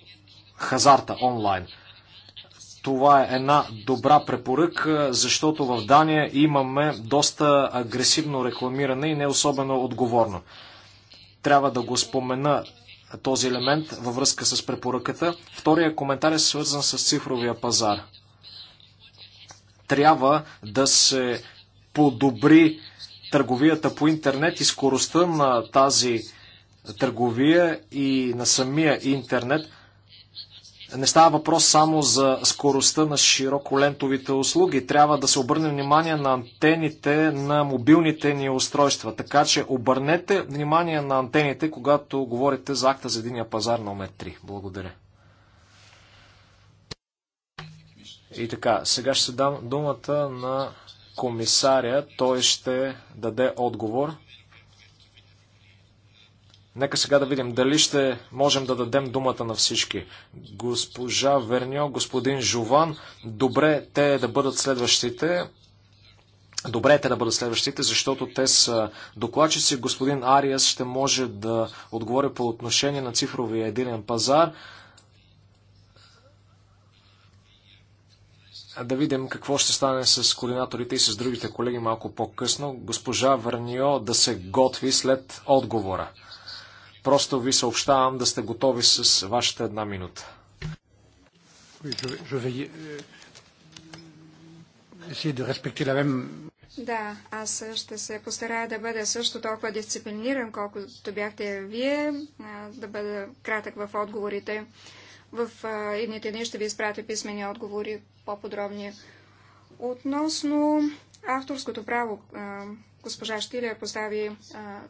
хазарта онлайн. Това е една добра препоръка, защото в Дания имаме доста агресивно рекламиране и не особено отговорно. Трябва да го спомена този елемент във връзка с препоръката. Втория коментар е свързан с цифровия пазар. Трябва да се подобри търговията по интернет и скоростта на тази търговия и на самия интернет. Не става въпрос само за скоростта на широколентовите услуги. Трябва да се обърне внимание на антените на мобилните ни устройства. Така че обърнете внимание на антените, когато говорите за акта за единия пазар номер 3. Благодаря. И така, сега ще дам думата на комисаря. Той ще даде отговор. Нека сега да видим дали ще можем да дадем думата на всички. Госпожа Верньо, господин Жован, добре те да бъдат следващите. Добре е те да бъдат следващите, защото те са докладчици. Господин Ариас ще може да отговори по отношение на цифровия единен пазар. Да видим какво ще стане с координаторите и с другите колеги малко по-късно. Госпожа Върнио да се готви след отговора. Просто ви съобщавам да сте готови с вашата една минута. Euh, да, аз ще се постарая да бъда също толкова дисциплиниран, колкото бяхте вие, да бъда кратък в отговорите. В едните дни ще ви изпратя писмени отговори по-подробни. Относно авторското право, госпожа Штилия постави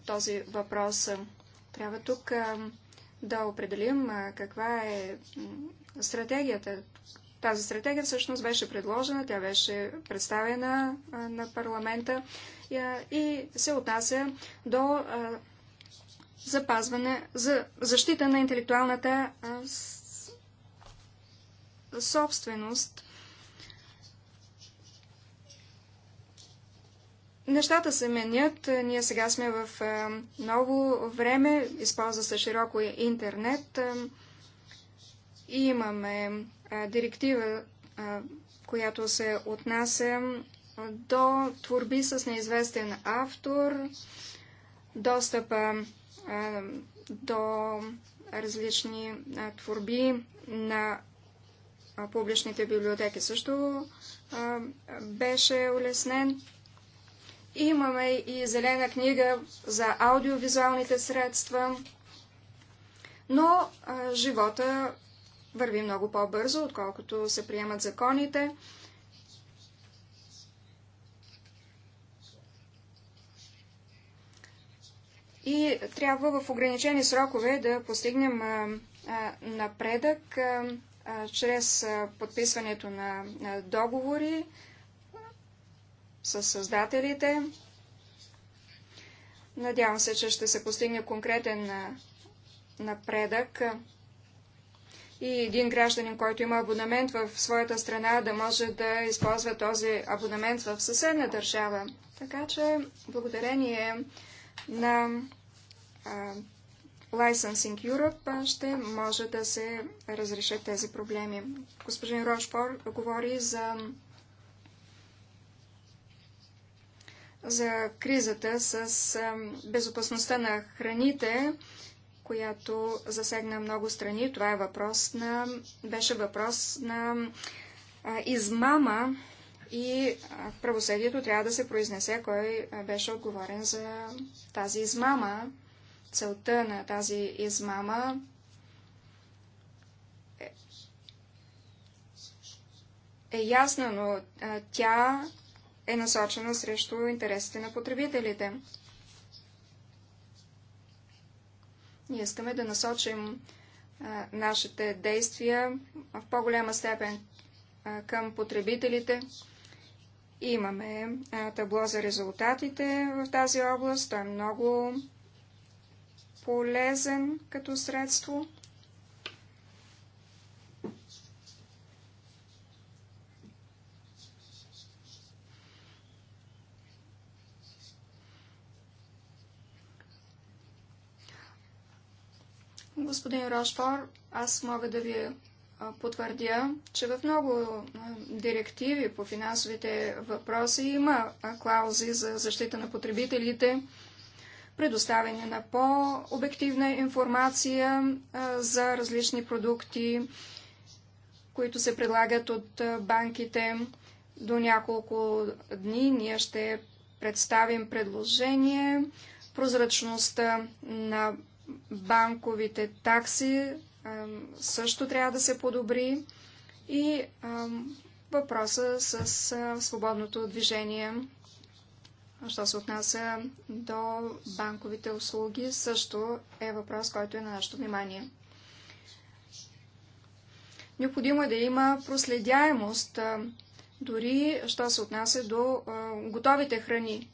този въпрос. Трябва тук да определим каква е стратегията. Тази стратегия всъщност беше предложена, тя беше представена на парламента и се отнася до запазване, за защита на интелектуалната собственост. Нещата се менят. Ние сега сме в е, ново време. Използва се широко интернет. Е, и имаме е, директива, която се отнася до творби с неизвестен автор, достъпа до различни творби на публичните библиотеки също беше улеснен. Имаме и зелена книга за аудиовизуалните средства, но а, живота върви много по-бързо, отколкото се приемат законите. И трябва в ограничени срокове да постигнем а, а, напредък а, чрез подписването на, на договори, с създателите. Надявам се, че ще се постигне конкретен напредък и един гражданин, който има абонамент в своята страна, да може да използва този абонамент в съседна държава. Така че, благодарение на Licensing Europe ще може да се разрешат тези проблеми. Господин Рошпор говори за за кризата с безопасността на храните, която засегна много страни. Това е въпрос на, беше въпрос на а, измама и в правосъдието трябва да се произнесе кой беше отговорен за тази измама. Целта на тази измама е, е ясна, но а, тя е насочена срещу интересите на потребителите. Ние искаме да насочим а, нашите действия в по-голяма степен а, към потребителите. Имаме а, табло за резултатите в тази област. Той е много полезен като средство. Господин Рошфор, аз мога да ви потвърдя, че в много директиви по финансовите въпроси има клаузи за защита на потребителите, предоставяне на по-обективна информация за различни продукти, които се предлагат от банките. До няколко дни ние ще представим предложение прозрачността на банковите такси също трябва да се подобри и въпроса с свободното движение, що се отнася до банковите услуги, също е въпрос, който е на нашето внимание. Необходимо е да има проследяемост, дори що се отнася до готовите храни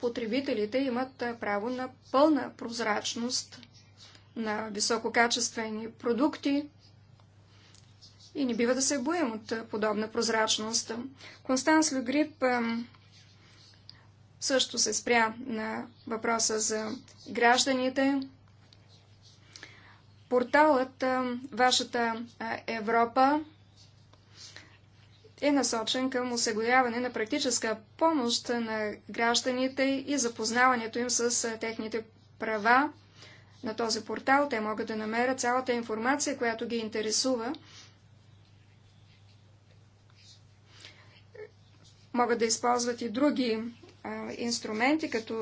потребителите имат право на пълна прозрачност на висококачествени продукти и не бива да се боим от подобна прозрачност. Констанс Люгрип също се спря на въпроса за гражданите. Порталът Вашата Европа е насочен към осигуряване на практическа помощ на гражданите и запознаването им с техните права. На този портал те могат да намерят цялата информация, която ги интересува. Могат да използват и други а, инструменти, като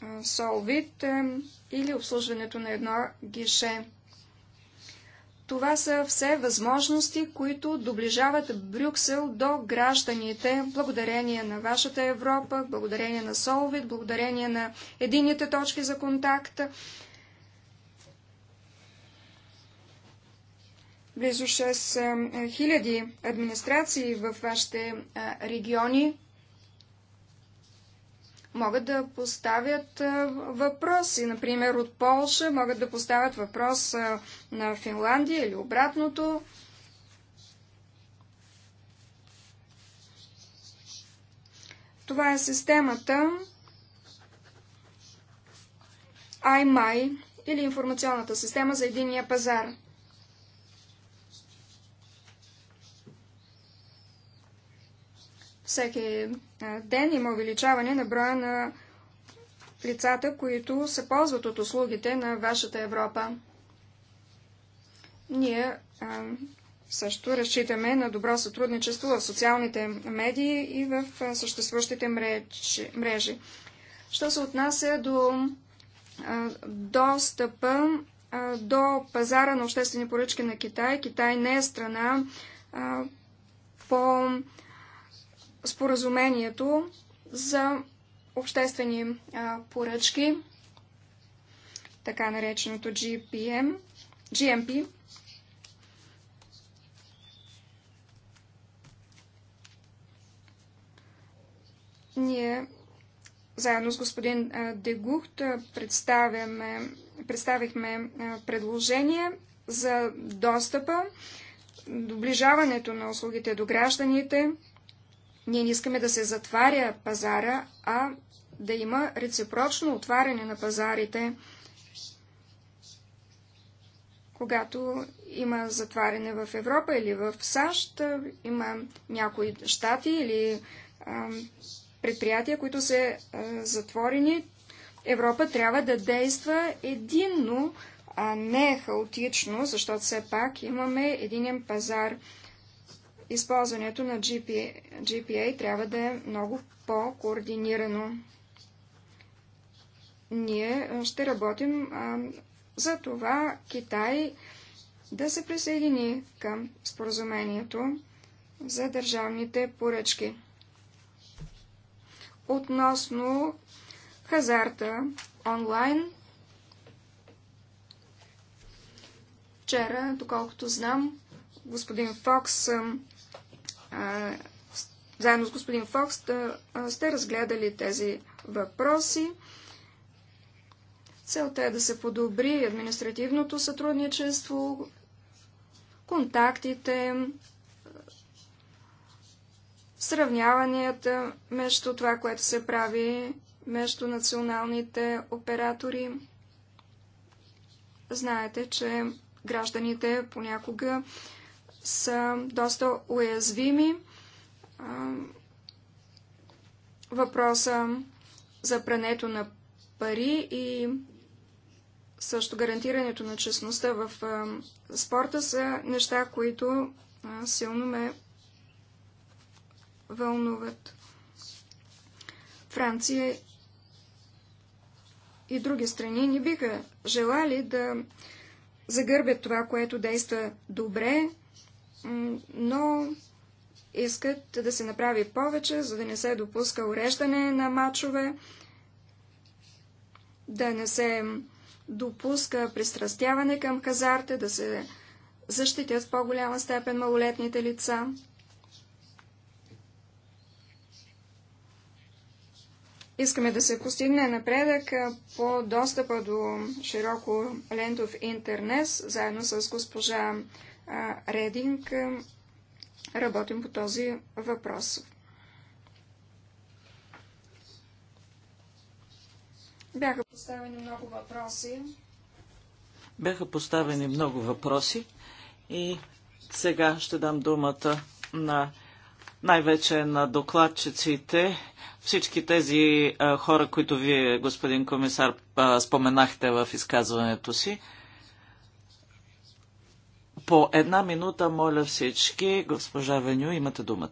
а, Solvit а, или обслужването на едно гише. Това са все възможности, които доближават Брюксел до гражданите, благодарение на вашата Европа, благодарение на Солвит, благодарение на едините точки за контакт. Близо 6 хиляди администрации в вашите региони могат да поставят въпроси. Например, от Полша могат да поставят въпрос на Финландия или обратното. Това е системата IMAI или информационната система за единия пазар. Всеки ден има увеличаване на броя на лицата, които се ползват от услугите на вашата Европа. Ние също разчитаме на добро сътрудничество в социалните медии и в съществуващите мрежи. Що се отнася до достъпа до пазара на обществени поръчки на Китай, Китай не е страна по споразумението за обществени а, поръчки, така нареченото GPM, GMP. Ние заедно с господин Дегухт представихме предложение за достъпа, доближаването на услугите до гражданите, ние не искаме да се затваря пазара, а да има реципрочно отваряне на пазарите, когато има затваряне в Европа или в САЩ, има някои щати или а, предприятия, които са затворени. Европа трябва да действа единно, а не хаотично, защото все пак имаме единен пазар използването на GPA, GPA трябва да е много по-координирано. Ние ще работим а, за това Китай да се присъедини към споразумението за държавните поръчки. Относно хазарта онлайн, вчера, доколкото знам, господин Фокс заедно с господин Фокс сте разгледали тези въпроси. Целта е да се подобри административното сътрудничество, контактите, сравняванията между това, което се прави между националните оператори. Знаете, че гражданите понякога са доста уязвими. Въпроса за прането на пари и също гарантирането на честността в спорта са неща, които силно ме вълнуват. Франция и други страни не биха желали да загърбят това, което действа добре но искат да се направи повече, за да не се допуска уреждане на мачове, да не се допуска пристрастяване към хазарта, да се защитят в по-голяма степен малолетните лица. Искаме да се постигне напредък по достъпа до широко лентов интернет, заедно с госпожа Рединг работим по този въпрос. Бяха поставени много въпроси. Бяха поставени много въпроси и сега ще дам думата на най-вече на докладчиците, всички тези а, хора, които вие, господин комисар, а, споменахте в изказването си. По една минута, моля всички, госпожа Веню, имате думата.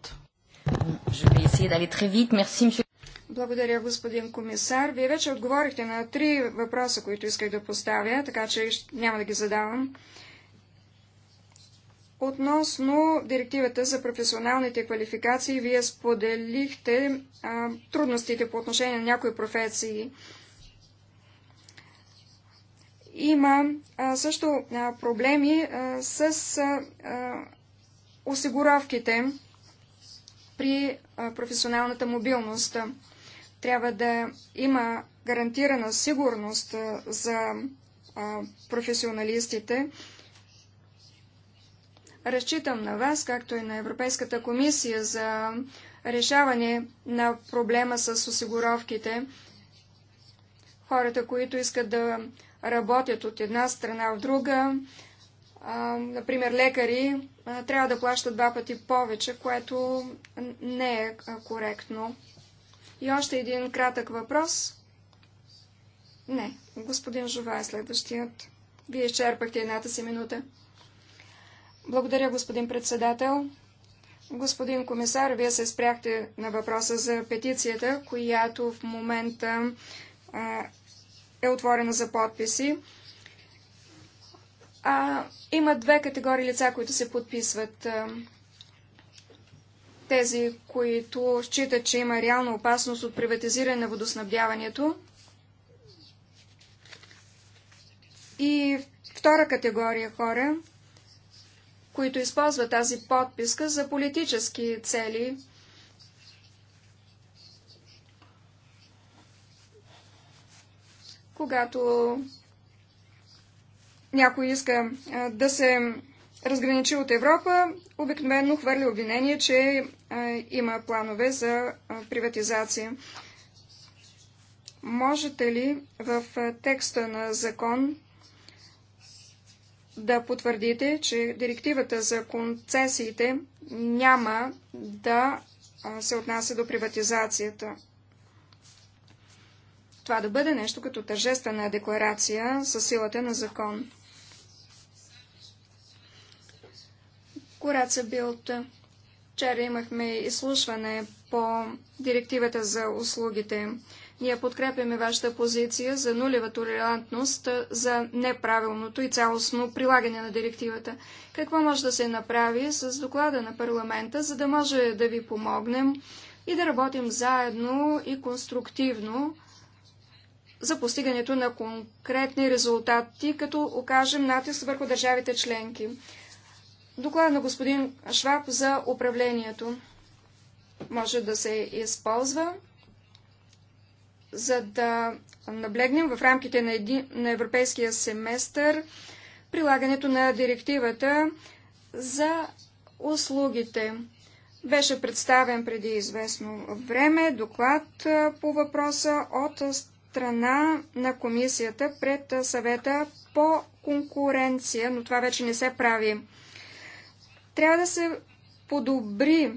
Благодаря, господин комисар. Вие вече отговорихте на три въпроса, които исках да поставя, така че няма да ги задавам. Относно директивата за професионалните квалификации, вие споделихте а, трудностите по отношение на някои професии. Има също проблеми с осигуровките при професионалната мобилност. Трябва да има гарантирана сигурност за професионалистите. Разчитам на вас, както и на Европейската комисия за решаване на проблема с осигуровките. Хората, които искат да работят от една страна в друга. например, лекари трябва да плащат два пъти повече, което не е коректно. И още един кратък въпрос. Не, господин Жова е следващият. Вие изчерпахте едната си минута. Благодаря, господин председател. Господин комисар, вие се спряхте на въпроса за петицията, която в момента е отворена за подписи. А, има две категории лица, които се подписват. Тези, които считат, че има реална опасност от приватизиране на водоснабдяването. И втора категория хора, които използват тази подписка за политически цели – когато някой иска да се разграничи от Европа, обикновено хвърля обвинение, че има планове за приватизация. Можете ли в текста на закон да потвърдите, че директивата за концесиите няма да се отнася до приватизацията? това да бъде нещо като тържествена декларация със силата на закон. Кораца Билт. Е, вчера имахме изслушване по директивата за услугите. Ние подкрепяме вашата позиция за нулева толерантност е, за неправилното и цялостно прилагане на директивата. Какво може да се направи с доклада на парламента, за да може да ви помогнем и да работим заедно и конструктивно за постигането на конкретни резултати, като окажем натиск върху държавите членки. Доклад на господин Шваб за управлението може да се използва, за да наблегнем в рамките на, един, на европейския семестър прилагането на директивата за услугите. Беше представен преди известно време доклад по въпроса от страна на комисията пред съвета по конкуренция, но това вече не се прави. Трябва да се подобри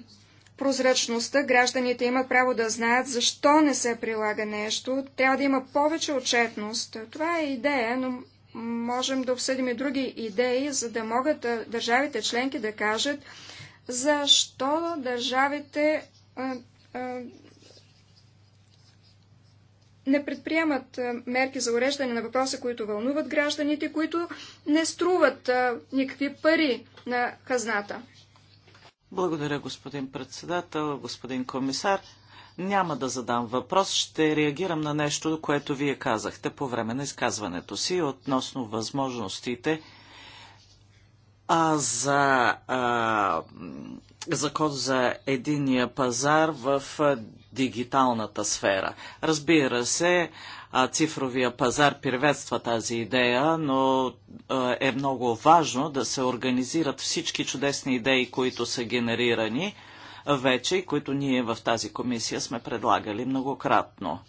прозрачността. Гражданите имат право да знаят защо не се прилага нещо. Трябва да има повече отчетност. Това е идея, но можем да обсъдим и други идеи, за да могат държавите членки да кажат защо държавите не предприемат е, мерки за уреждане на въпроса, които вълнуват гражданите, които не струват е, никакви пари на хазната. Благодаря, господин председател, господин комисар. Няма да задам въпрос, ще реагирам на нещо, което вие казахте по време на изказването си относно възможностите а, за а, закон за единия пазар в дигиталната сфера. Разбира се, цифровия пазар приветства тази идея, но е много важно да се организират всички чудесни идеи, които са генерирани вече и които ние в тази комисия сме предлагали многократно.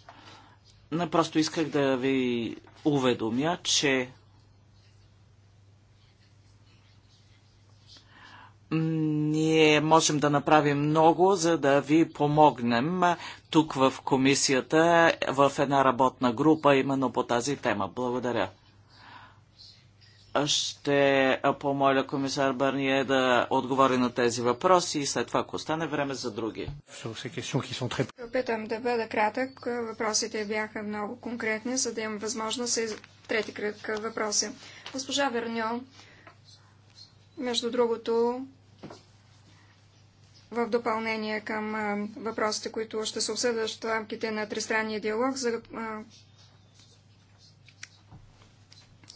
Не просто исках да ви уведомя, че ние можем да направим много, за да ви помогнем тук в комисията, в една работна група, именно по тази тема. Благодаря. Ще помоля комисар Барния да отговори на тези въпроси и след това, ако остане време за други. Опитам да бъда кратък. Въпросите бяха много конкретни, за да имам възможност и трети кръг въпроси. Госпожа Верньо, между другото, в допълнение към въпросите, които ще се обсъдят в рамките на тристранния диалог за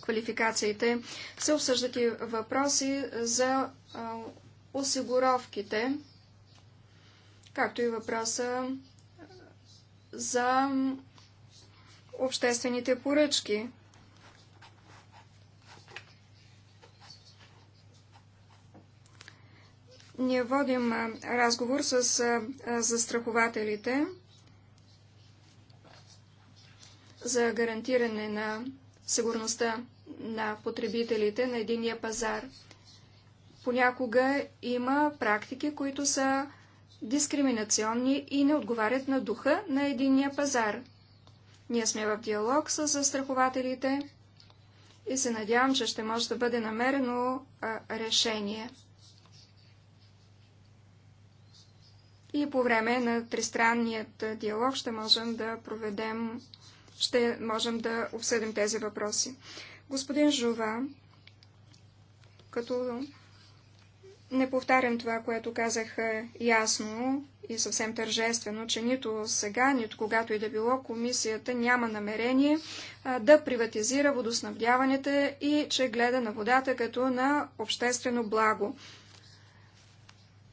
квалификациите, се обсъждат и въпроси за осигуровките, както и въпроса за обществените поръчки. Ние водим разговор с застрахователите за гарантиране на сигурността на потребителите на единия пазар. Понякога има практики, които са дискриминационни и не отговарят на духа на единия пазар. Ние сме в диалог с застрахователите и се надявам, че ще може да бъде намерено решение. И по време на тристранният диалог ще можем да проведем, ще можем да обсъдим тези въпроси. Господин Жова, като не повтарям това, което казах ясно и съвсем тържествено, че нито сега, нито когато и да било, комисията няма намерение да приватизира водоснабдяването и че гледа на водата като на обществено благо.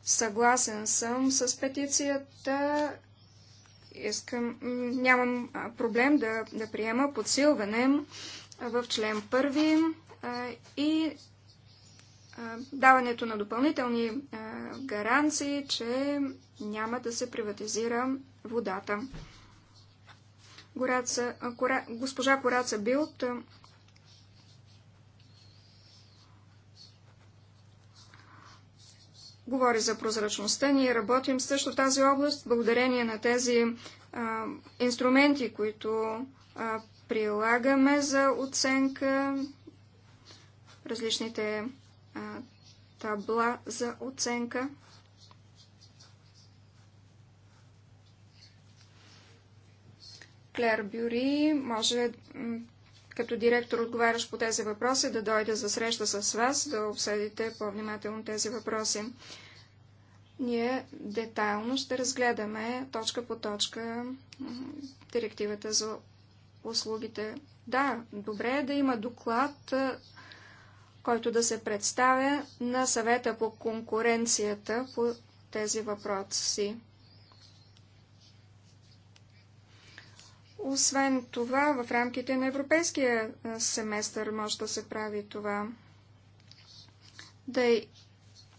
Съгласен съм с петицията. Искам, нямам проблем да, да приема подсилване в член 1 и даването на допълнителни гаранции, че няма да се приватизира водата. Гораца, госпожа Кораца Билт говори за прозрачността. Ние работим също в тази област, благодарение на тези а, инструменти, които а, прилагаме за оценка, различните а, табла за оценка. Клер Бюри може като директор, отговаряш по тези въпроси, да дойде за среща с вас, да обсъдите по-внимателно тези въпроси. Ние детайлно ще разгледаме точка по точка директивата за услугите. Да, добре е да има доклад, който да се представя на съвета по конкуренцията по тези въпроси. Освен това, в рамките на европейския семестър може да се прави това. Да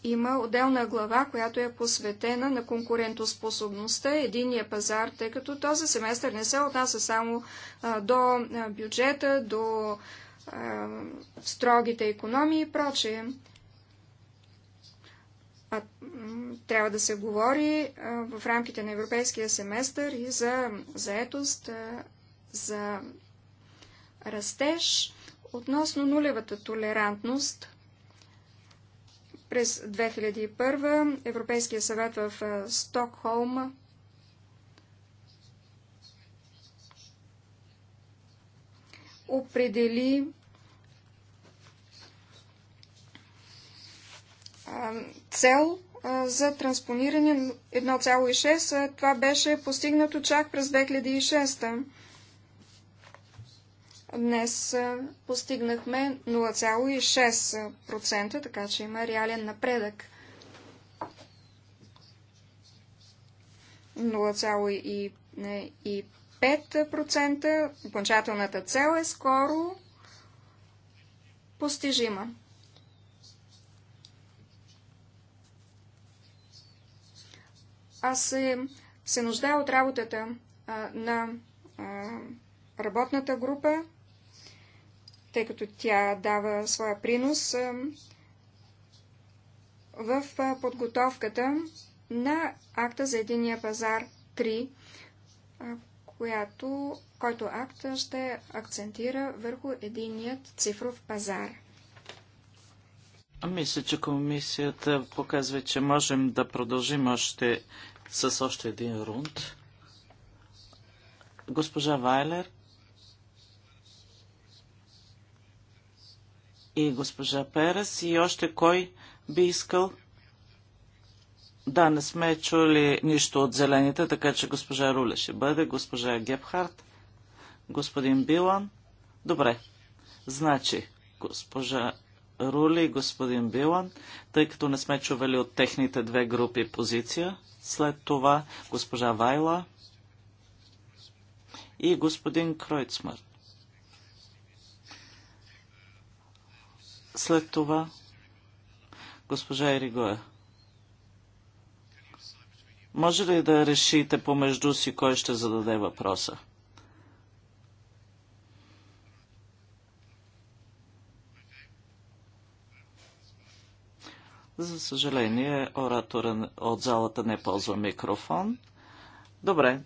има отделна глава, която е посветена на конкурентоспособността, единия пазар, тъй като този семестър не се отнася само а, до бюджета, до а, строгите економии и прочее а, трябва да се говори а, в рамките на европейския семестър и за заетост, а, за растеж относно нулевата толерантност. През 2001 Европейския съвет в а, Стокхолм определи цел за транспониране 1,6. Това беше постигнато чак през 2006. Днес постигнахме 0,6%, така че има реален напредък. 0,5% окончателната цел е скоро постижима. Аз се, се нуждая от работата а, на а, работната група, тъй като тя дава своя принос а, в а, подготовката на акта за единия пазар 3, а, която, който акт ще акцентира върху единият цифров пазар. Мисля, че комисията показва, че можем да продължим още с още един рунд. Госпожа Вайлер и госпожа Перес и още кой би искал? Да, не сме чули нищо от зелените, така че госпожа Руле ще бъде, госпожа Гепхарт, господин Билан. Добре. Значи, госпожа Рули и господин Билан, тъй като не сме чували от техните две групи позиция. След това госпожа Вайла и господин Кройцмар. След това госпожа Еригоя. Може ли да решите помежду си кой ще зададе въпроса? За съжаление, оратора от залата не ползва микрофон. Добре,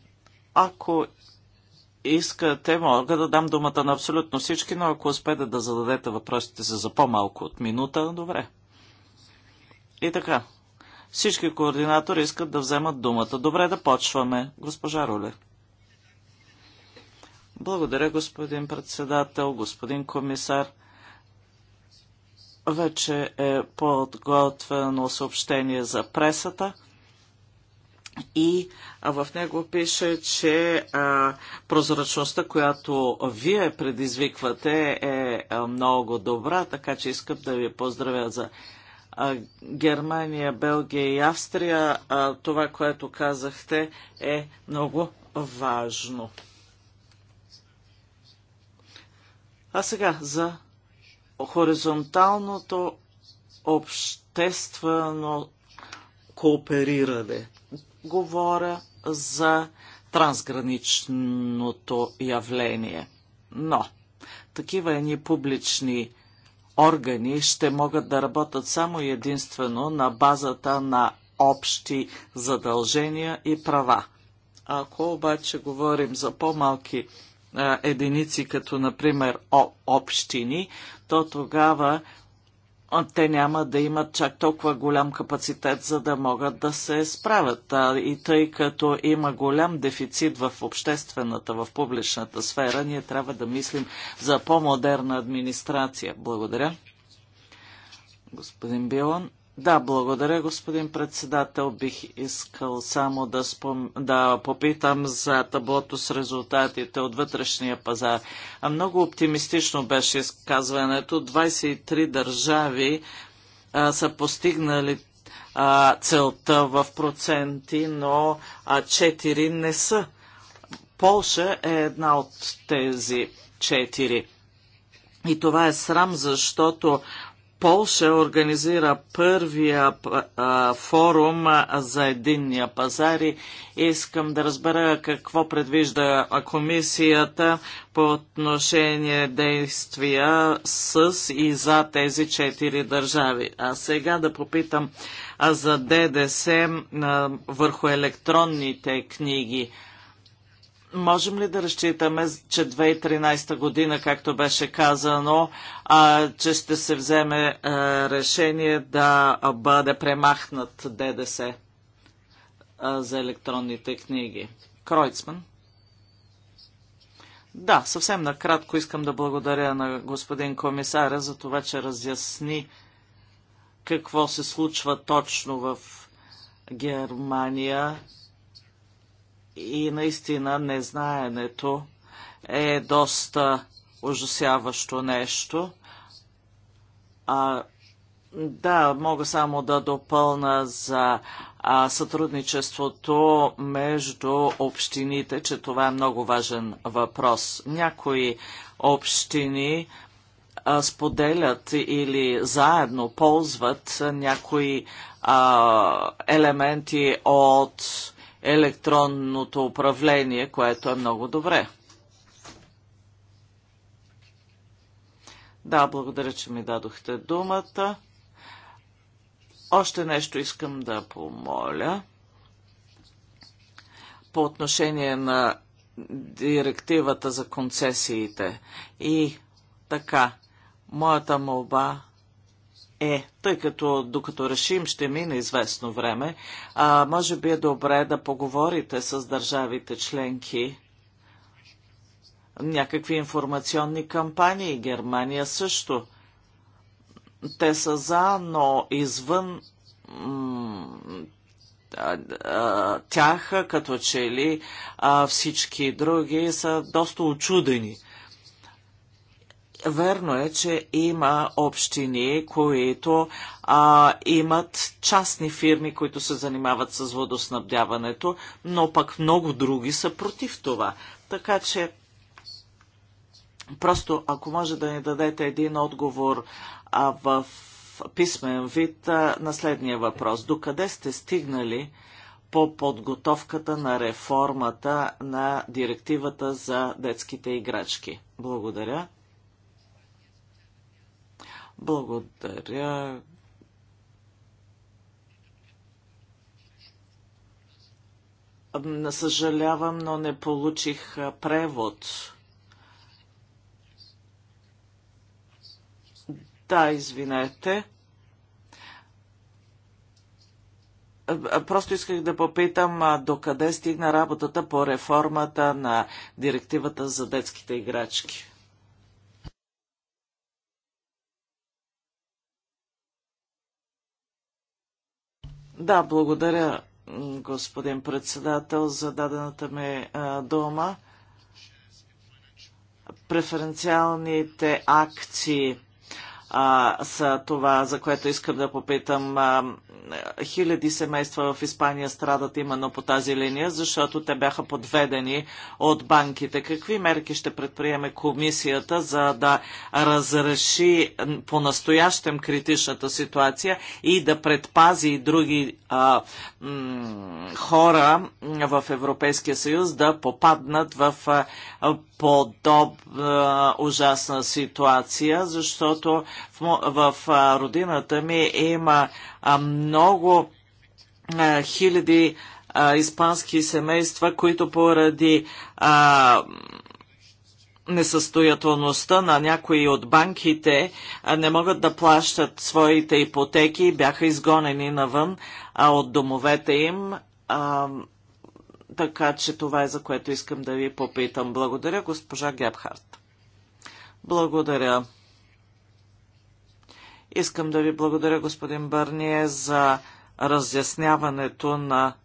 ако искате, мога да дам думата на абсолютно всички, но ако успеете да зададете въпросите си за по-малко от минута, добре. И така, всички координатори искат да вземат думата. Добре, да почваме. Госпожа Руле. Благодаря, господин председател, господин комисар. Вече е подготвено съобщение за пресата и в него пише, че а, прозрачността, която вие предизвиквате е много добра, така че искам да ви поздравя за а, Германия, Белгия и Австрия. А, това, което казахте е много важно. А сега за хоризонталното обществено коопериране. Говоря за трансграничното явление. Но такива едни публични органи ще могат да работят само единствено на базата на общи задължения и права. Ако обаче говорим за по-малки единици, като например общини, то тогава те няма да имат чак толкова голям капацитет, за да могат да се справят. И тъй като има голям дефицит в обществената, в публичната сфера, ние трябва да мислим за по-модерна администрация. Благодаря. Господин Билан. Да, благодаря, господин председател. Бих искал само да, спом... да попитам за таблото с резултатите от вътрешния пазар. А много оптимистично беше изказването. 23 държави а, са постигнали а, целта в проценти, но а, 4 не са. Полша е една от тези 4. И това е срам, защото Полша организира първия а, форум за единния пазар и искам да разбера какво предвижда комисията по отношение действия с и за тези четири държави. А сега да попитам а за ДДС а, върху електронните книги. Можем ли да разчитаме, че 2013 година, както беше казано, а, че ще се вземе а, е, решение да бъде премахнат ДДС а, е, за електронните книги? Кройцман? Да, съвсем накратко искам да благодаря на господин комисаря за това, че разясни какво се случва точно в Германия и наистина незнаенето е доста ужасяващо нещо. А, да, мога само да допълна за а, сътрудничеството между общините, че това е много важен въпрос. Някои общини а, споделят или заедно ползват някои а, елементи от електронното управление, което е много добре. Да, благодаря, че ми дадохте думата. Още нещо искам да помоля. По отношение на директивата за концесиите. И така, моята молба е, тъй като докато решим ще мине известно време, а може би е добре да поговорите с държавите членки някакви информационни кампании. Германия също. Те са за, но извън тях, като че ли всички други са доста очудени – Верно е, че има общини, които а, имат частни фирми, които се занимават с водоснабдяването, но пък много други са против това. Така че, просто ако може да ни дадете един отговор а, в писмен вид а, на следния въпрос. Докъде сте стигнали? по подготовката на реформата на директивата за детските играчки. Благодаря. Благодаря. Не съжалявам, но не получих превод. Да, извинете. Просто исках да попитам докъде стигна работата по реформата на директивата за детските играчки. Да, благодаря, господин председател, за дадената ми дума. Преференциалните акции – а, са това, за което искам да попитам. А, хиляди семейства в Испания страдат именно по тази линия, защото те бяха подведени от банките. Какви мерки ще предприеме комисията, за да разреши по-настоящем критичната ситуация и да предпази и други а, хора в Европейския съюз да попаднат в подобна ужасна ситуация, защото в, в родината ми има много хиляди испански семейства, които поради а, несъстоятелността на някои от банките не могат да плащат своите ипотеки и бяха изгонени навън а, от домовете им. А, така че това е за което искам да ви попитам. Благодаря, госпожа Гебхарт. Благодаря. Искам да ви благодаря, господин Бърние, за разясняването на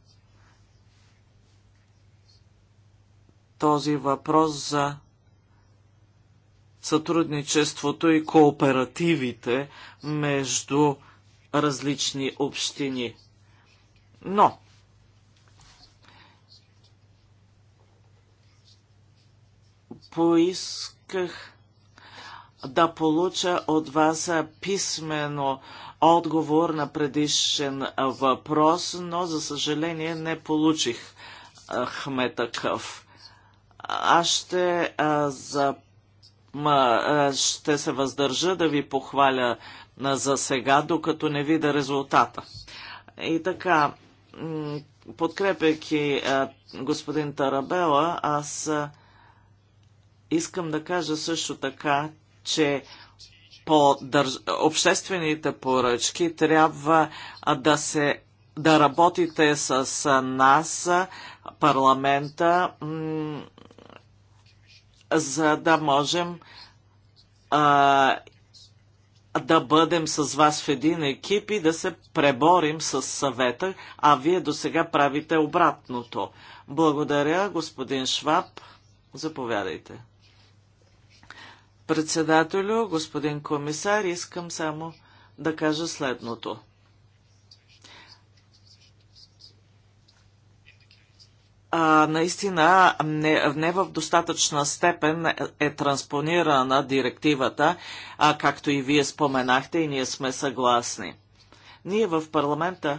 този въпрос за сътрудничеството и кооперативите между различни общини. Но, поисках да получа от вас писмено отговор на предишен въпрос, но за съжаление не получих хме такъв. Аз ще, а, за, ма, а, ще се въздържа да ви похваля за сега, докато не видя резултата. И така, подкрепяйки господин Тарабела, аз а, искам да кажа също така, че по държ... обществените поръчки трябва да се да работите с нас, парламента, за да можем а, да бъдем с вас в един екип и да се преборим с съвета, а вие до сега правите обратното. Благодаря, господин Шваб. Заповядайте. Председателю, господин комисар, искам само да кажа следното. а, наистина не, не в достатъчна степен е транспонирана директивата, а както и вие споменахте и ние сме съгласни. Ние в парламента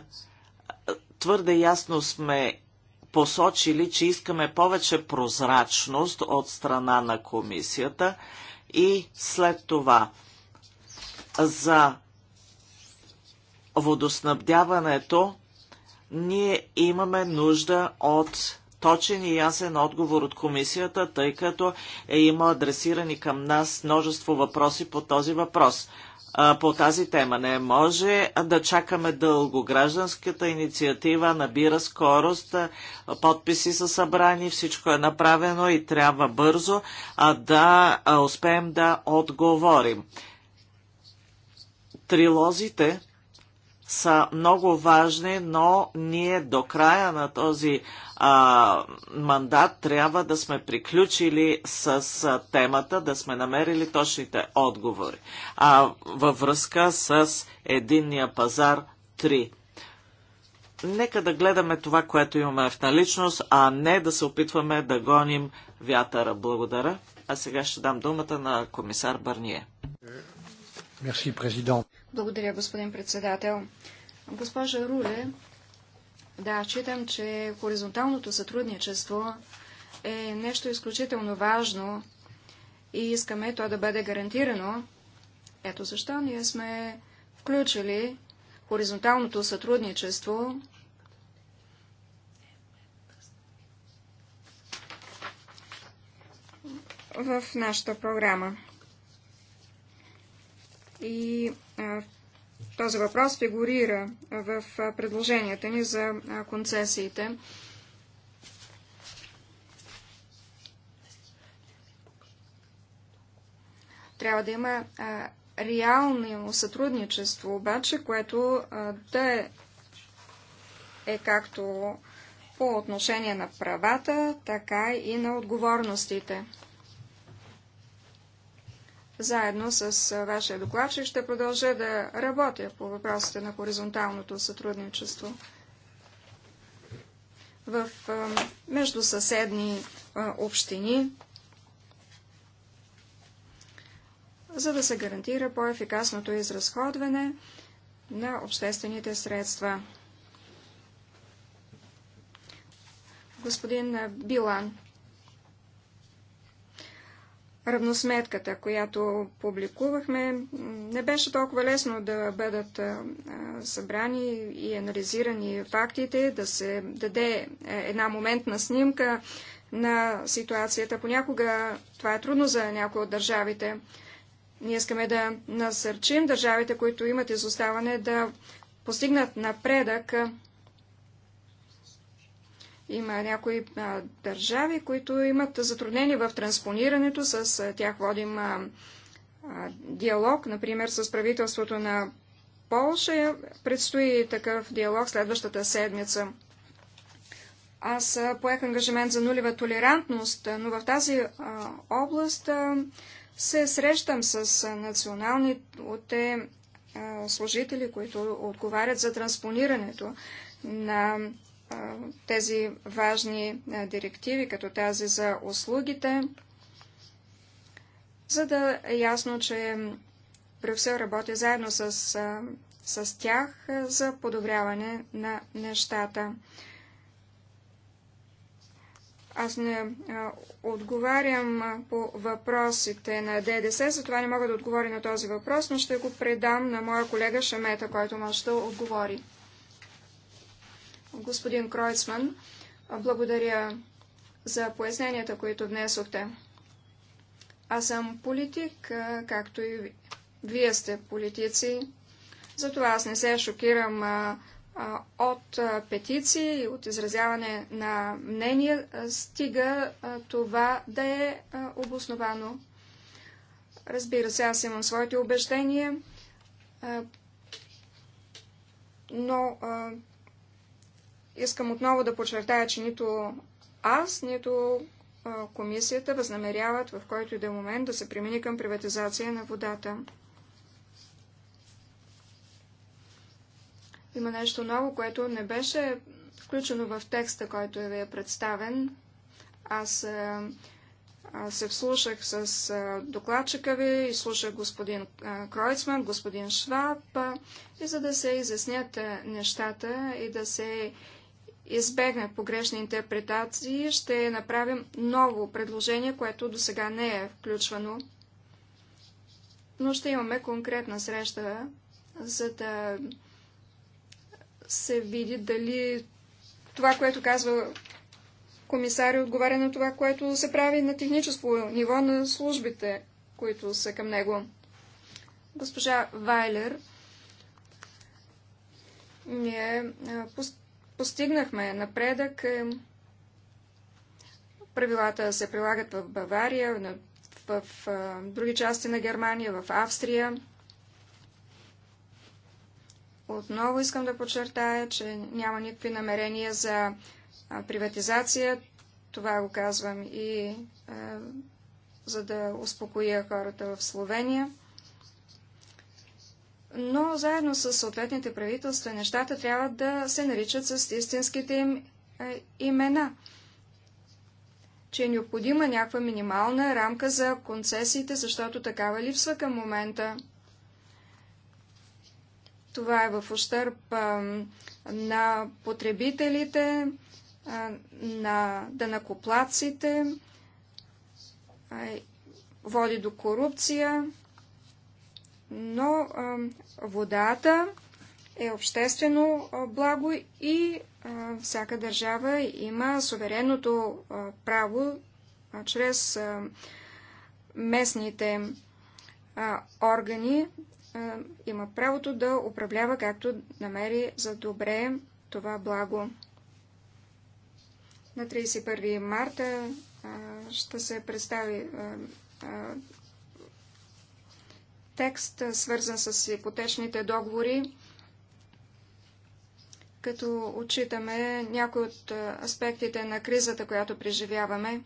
твърде ясно сме посочили, че искаме повече прозрачност от страна на комисията – и след това за водоснабдяването ние имаме нужда от точен и ясен отговор от комисията, тъй като е има адресирани към нас множество въпроси по този въпрос по тази тема. Не може да чакаме дълго. Гражданската инициатива набира скорост, подписи са събрани, всичко е направено и трябва бързо а да успеем да отговорим. Трилозите са много важни, но ние до края на този а, мандат трябва да сме приключили с а, темата, да сме намерили точните отговори. А във връзка с единния пазар 3. Нека да гледаме това, което имаме в наличност, а не да се опитваме да гоним вятъра. Благодаря. А сега ще дам думата на комисар Барние. Мерси, президент. Благодаря, господин председател. Госпожа Руле, да, считам, че хоризонталното сътрудничество е нещо изключително важно и искаме то да бъде гарантирано. Ето защо ние сме включили хоризонталното сътрудничество в нашата програма. И този въпрос фигурира в предложенията ни за концесиите. Трябва да има реално сътрудничество, обаче, което да е, е както по отношение на правата, така и на отговорностите. Заедно с вашия докладчик ще продължа да работя по въпросите на хоризонталното сътрудничество. В междусъседни общини, за да се гарантира по-ефикасното изразходване на обществените средства. Господин Билан, равносметката, която публикувахме, не беше толкова лесно да бъдат събрани и анализирани фактите, да се даде една моментна снимка на ситуацията. Понякога това е трудно за някои от държавите. Ние искаме да насърчим държавите, които имат изоставане, да постигнат напредък има някои а, държави, които имат затруднения в транспонирането. С а, тях водим а, а, диалог, например, с правителството на Полша. Предстои такъв диалог следващата седмица. Аз поех ангажимент за нулева толерантност, но в тази а, област а, се срещам с националните служители, които отговарят за транспонирането на тези важни директиви, като тази за услугите, за да е ясно, че Брюксел работи заедно с, с тях за подобряване на нещата. Аз не а, отговарям по въпросите на ДДС, затова не мога да отговоря на този въпрос, но ще го предам на моя колега Шамета, който може да отговори господин Кройцман. Благодаря за поясненията, които внесохте. Аз съм политик, както и вие сте политици. Затова аз не се шокирам от петиции и от изразяване на мнение, стига това да е обосновано. Разбира се, аз имам своите убеждения, но Искам отново да подчертая, че нито аз, нито комисията възнамеряват в който и да е момент да се премини към приватизация на водата. Има нещо ново, което не беше включено в текста, който ви е представен. Аз се вслушах с докладчика ви и слушах господин Кройцман, господин Шваб, и за да се изяснят нещата и да се избегне погрешни интерпретации, ще направим ново предложение, което до сега не е включвано. Но ще имаме конкретна среща, за да се види дали това, което казва комисаря, е отговаря на това, което се прави на техническо ниво на службите, които са към него. Госпожа Вайлер ми е Постигнахме напредък. Е, правилата се прилагат в Бавария, в, други части на Германия, в Австрия. Отново искам да подчертая, че няма никакви намерения за приватизация. Това го казвам и за да успокоя хората в Словения но заедно с съответните правителства нещата трябва да се наричат с истинските им е, имена. Че е необходима някаква минимална рамка за концесиите, защото такава липсва към момента. Това е в ущърп на потребителите, на данакоплаците, води до корупция, но а, водата е обществено благо и а, всяка държава има суверенното а, право а, чрез а, местните а, органи а, има правото да управлява както намери за добре това благо. На 31 марта а, ще се представи а, текст, е свързан с ипотечните договори, като отчитаме някои от е, аспектите на кризата, която преживяваме.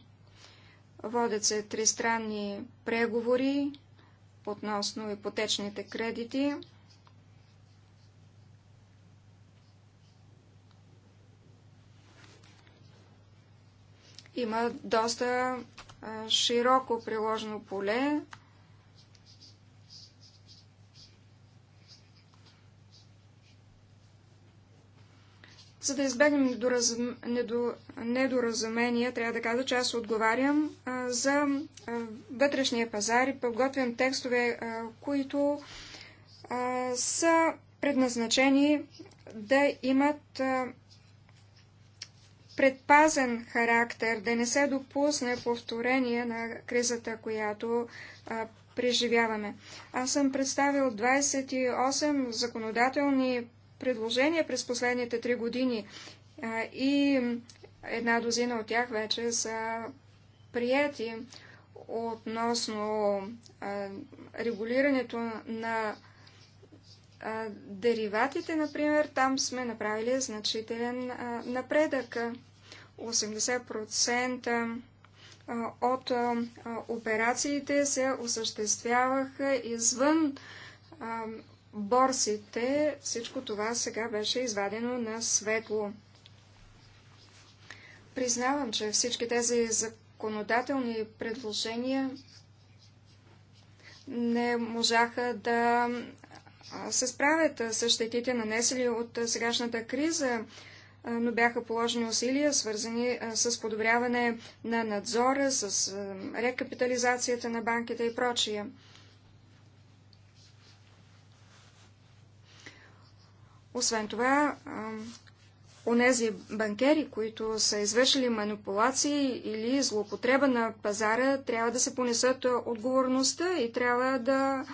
Водят се тристранни преговори относно ипотечните кредити. Има доста е, широко приложено поле За да избегнем доразъ... недо... недоразумения, трябва да кажа, че аз отговарям а, за а, вътрешния пазар и подготвям текстове, а, които а, са предназначени да имат а, предпазен характер, да не се допусне повторение на кризата, която а, преживяваме. Аз съм представил 28 законодателни предложения през последните три години и една дозина от тях вече са прияти относно регулирането на дериватите, например, там сме направили значителен напредък. 80% от операциите се осъществяваха извън борсите, всичко това сега беше извадено на светло. Признавам, че всички тези законодателни предложения не можаха да се справят с щетите нанесели от сегашната криза, но бяха положени усилия, свързани с подобряване на надзора, с рекапитализацията на банките и прочие. Освен това, онези банкери, които са извършили манипулации или злоупотреба на пазара, трябва да се понесат отговорността и трябва да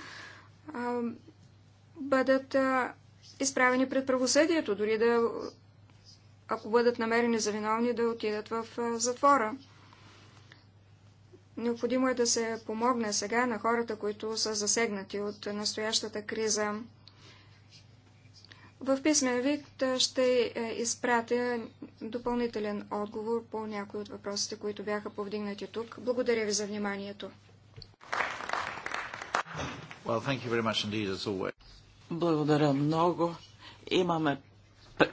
бъдат изправени пред правосъдието, дори да, ако бъдат намерени за виновни, да отидат в затвора. Необходимо е да се помогне сега на хората, които са засегнати от настоящата криза. В писмен вид ще е, изпратя допълнителен отговор по някои от въпросите, които бяха повдигнати тук. Благодаря ви за вниманието. Well, Благодаря много. Имаме,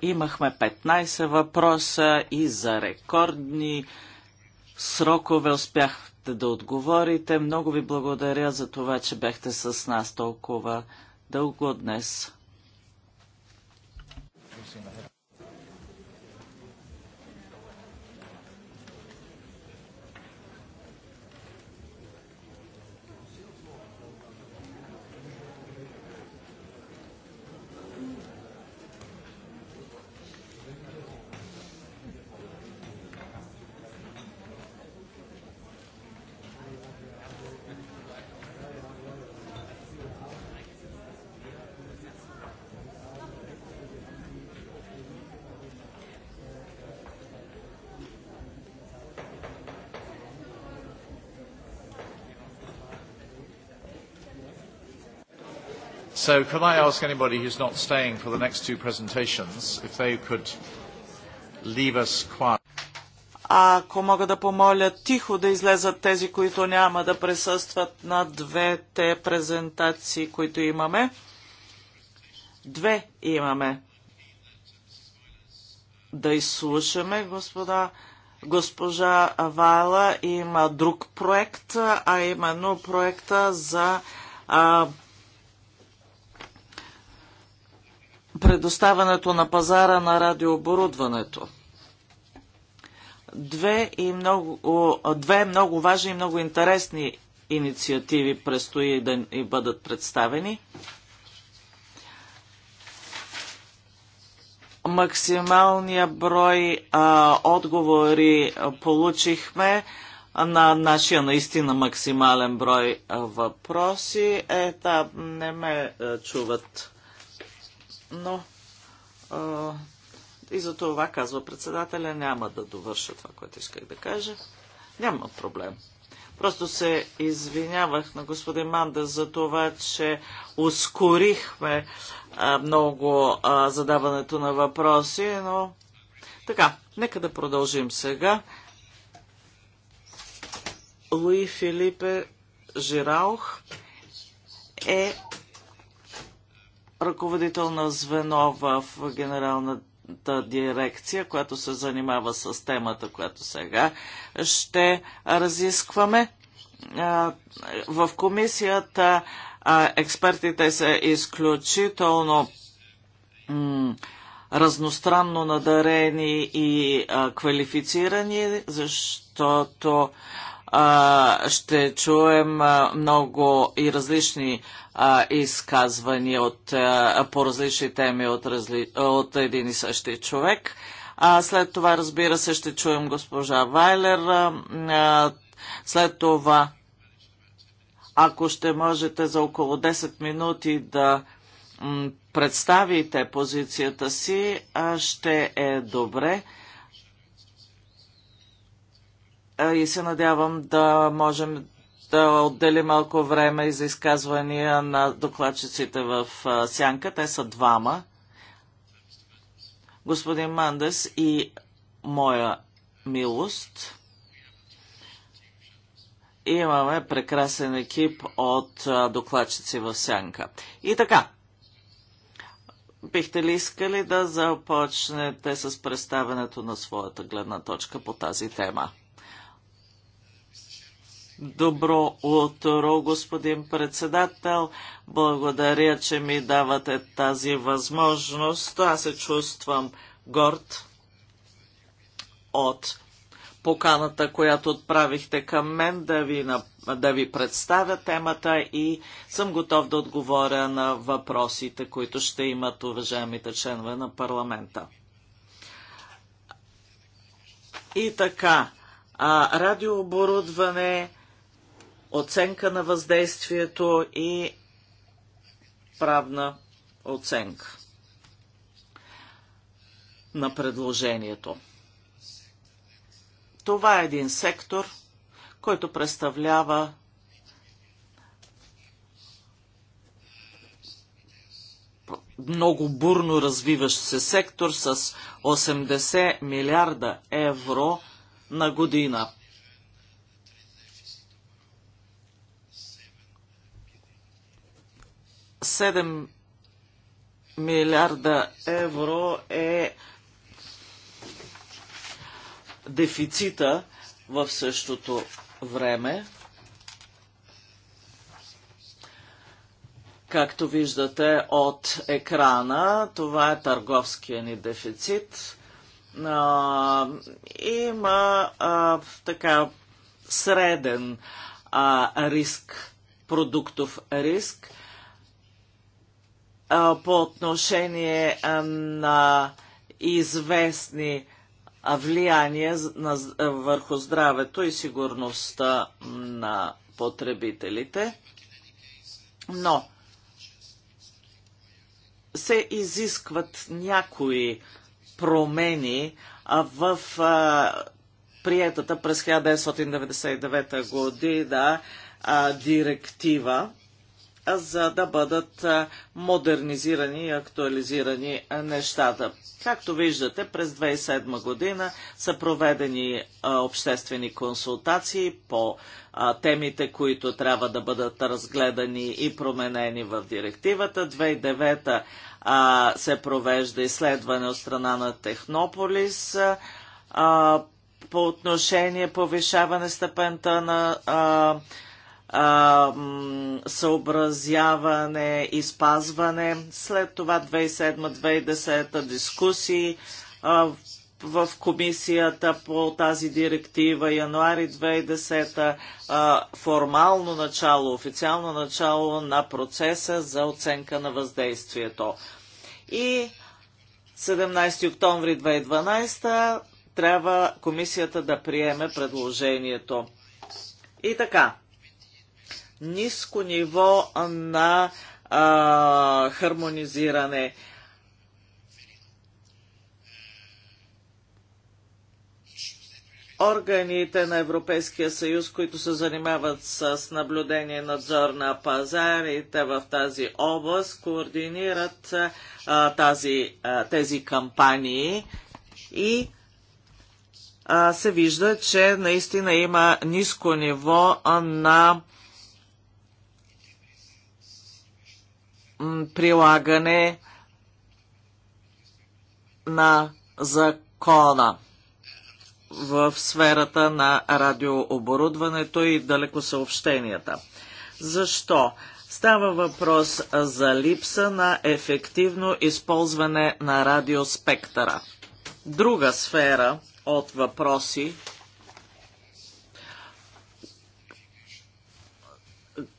имахме 15 въпроса и за рекордни срокове успяхте да отговорите. Много ви благодаря за това, че бяхте с нас толкова дълго днес. So can I ask anybody who's not staying for the next two presentations if they could leave us quiet? Ако мога да помоля тихо да излезат тези, които няма да присъстват на двете презентации, които имаме. Две имаме. Да изслушаме, господа. Госпожа Вайла има друг проект, а именно проекта за а, предоставянето на пазара на радиооборудването. Две, и много, две много важни и много интересни инициативи предстои да ни бъдат представени. Максималния брой а, отговори получихме на нашия наистина максимален брой въпроси. Е, да, не ме чуват но а, и за това, казва председателя, няма да довърша това, което исках да кажа. Няма проблем. Просто се извинявах на господин Манда за това, че ускорихме а, много а, задаването на въпроси, но така, нека да продължим сега. Луи Филипе Жираух е ръководител на звено в генералната дирекция, която се занимава с темата, която сега ще разискваме. В комисията експертите са изключително разностранно надарени и а, квалифицирани, защото ще чуем много и различни изказвания от, по различни теми от, разли, от един и същи човек. А, след това, разбира се, ще чуем госпожа Вайлер. А, след това, ако ще можете за около 10 минути да представите позицията си, ще е добре и се надявам да можем да отделим малко време и за изказвания на докладчиците в сянка. Те са двама. Господин Мандес и моя милост. И имаме прекрасен екип от докладчици в сянка. И така, бихте ли искали да започнете с представенето на своята гледна точка по тази тема? Добро утро, господин председател. Благодаря, че ми давате тази възможност. Аз се чувствам горд от поканата, която отправихте към мен да ви, да ви представя темата и съм готов да отговоря на въпросите, които ще имат уважаемите членове на парламента. И така, а, радиооборудване, оценка на въздействието и правна оценка на предложението. Това е един сектор, който представлява много бурно развиващ се сектор с 80 милиарда евро на година. 7 милиарда евро е дефицита в същото време. Както виждате от екрана, това е търговския ни дефицит. А, има а, така среден а, риск, продуктов риск по отношение на известни влияния на, върху здравето и сигурността на потребителите. Но се изискват някои промени в приятата приетата през 1999 година директива за да бъдат модернизирани и актуализирани нещата. Както виждате, през 2007 година са проведени обществени консултации по темите, които трябва да бъдат разгледани и променени в директивата. 2009 се провежда изследване от страна на Технополис по отношение повишаване степента на а, съобразяване и спазване. След това 2007-2010 дискусии а, в комисията по тази директива януари 2010 формално начало, официално начало на процеса за оценка на въздействието. И 17 октомври 2012 трябва комисията да приеме предложението. И така, ниско ниво на а, хармонизиране. Органите на Европейския съюз, които се занимават с наблюдение и надзор на пазарите в тази област, координират а, тази, а, тези кампании и се вижда, че наистина има ниско ниво на прилагане на закона в сферата на радиооборудването и далекосъобщенията. Защо? Става въпрос за липса на ефективно използване на радиоспектъра. Друга сфера от въпроси,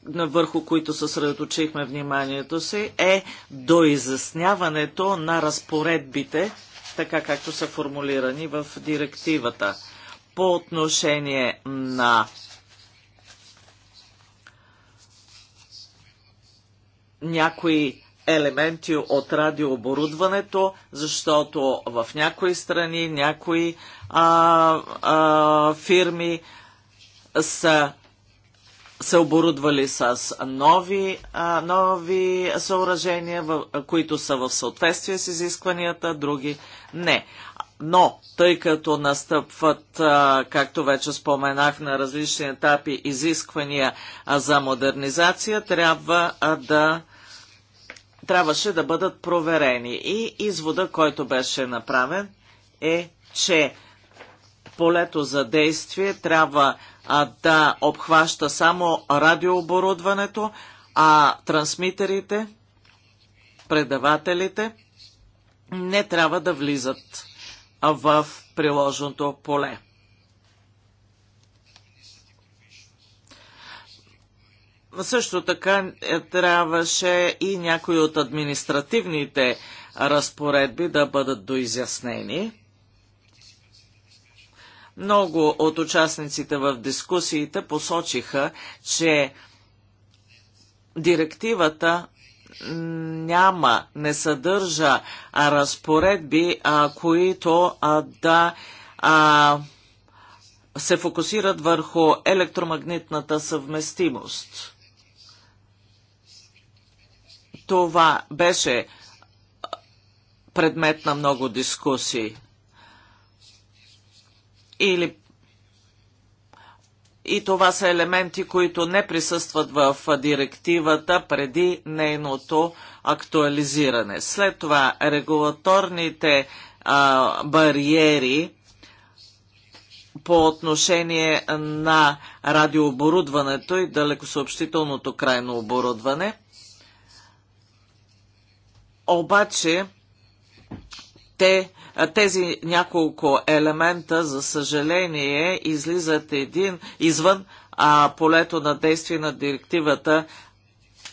върху които съсредоточихме вниманието си, е доизясняването на разпоредбите, така както са формулирани в директивата. По отношение на някои елементи от радиооборудването, защото в някои страни, някои а, а, фирми са се оборудвали с нови, нови съоръжения, които са в съответствие с изискванията, други не. Но, тъй като настъпват, както вече споменах, на различни етапи изисквания за модернизация, трябва да трябваше да бъдат проверени. И извода, който беше направен е, че полето за действие трябва а, да обхваща само радиооборудването, а трансмитерите, предавателите не трябва да влизат в приложеното поле. Също така е, трябваше и някои от административните разпоредби да бъдат доизяснени много от участниците в дискусиите посочиха, че директивата няма, не съдържа а, разпоредби, а, които а, да а, се фокусират върху електромагнитната съвместимост. Това беше предмет на много дискусии или и това са елементи, които не присъстват в директивата преди нейното актуализиране. След това регулаторните а, бариери по отношение на радиооборудването и далекосъобщителното крайно оборудване. Обаче те, тези няколко елемента, за съжаление, излизат един извън а, полето на действие на директивата,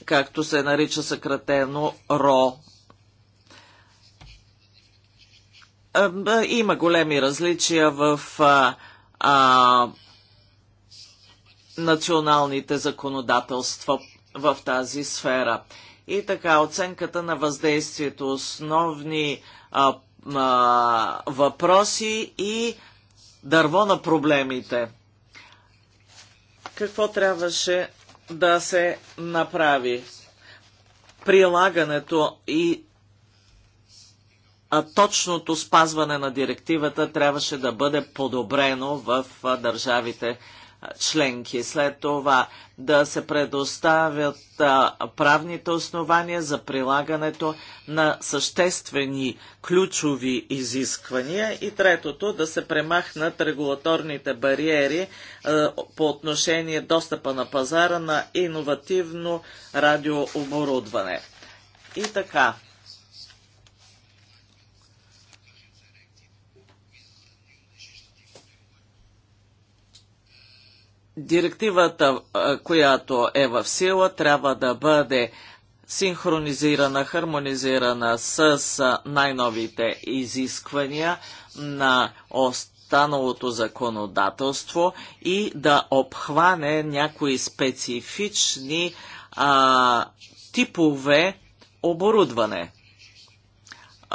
както се нарича съкратено РО. Има големи различия в а, а, националните законодателства в тази сфера. И така, оценката на въздействието, основни а, а, въпроси и дърво на проблемите. Какво трябваше да се направи? Прилагането и а, точното спазване на директивата трябваше да бъде подобрено в а, държавите членки. След това да се предоставят правните основания за прилагането на съществени ключови изисквания и третото да се премахнат регулаторните бариери по отношение достъпа на пазара на иновативно радиооборудване. И така, директивата, която е в сила, трябва да бъде синхронизирана, хармонизирана с най-новите изисквания на останалото законодателство и да обхване някои специфични а, типове оборудване.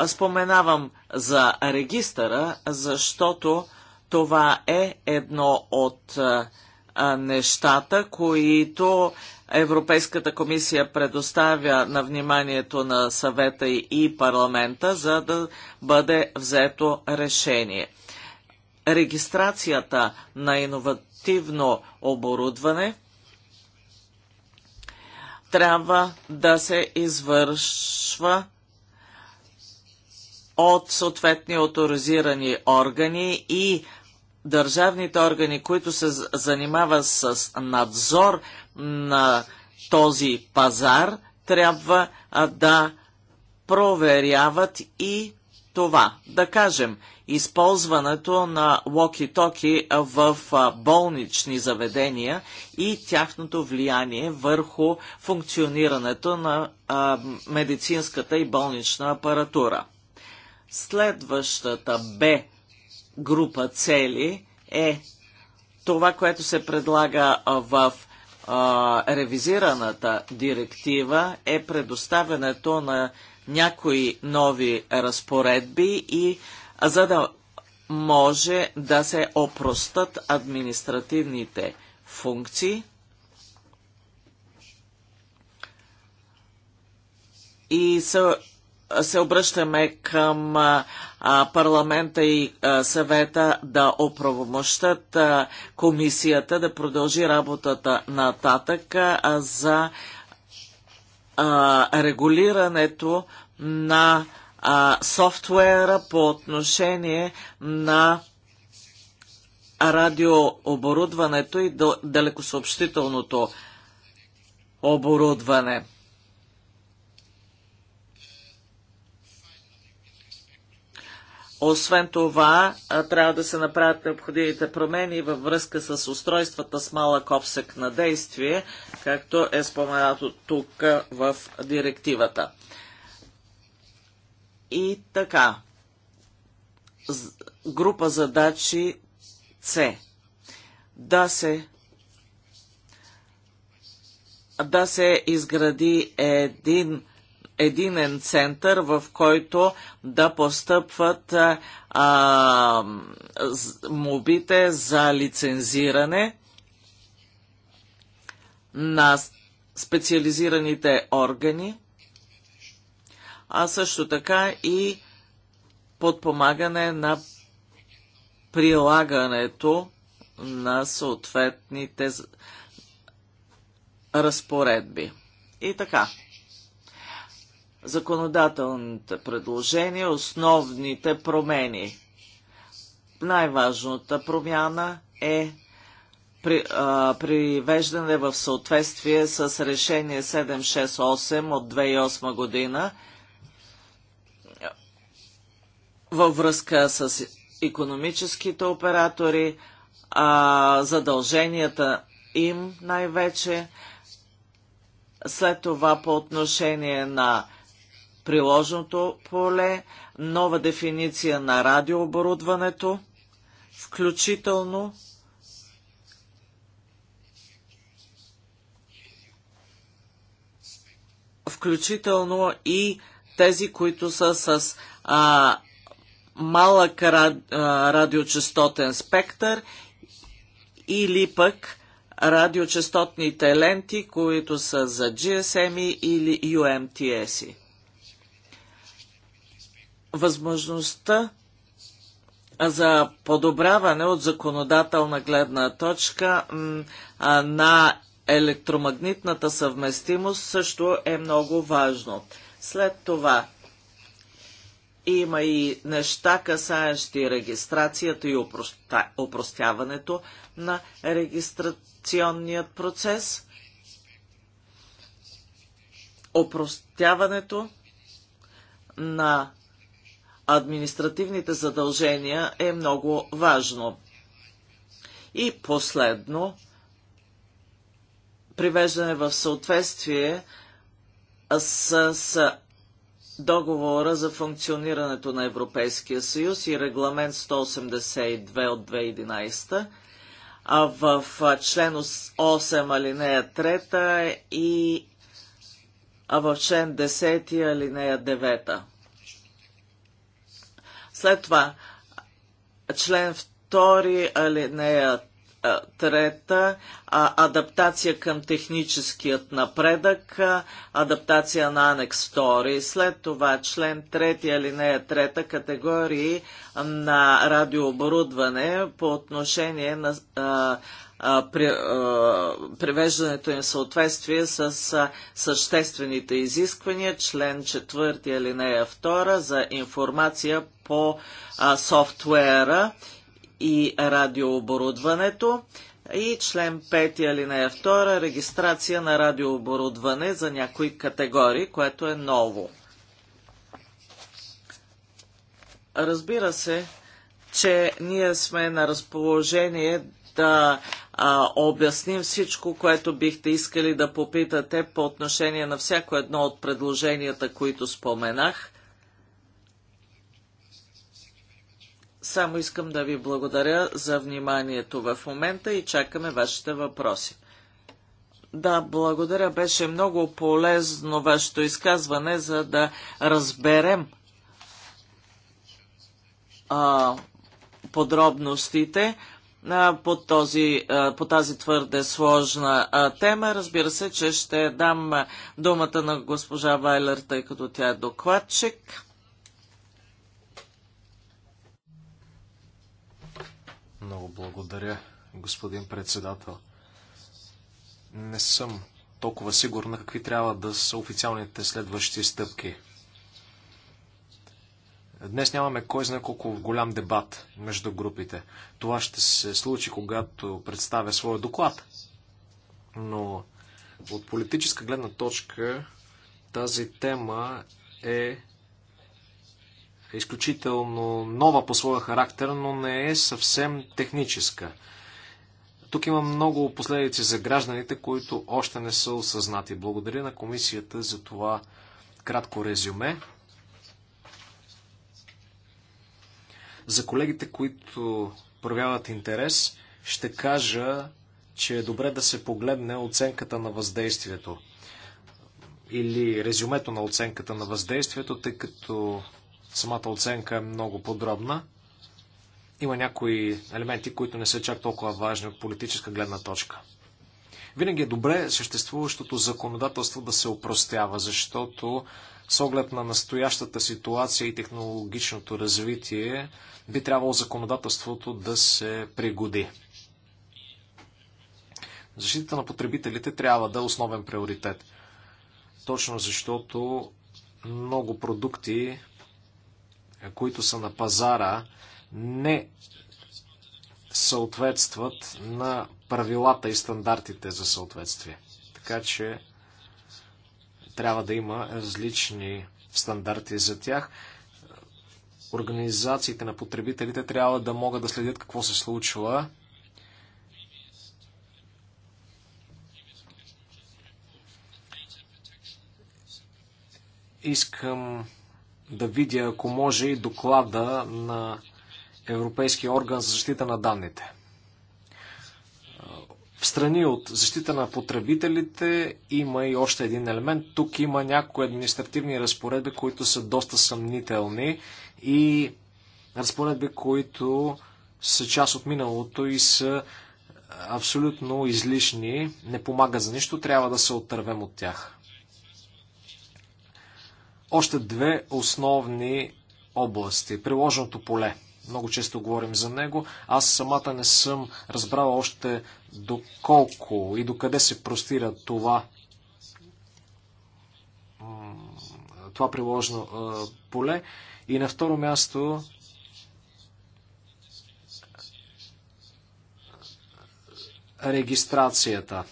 Споменавам за регистъра, защото това е едно от а, нещата, които Европейската комисия предоставя на вниманието на съвета и парламента, за да бъде взето решение. Регистрацията на иновативно оборудване трябва да се извършва от съответни авторизирани органи и държавните органи, които се занимават с надзор на този пазар, трябва да проверяват и това. Да кажем, използването на локи-токи в болнични заведения и тяхното влияние върху функционирането на медицинската и болнична апаратура. Следващата Б група цели е това, което се предлага в а, ревизираната директива е предоставянето на някои нови разпоредби и за да може да се опростат административните функции и се се обръщаме към парламента и съвета да оправомощат комисията да продължи работата нататък за регулирането на софтуера по отношение на радиооборудването и далекосъобщителното оборудване. Освен това, трябва да се направят необходимите промени във връзка с устройствата с малък обсек на действие, както е споменато тук в директивата. И така, група задачи С. Да се да се изгради един единен център, в който да постъпват а, мобите за лицензиране на специализираните органи, а също така и подпомагане на прилагането на съответните разпоредби. И така законодателните предложения, основните промени. Най-важната промяна е привеждане в съответствие с решение 768 от 2008 година във връзка с економическите оператори, а, задълженията им най-вече, след това по отношение на приложното поле, нова дефиниция на радиооборудването, включително включително и тези, които са с а, малък радиочастотен спектър или пък радиочастотните ленти, които са за GSM или UMTS. -и възможността за подобряване от законодателна гледна точка на електромагнитната съвместимост също е много важно. След това има и неща, касаещи регистрацията и упростя... упростяването на регистрационният процес, упростяването на административните задължения е много важно. И последно, привеждане в съответствие с, с договора за функционирането на Европейския съюз и регламент 182 от 2011, а в член 8 алинея 3 и а в член 10 алинея 9. След това, член 2, алинея 3, адаптация към техническият напредък, адаптация на анекс 2, след това член 3, алинея 3, категории на радиооборудване по отношение на а, превеждането им в съответствие с съществените изисквания, член 4 алинея 2 за информация по софтуера и радиооборудването и член 5 алинея 2 регистрация на радиооборудване за някои категории, което е ново. Разбира се, че ние сме на разположение да а, обясним всичко, което бихте искали да попитате по отношение на всяко едно от предложенията, които споменах. Само искам да ви благодаря за вниманието в момента и чакаме вашите въпроси. Да, благодаря. Беше много полезно вашето изказване, за да разберем а, подробностите по, този, по тази твърде сложна тема. Разбира се, че ще дам думата на госпожа Вайлер, тъй като тя е докладчик. Много благодаря, господин председател. Не съм толкова сигурна какви трябва да са официалните следващи стъпки. Днес нямаме кой знае колко голям дебат между групите. Това ще се случи, когато представя своя доклад. Но от политическа гледна точка тази тема е изключително нова по своя характер, но не е съвсем техническа. Тук има много последици за гражданите, които още не са осъзнати. Благодаря на комисията за това кратко резюме. За колегите, които проявяват интерес, ще кажа, че е добре да се погледне оценката на въздействието или резюмето на оценката на въздействието, тъй като самата оценка е много подробна. Има някои елементи, които не са чак толкова важни от политическа гледна точка. Винаги е добре съществуващото законодателство да се опростява, защото с оглед на настоящата ситуация и технологичното развитие, би трябвало законодателството да се пригоди. Защитата на потребителите трябва да е основен приоритет. Точно защото много продукти, които са на пазара, не съответстват на правилата и стандартите за съответствие. Така че трябва да има различни стандарти за тях. Организациите на потребителите трябва да могат да следят какво се случва. Искам да видя, ако може, и доклада на Европейския орган за защита на данните. В страни от защита на потребителите има и още един елемент. Тук има някои административни разпоредби, които са доста съмнителни и разпоредби, които са част от миналото и са абсолютно излишни, не помага за нищо, трябва да се отървем от тях. Още две основни области. Приложеното поле – много често говорим за него. Аз самата не съм разбрала още доколко и докъде се простира това това приложено поле. И на второ място регистрацията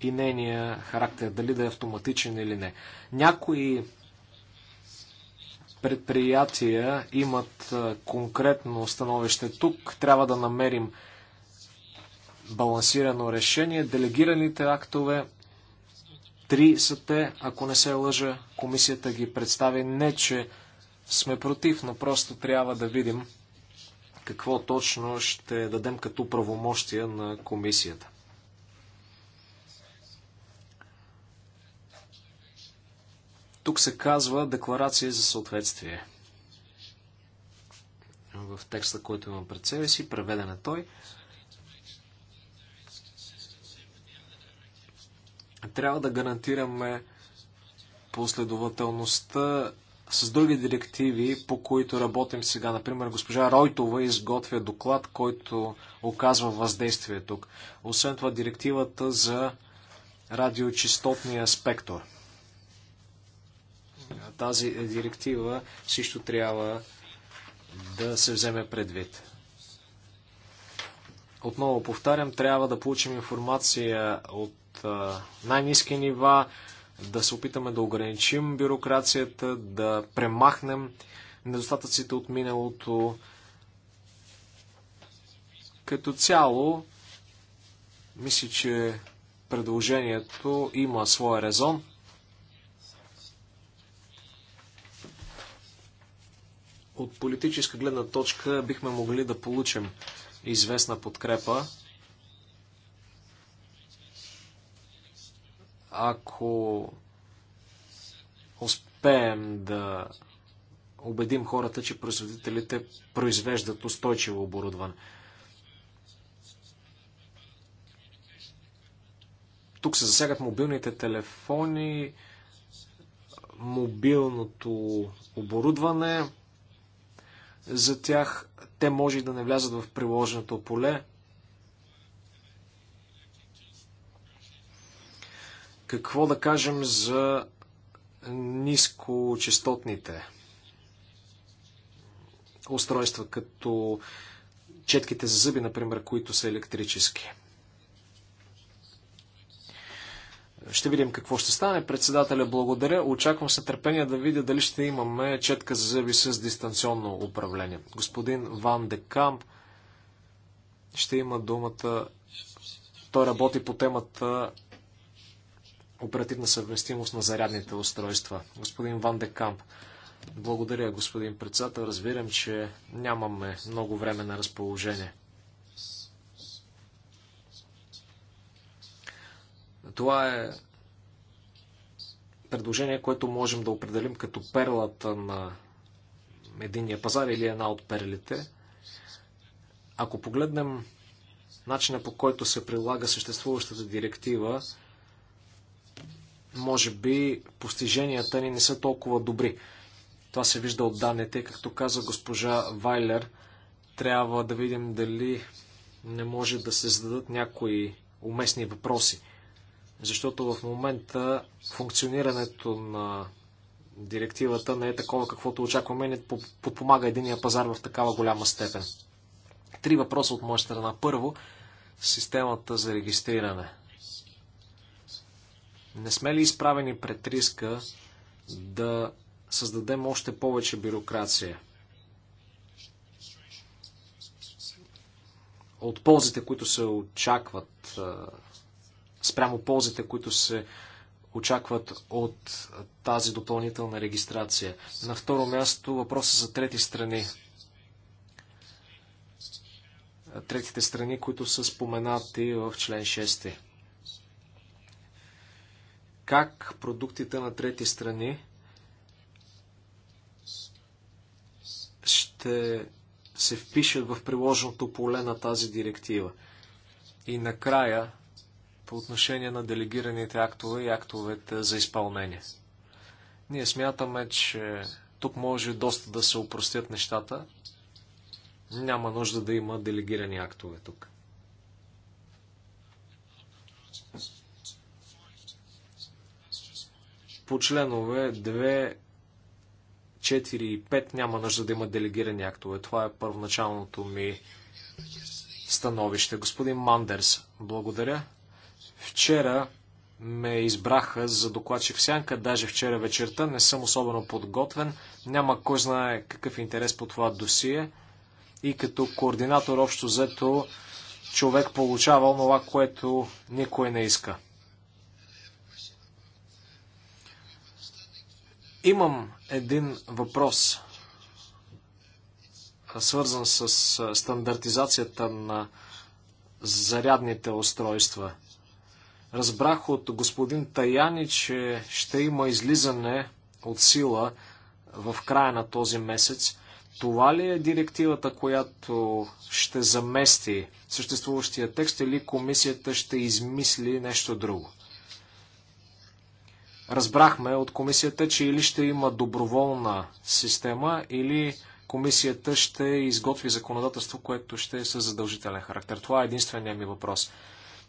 и нейния характер, дали да е автоматичен или не. Някои предприятия имат конкретно становище тук. Трябва да намерим балансирано решение. Делегираните актове, три са те, ако не се лъжа, комисията ги представи. Не, че сме против, но просто трябва да видим какво точно ще дадем като правомощия на комисията. Тук се казва декларация за съответствие. В текста, който имам пред себе си, преведен е той. Трябва да гарантираме последователността с други директиви, по които работим сега. Например, госпожа Ройтова изготвя доклад, който оказва въздействие тук. Освен това, директивата за радиочистотния спектър – тази директива също трябва да се вземе предвид. Отново повтарям, трябва да получим информация от най-низки нива, да се опитаме да ограничим бюрокрацията, да премахнем недостатъците от миналото. Като цяло, мисля, че предложението има своя резон. От политическа гледна точка бихме могли да получим известна подкрепа, ако успеем да убедим хората, че производителите произвеждат устойчиво оборудване. Тук се засягат мобилните телефони, мобилното оборудване, за тях, те може да не влязат в приложеното поле. Какво да кажем за нискочастотните устройства, като четките за зъби, например, които са електрически? Ще видим какво ще стане. Председателя, благодаря. Очаквам с нетърпение да видя дали ще имаме четка за зъби с дистанционно управление. Господин Ван Декам ще има думата. Той работи по темата оперативна съвместимост на зарядните устройства. Господин Ван Камп, благодаря, господин председател. Разбирам, че нямаме много време на разположение. Това е предложение, което можем да определим като перлата на единния пазар или една от перлите. Ако погледнем начина по който се прилага съществуващата директива, може би постиженията ни не са толкова добри. Това се вижда от данните. Както каза госпожа Вайлер, трябва да видим дали не може да се зададат някои уместни въпроси защото в момента функционирането на директивата не е такова, каквото очакваме, не подпомага единия пазар в такава голяма степен. Три въпроса от моя страна. Първо, системата за регистриране. Не сме ли изправени пред риска да създадем още повече бюрокрация? От ползите, които се очакват спрямо ползите, които се очакват от тази допълнителна регистрация. На второ място въпроса за трети страни. Третите страни, които са споменати в член 6. Как продуктите на трети страни ще се впишат в приложеното поле на тази директива? И накрая по отношение на делегираните актове и актовете за изпълнение. Ние смятаме, че тук може доста да се упростят нещата. Няма нужда да има делегирани актове тук. По членове 2, 4 и 5 няма нужда да има делегирани актове. Това е първоначалното ми становище. Господин Мандерс, благодаря. Вчера ме избраха за докладчик в сянка, даже вчера вечерта, не съм особено подготвен, няма кой знае какъв е интерес по това досие и като координатор общо взето човек получава това, което никой не иска. Имам един въпрос, свързан с стандартизацията на зарядните устройства – Разбрах от господин Таяни, че ще има излизане от сила в края на този месец. Това ли е директивата, която ще замести съществуващия текст или комисията ще измисли нещо друго? Разбрахме от комисията, че или ще има доброволна система, или комисията ще изготви законодателство, което ще е със задължителен характер. Това е единствения ми въпрос.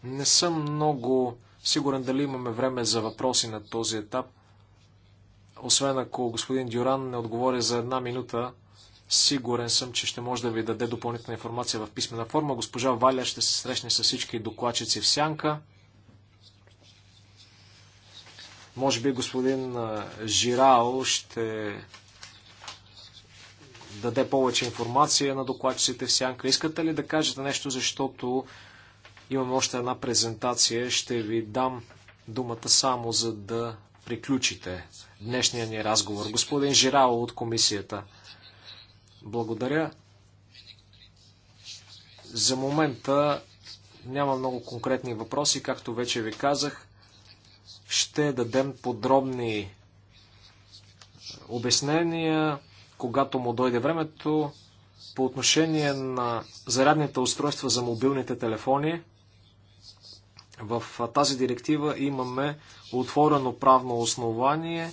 Не съм много сигурен дали имаме време за въпроси на този етап. Освен ако господин Дюран не отговори за една минута, сигурен съм, че ще може да ви даде допълнителна информация в писмена форма. Госпожа Валя ще се срещне с всички докладчици в сянка. Може би господин Жирао ще даде повече информация на докладчиците в сянка. Искате ли да кажете нещо, защото Имам още една презентация. Ще ви дам думата само за да приключите днешния ни разговор. Господин Жирао от комисията. Благодаря. За момента няма много конкретни въпроси, както вече ви казах. Ще дадем подробни обяснения, когато му дойде времето, по отношение на зарядните устройства за мобилните телефони. В тази директива имаме отворено правно основание.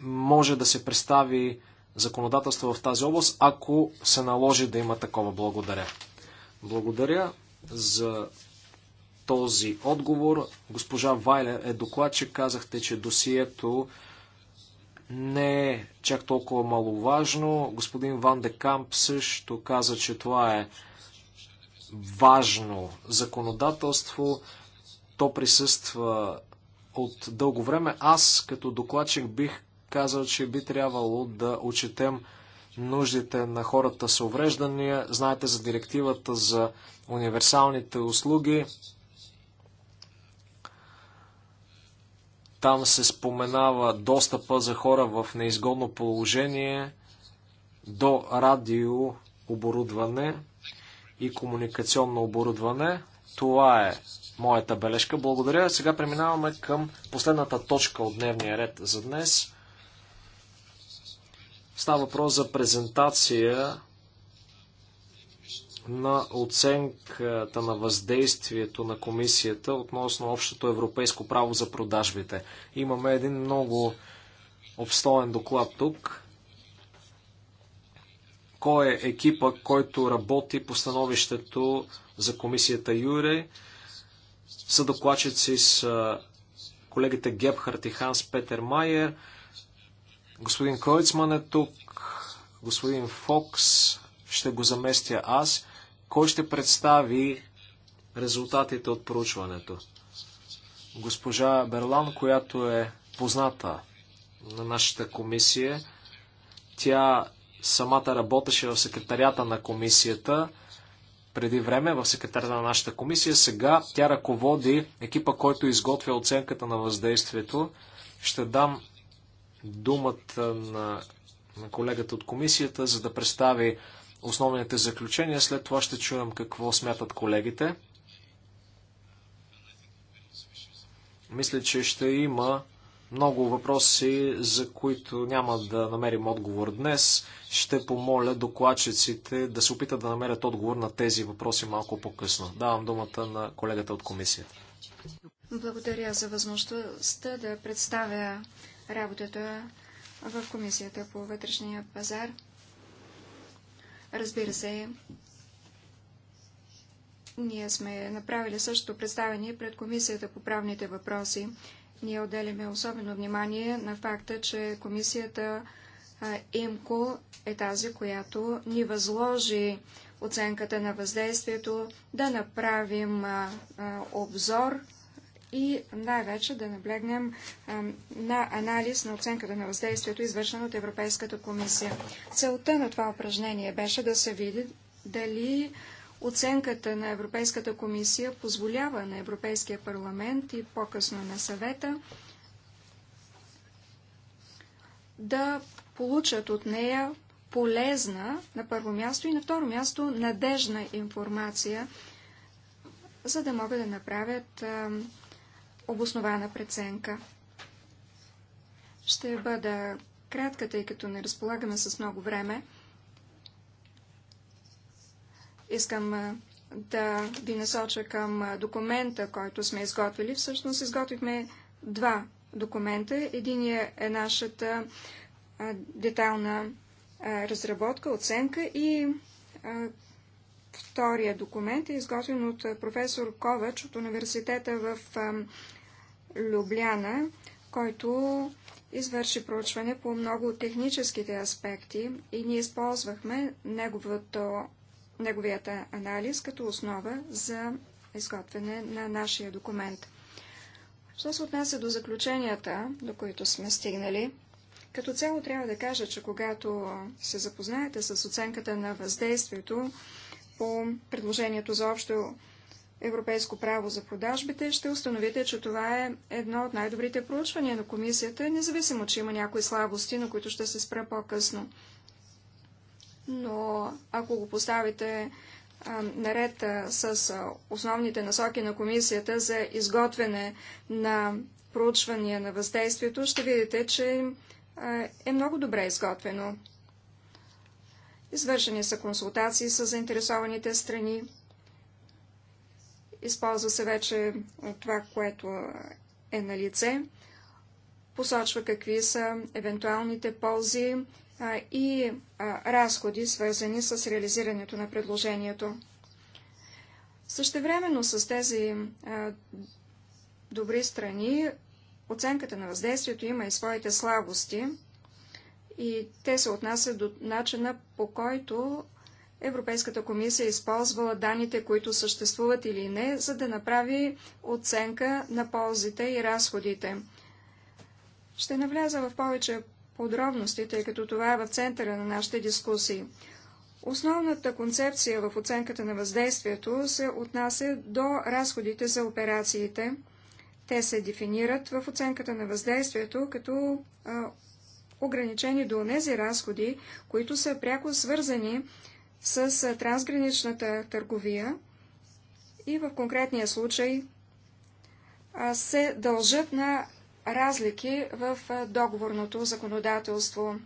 Може да се представи законодателство в тази област, ако се наложи да има такова. Благодаря. Благодаря за този отговор. Госпожа Вайлер е докладчик. Казахте, че досието не е чак толкова маловажно. Господин Ван де Камп също каза, че това е важно законодателство. То присъства от дълго време. Аз като докладчик бих казал, че би трябвало да отчетем нуждите на хората с увреждания. Знаете за директивата за универсалните услуги. Там се споменава достъпа за хора в неизгодно положение до радиооборудване и комуникационно оборудване. Това е моята бележка. Благодаря. Сега преминаваме към последната точка от дневния ред за днес. Става въпрос за презентация на оценката на въздействието на комисията относно общото европейско право за продажбите. Имаме един много обстоен доклад тук кой е екипа, който работи по становището за комисията Юре. докладчици с колегите Гебхарт и Ханс Петер Майер. Господин Койцман е тук. Господин Фокс ще го заместя аз. Кой ще представи резултатите от проучването? Госпожа Берлан, която е позната на нашата комисия, тя самата работеше в секретарията на комисията преди време, в секретарията на нашата комисия. Сега тя ръководи екипа, който изготвя оценката на въздействието. Ще дам думата на, на колегата от комисията, за да представи основните заключения. След това ще чуем какво смятат колегите. Мисля, че ще има много въпроси, за които няма да намерим отговор днес. Ще помоля докладчиците да се опитат да намерят отговор на тези въпроси малко по-късно. Давам думата на колегата от комисията. Благодаря за възможността да представя работата в Комисията по вътрешния пазар. Разбира се, ние сме направили същото представение пред Комисията по правните въпроси. Ние отделяме особено внимание на факта, че комисията ИМКО е тази, която ни възложи оценката на въздействието, да направим обзор и най-вече да наблегнем на анализ на оценката на въздействието, извършено от Европейската комисия. Целта на това упражнение беше да се види дали Оценката на Европейската комисия позволява на Европейския парламент и по-късно на съвета да получат от нея полезна, на първо място и на второ място, надежна информация, за да могат да направят обоснована преценка. Ще бъда кратка, тъй като не разполагаме с много време. Искам да ви насоча към документа, който сме изготвили. Всъщност изготвихме два документа. Единият е нашата детална разработка, оценка и втория документ е изготвен от професор Ковач от университета в Любляна, който извърши проучване по много техническите аспекти и ние използвахме неговото неговият анализ като основа за изготвяне на нашия документ. Що се отнася до заключенията, до които сме стигнали, като цяло трябва да кажа, че когато се запознаете с оценката на въздействието по предложението за общо европейско право за продажбите, ще установите, че това е едно от най-добрите проучвания на комисията, независимо, че има някои слабости, на които ще се спра по-късно но ако го поставите а, наред а, с а, основните насоки на комисията за изготвяне на проучвания на въздействието, ще видите, че е много добре изготвено. Извършени са консултации с заинтересованите страни. Използва се вече това, което е на лице. Посочва какви са евентуалните ползи и разходи, свързани с реализирането на предложението. Същевременно с тези добри страни, оценката на въздействието има и своите слабости и те се отнасят до начина по който Европейската комисия използвала данните, които съществуват или не, за да направи оценка на ползите и разходите. Ще навляза в повече подробности, тъй като това е в центъра на нашите дискусии. Основната концепция в оценката на въздействието се отнася до разходите за операциите. Те се дефинират в оценката на въздействието като а, ограничени до тези разходи, които са пряко свързани с а, трансграничната търговия и в конкретния случай а, се дължат на разлики в договорното законодателство,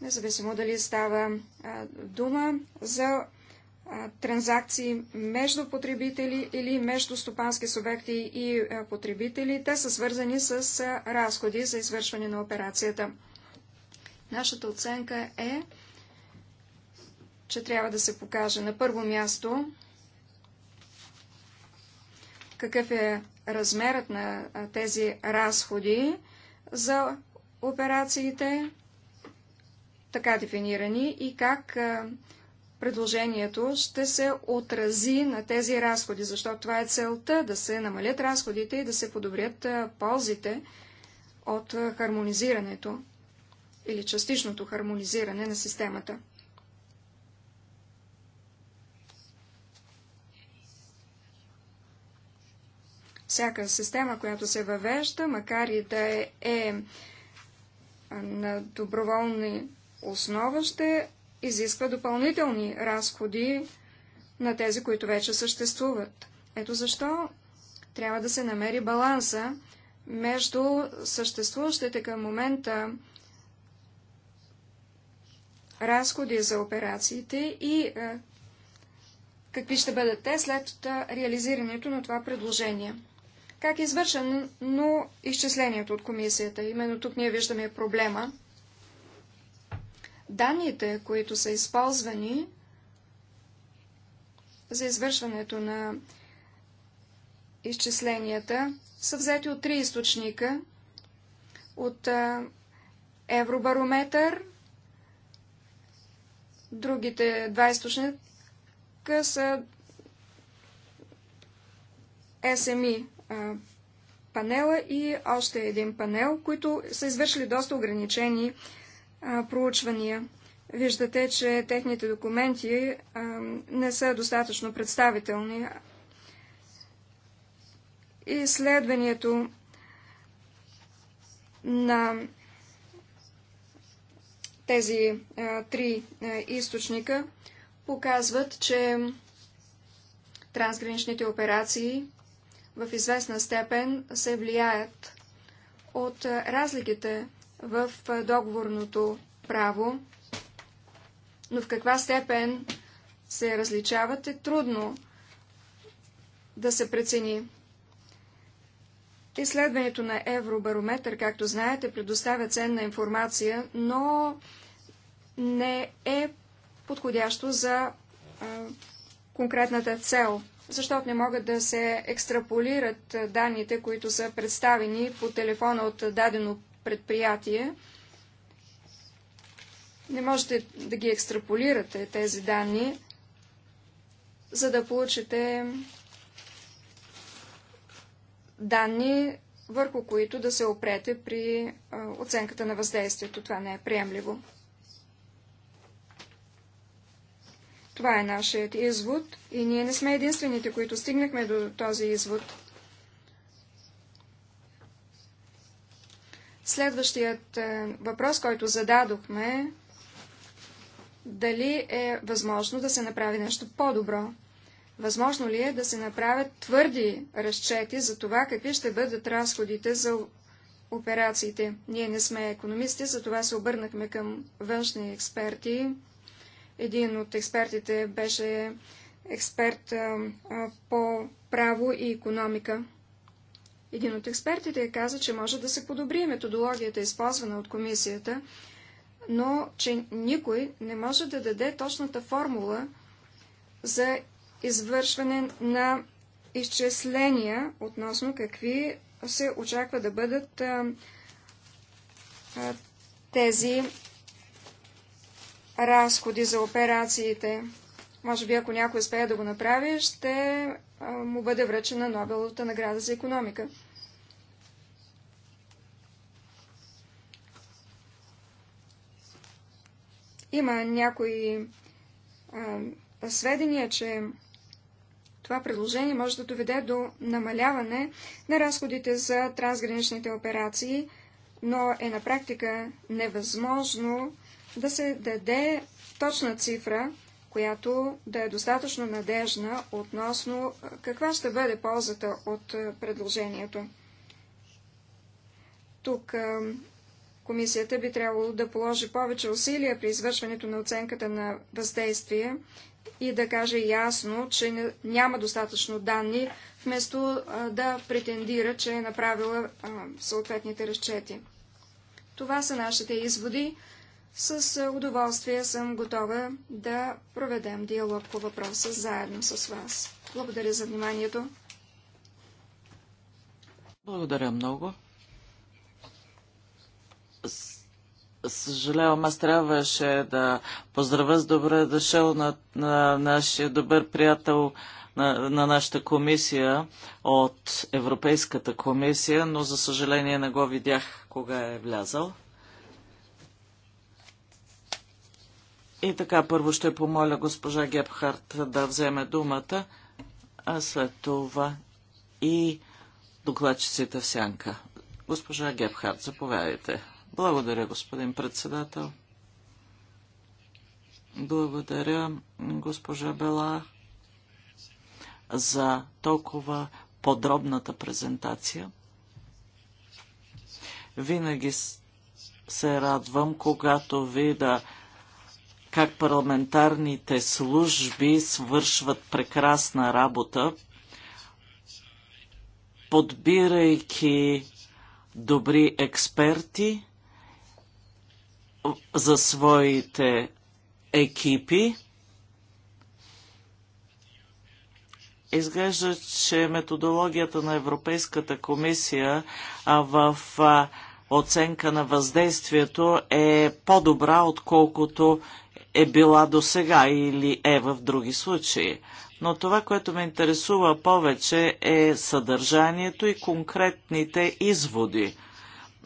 независимо дали става дума за транзакции между потребители или между стопански субекти и потребители. Те са свързани с разходи за извършване на операцията. Нашата оценка е, че трябва да се покаже на първо място какъв е размерът на тези разходи за операциите, така дефинирани, и как предложението ще се отрази на тези разходи, защото това е целта да се намалят разходите и да се подобрят ползите от хармонизирането или частичното хармонизиране на системата. Всяка система, която се въвежда, макар и да е, е на доброволни основа, ще изисква допълнителни разходи на тези, които вече съществуват. Ето защо трябва да се намери баланса между съществуващите към момента разходи за операциите и е, какви ще бъдат те след е, реализирането на това предложение как е извършено изчислението от комисията. Именно тук ние виждаме проблема. Данните, които са използвани за извършването на изчисленията, са взети от три източника. От Евробарометър, другите два източника са SME, панела и още един панел, които са извършили доста ограничени а, проучвания. Виждате, че техните документи а, не са достатъчно представителни. Изследването на тези а, три а, източника показват, че трансграничните операции в известна степен се влияят от разликите в договорното право, но в каква степен се различават е трудно да се прецени. Изследването на Евробарометър, както знаете, предоставя ценна информация, но не е подходящо за а, конкретната цел – защото не могат да се екстраполират данните, които са представени по телефона от дадено предприятие. Не можете да ги екстраполирате тези данни, за да получите данни, върху които да се опрете при оценката на въздействието. Това не е приемливо. Това е нашият извод и ние не сме единствените, които стигнахме до този извод. Следващият е, въпрос, който зададохме, дали е възможно да се направи нещо по-добро? Възможно ли е да се направят твърди разчети за това, какви ще бъдат разходите за операциите? Ние не сме економисти, затова се обърнахме към външни експерти, един от експертите беше експерт по право и економика. Един от експертите каза, че може да се подобри методологията, използвана от комисията, но че никой не може да даде точната формула за извършване на изчисления относно какви се очаква да бъдат а, а, тези разходи за операциите. Може би, ако някой успее да го направи, ще му бъде връчена Нобеловата награда за економика. Има някои а, сведения, че това предложение може да доведе до намаляване на разходите за трансграничните операции, но е на практика невъзможно да се даде точна цифра, която да е достатъчно надежна относно каква ще бъде ползата от предложението. Тук комисията би трябвало да положи повече усилия при извършването на оценката на въздействие и да каже ясно, че няма достатъчно данни, вместо да претендира, че е направила съответните разчети. Това са нашите изводи. С е, удоволствие съм готова да проведем диалог по въпроса заедно с вас. Благодаря за вниманието. Благодаря много. Съжалявам, аз трябваше да поздравя с добре дошъл на, на нашия добър приятел на, на нашата комисия от Европейската комисия, но за съжаление не го видях кога е влязал. И така, първо ще помоля госпожа Гепхарт да вземе думата, а след това и докладчиците в сянка. Госпожа Гепхарт, заповядайте. Благодаря, господин председател. Благодаря, госпожа Бела, за толкова подробната презентация. Винаги се радвам, когато ви да как парламентарните служби свършват прекрасна работа, подбирайки добри експерти за своите екипи. Изглежда, че методологията на Европейската комисия в оценка на въздействието е по-добра, отколкото е била до сега или е в други случаи. Но това, което ме интересува повече е съдържанието и конкретните изводи.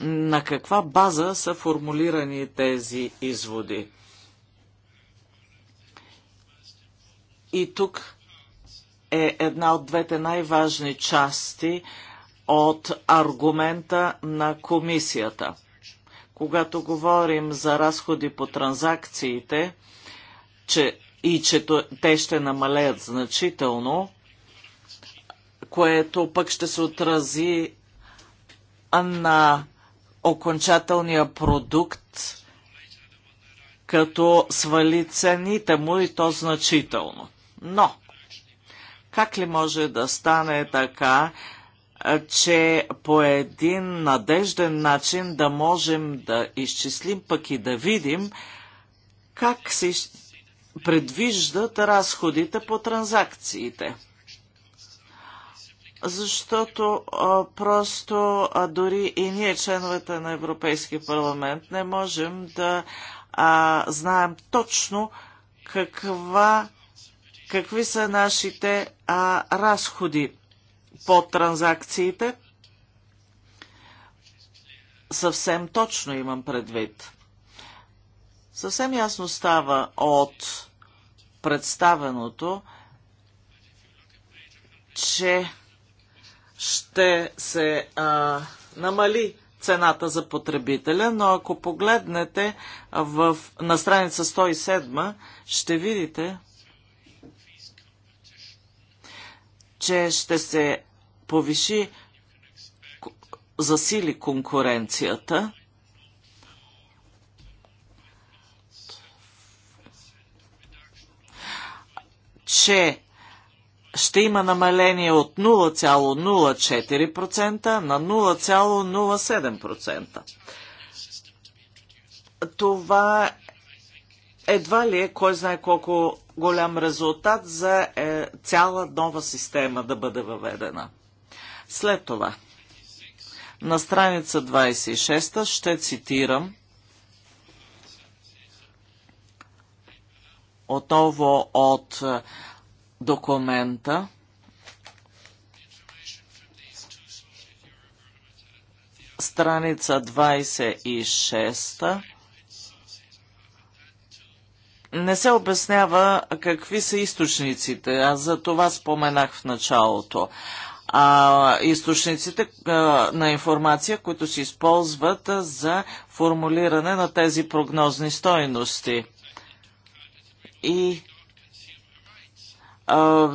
На каква база са формулирани тези изводи? И тук е една от двете най-важни части от аргумента на комисията – когато говорим за разходи по транзакциите, че, и че те ще намалеят значително, което пък ще се отрази на окончателния продукт, като свали цените му и то значително. Но, как ли може да стане така, че по един надежден начин да можем да изчислим, пък и да видим как се предвиждат разходите по транзакциите. Защото а, просто а, дори и ние, членовете на Европейския парламент, не можем да а, знаем точно каква, какви са нашите а, разходи по транзакциите. Съвсем точно имам предвид. Съвсем ясно става от представеното, че ще се а, намали цената за потребителя, но ако погледнете в, на страница 107, ще видите, че ще се повиши, засили конкуренцията. че ще има намаление от 0,04% на 0,07%. Това едва ли е кой знае колко голям резултат за е, цяла нова система да бъде въведена. След това, на страница 26 ще цитирам отново от е, документа, страница 26 не се обяснява какви са източниците. а за това споменах в началото а, източниците а, на информация, които се използват а, за формулиране на тези прогнозни стойности. И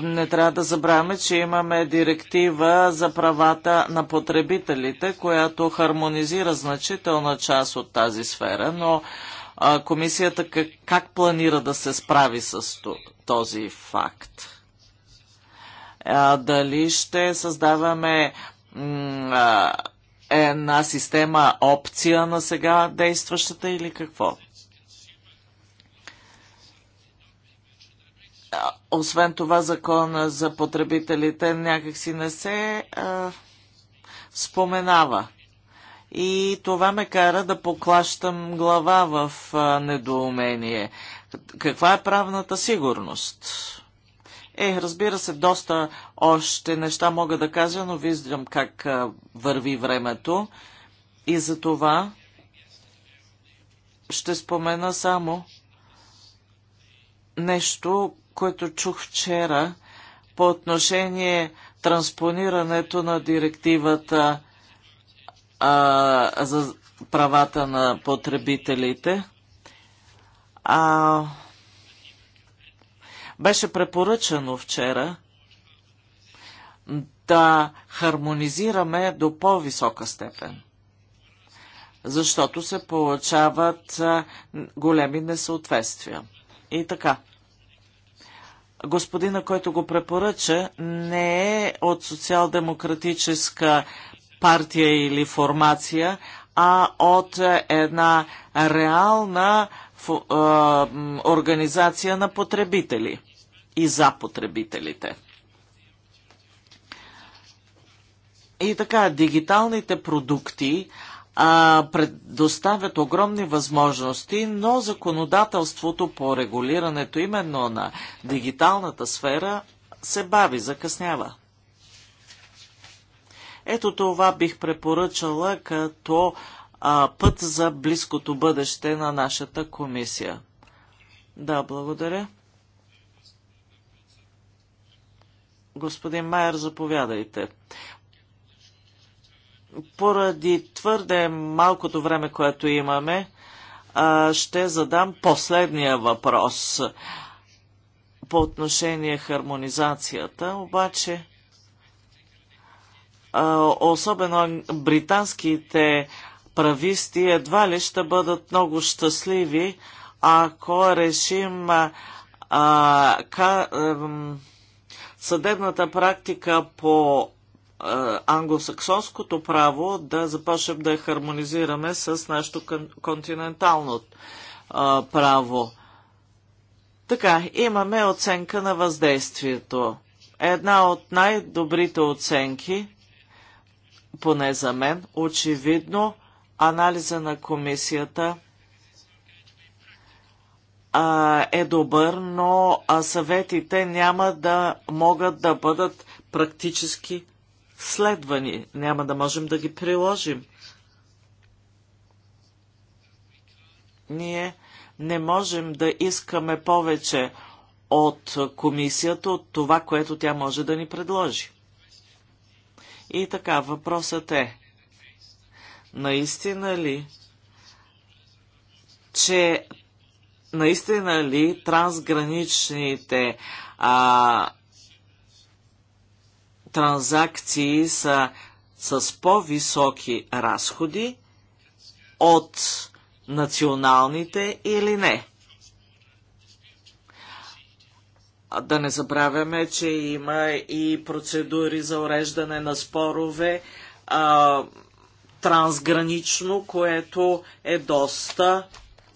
не трябва да забравяме, че имаме директива за правата на потребителите, която хармонизира значителна част от тази сфера, но комисията как, как планира да се справи с този факт? а, дали ще създаваме а, една система опция на сега действащата или какво. Освен това, закона за потребителите някакси не се а, споменава. И това ме кара да поклащам глава в а, недоумение. Каква е правната сигурност? Е, разбира се, доста още неща мога да кажа, но виждам как върви времето и за това ще спомена само нещо, което чух вчера по отношение транспонирането на директивата а, за правата на потребителите. А, беше препоръчано вчера да хармонизираме до по-висока степен, защото се получават големи несъответствия. И така. Господина, който го препоръча, не е от социал-демократическа партия или формация, а от една реална организация на потребители и за потребителите. И така, дигиталните продукти а, предоставят огромни възможности, но законодателството по регулирането именно на дигиталната сфера се бави, закъснява. Ето това бих препоръчала като а, път за близкото бъдеще на нашата комисия. Да, благодаря. Господин Майер, заповядайте. Поради твърде малкото време, което имаме, ще задам последния въпрос по отношение хармонизацията, обаче особено британските прависти едва ли ще бъдат много щастливи, ако решим а, ка, а, съдебната практика по е, англосаксонското право да започнем да я хармонизираме с нашето континентално е, право. Така, имаме оценка на въздействието. Една от най-добрите оценки, поне за мен, очевидно, анализа на комисията – а, е добър, но а съветите няма да могат да бъдат практически следвани. Няма да можем да ги приложим. Ние не можем да искаме повече от комисията, от това, което тя може да ни предложи. И така, въпросът е, наистина ли, че наистина ли трансграничните а, транзакции са с по-високи разходи от националните или не. Да не забравяме, че има и процедури за уреждане на спорове а, трансгранично, което е доста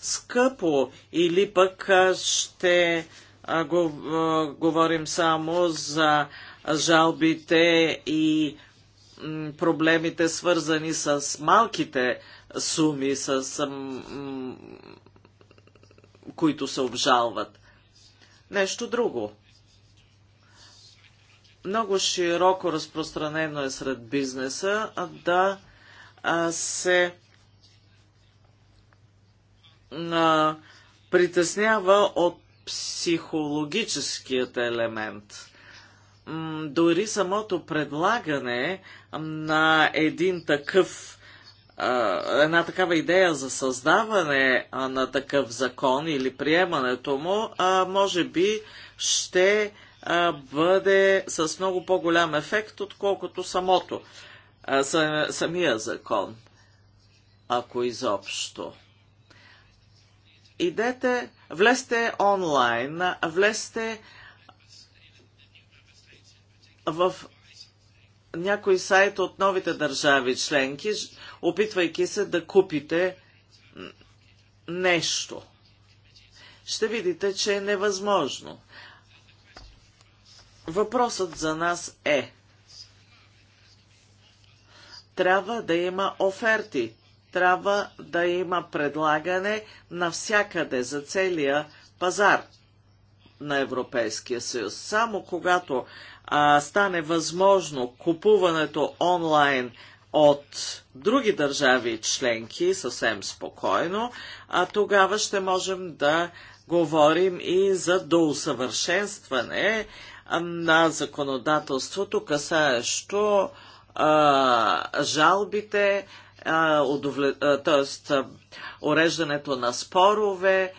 скъпо или пък ще а, го, а, говорим само за жалбите и м, проблемите свързани с малките суми, с, м, които се обжалват. Нещо друго. Много широко разпространено е сред бизнеса да се а, притеснява от психологическият елемент. М, дори самото предлагане на един такъв една такава идея за създаване на такъв закон или приемането му, може би ще бъде с много по-голям ефект, отколкото самото, самия закон, ако изобщо идете, влезте онлайн, влезте в някой сайт от новите държави членки, опитвайки се да купите нещо. Ще видите, че е невъзможно. Въпросът за нас е трябва да има оферти трябва да има предлагане навсякъде за целия пазар на Европейския съюз. Само когато а, стане възможно купуването онлайн от други държави членки съвсем спокойно, а тогава ще можем да говорим и за доусъвършенстване на законодателството, касаещо а, жалбите, удовле... т.е. уреждането на спорове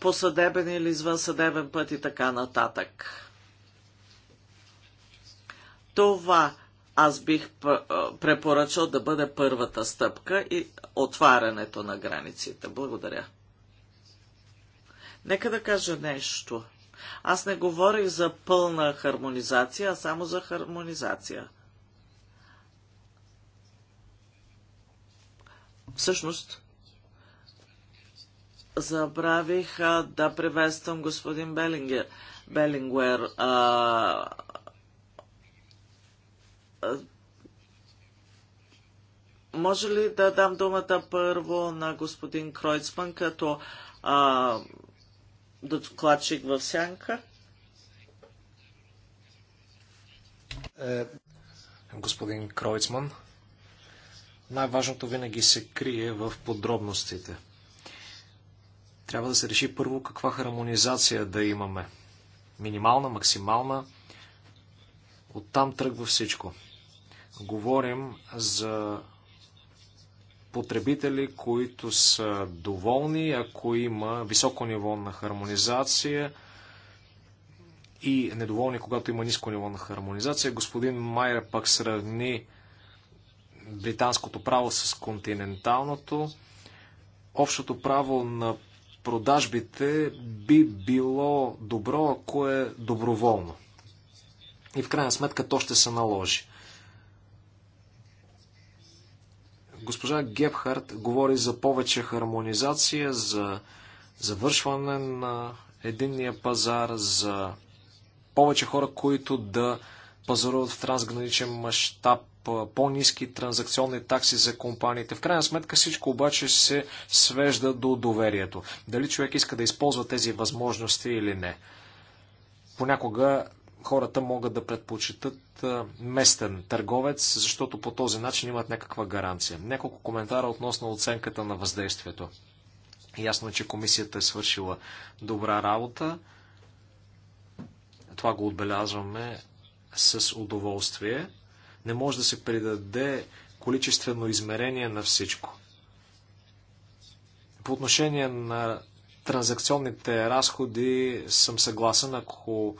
по съдебен или извън съдебен път и така нататък. Това аз бих препоръчал да бъде първата стъпка и отварянето на границите. Благодаря. Нека да кажа нещо. Аз не говорих за пълна хармонизация, а само за хармонизация – Всъщност, забравих а, да приветствам господин Белингер, Белингуер. А, а, може ли да дам думата първо на господин Кройцман като а, докладчик в сянка? Е, господин Кройцман, най-важното винаги се крие в подробностите. Трябва да се реши първо каква хармонизация да имаме. Минимална, максимална. Оттам тръгва всичко. Говорим за потребители, които са доволни, ако има високо ниво на хармонизация и недоволни, когато има ниско ниво на хармонизация. Господин Майер пак сравни британското право с континенталното, общото право на продажбите би било добро, ако е доброволно. И в крайна сметка то ще се наложи. Госпожа Гебхарт говори за повече хармонизация, за завършване на единния пазар, за повече хора, които да пазаруват в трансграничен мащаб по-низки транзакционни такси за компаниите. В крайна сметка всичко обаче се свежда до доверието. Дали човек иска да използва тези възможности или не. Понякога хората могат да предпочитат местен търговец, защото по този начин имат някаква гаранция. Няколко коментара относно оценката на въздействието. Ясно е, че комисията е свършила добра работа. Това го отбелязваме с удоволствие. Не може да се придаде количествено измерение на всичко. По отношение на транзакционните разходи съм съгласен, ако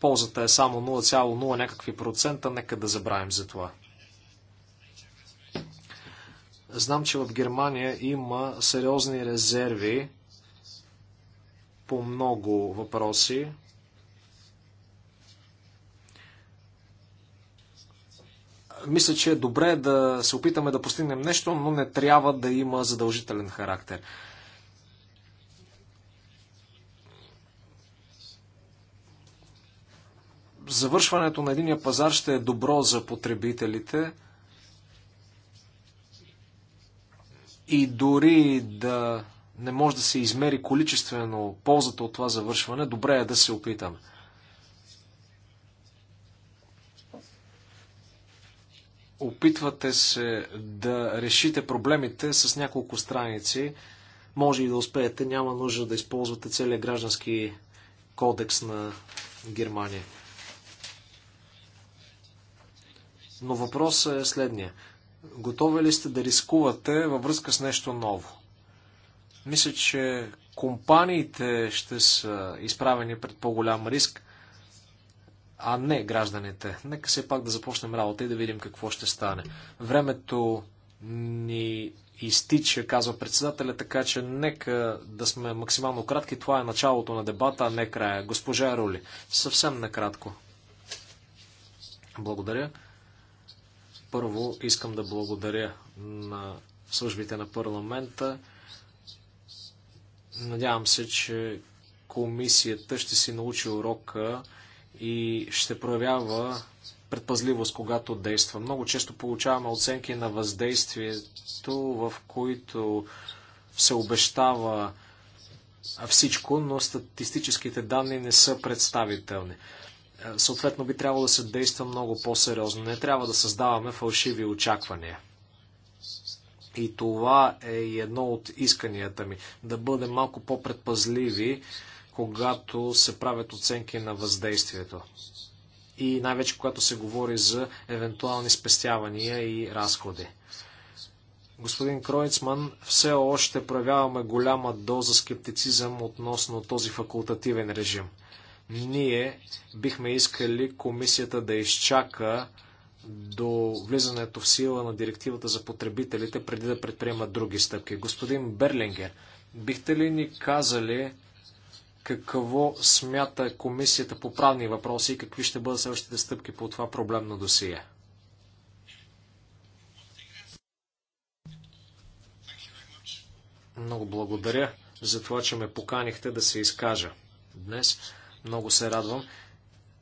ползата е само 0,0 някакви процента, нека да забравим за това. Знам, че в Германия има сериозни резерви по много въпроси. мисля, че е добре да се опитаме да постигнем нещо, но не трябва да има задължителен характер. Завършването на единия пазар ще е добро за потребителите и дори да не може да се измери количествено ползата от това завършване, добре е да се опитаме. Опитвате се да решите проблемите с няколко страници. Може и да успеете, няма нужда да използвате целият граждански кодекс на Германия. Но въпросът е следния. Готови ли сте да рискувате във връзка с нещо ново? Мисля, че компаниите ще са изправени пред по-голям риск, а не гражданите. Нека се пак да започнем работа и да видим какво ще стане. Времето ни изтича, казва председателя, така че нека да сме максимално кратки. Това е началото на дебата, а не края. Госпожа Рули, съвсем накратко. Благодаря. Първо искам да благодаря на службите на парламента. Надявам се, че комисията ще си научи урока и ще проявява предпазливост, когато действа. Много често получаваме оценки на въздействието, в които се обещава всичко, но статистическите данни не са представителни. Е, съответно би трябвало да се действа много по-сериозно. Не трябва да създаваме фалшиви очаквания. И това е едно от исканията ми. Да бъдем малко по-предпазливи когато се правят оценки на въздействието. И най-вече, когато се говори за евентуални спестявания и разходи. Господин Кройцман, все още проявяваме голяма доза скептицизъм относно този факултативен режим. Ние бихме искали комисията да изчака до влизането в сила на директивата за потребителите, преди да предприемат други стъпки. Господин Берлингер, бихте ли ни казали какво смята Комисията по правни въпроси и какви ще бъдат следващите стъпки по това проблемно досие. Много благодаря за това, че ме поканихте да се изкажа днес. Много се радвам.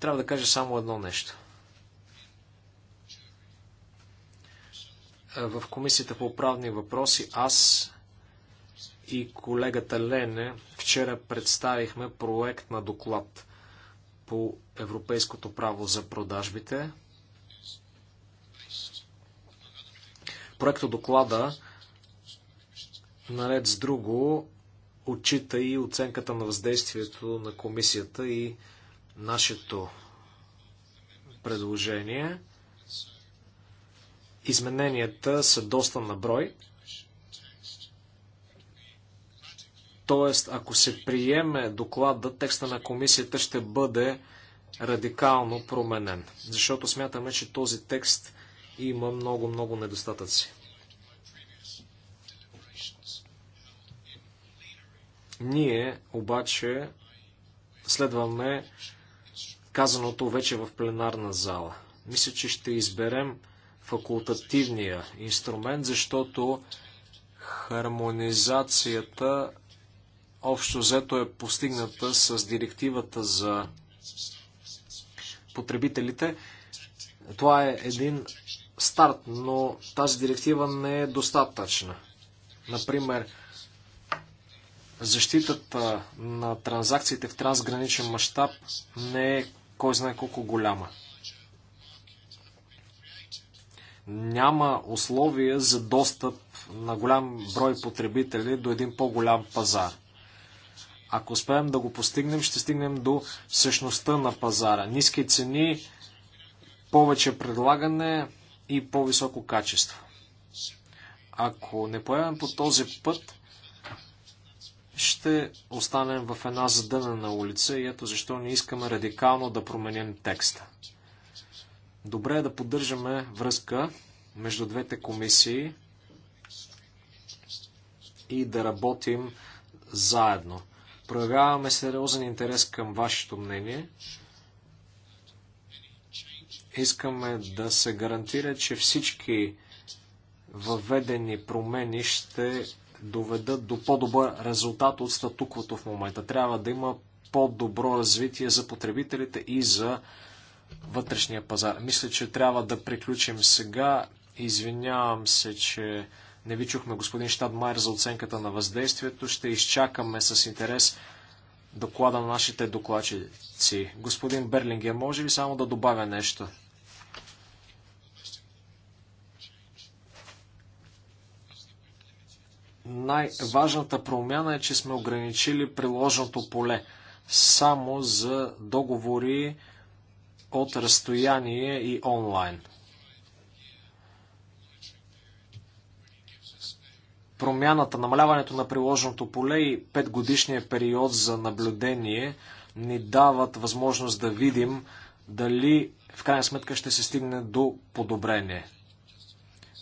Трябва да кажа само едно нещо. Е, в Комисията по правни въпроси аз и колегата Лене вчера представихме проект на доклад по европейското право за продажбите. Проектът доклада, наред с друго, отчита и оценката на въздействието на комисията и нашето предложение. Измененията са доста на брой. Тоест, ако се приеме доклада, текста на комисията ще бъде радикално променен. Защото смятаме, че този текст има много-много недостатъци. Ние обаче следваме казаното вече в пленарна зала. Мисля, че ще изберем факултативния инструмент, защото хармонизацията общо взето е постигната с директивата за потребителите. Това е един старт, но тази директива не е достатъчна. Например, защитата на транзакциите в трансграничен мащаб не е кой знае колко голяма. Няма условия за достъп на голям брой потребители до един по-голям пазар. Ако успеем да го постигнем, ще стигнем до същността на пазара. Ниски цени, повече предлагане и по-високо качество. Ако не поемем по този път, ще останем в една задънена улица и ето защо не искаме радикално да променим текста. Добре е да поддържаме връзка между двете комисии и да работим заедно проявяваме сериозен интерес към вашето мнение. Искаме да се гарантира, че всички въведени промени ще доведат до по-добър резултат от статуквото в момента. Трябва да има по-добро развитие за потребителите и за вътрешния пазар. Мисля, че трябва да приключим сега. Извинявам се, че не ви чухме господин Штадмайер за оценката на въздействието. Ще изчакаме с интерес доклада на нашите докладчици. Господин Берлингер, може ли само да добавя нещо? Най-важната промяна е, че сме ограничили приложното поле само за договори от разстояние и онлайн. промяната, намаляването на приложеното поле и 5 годишния период за наблюдение ни дават възможност да видим дали в крайна сметка ще се стигне до подобрение.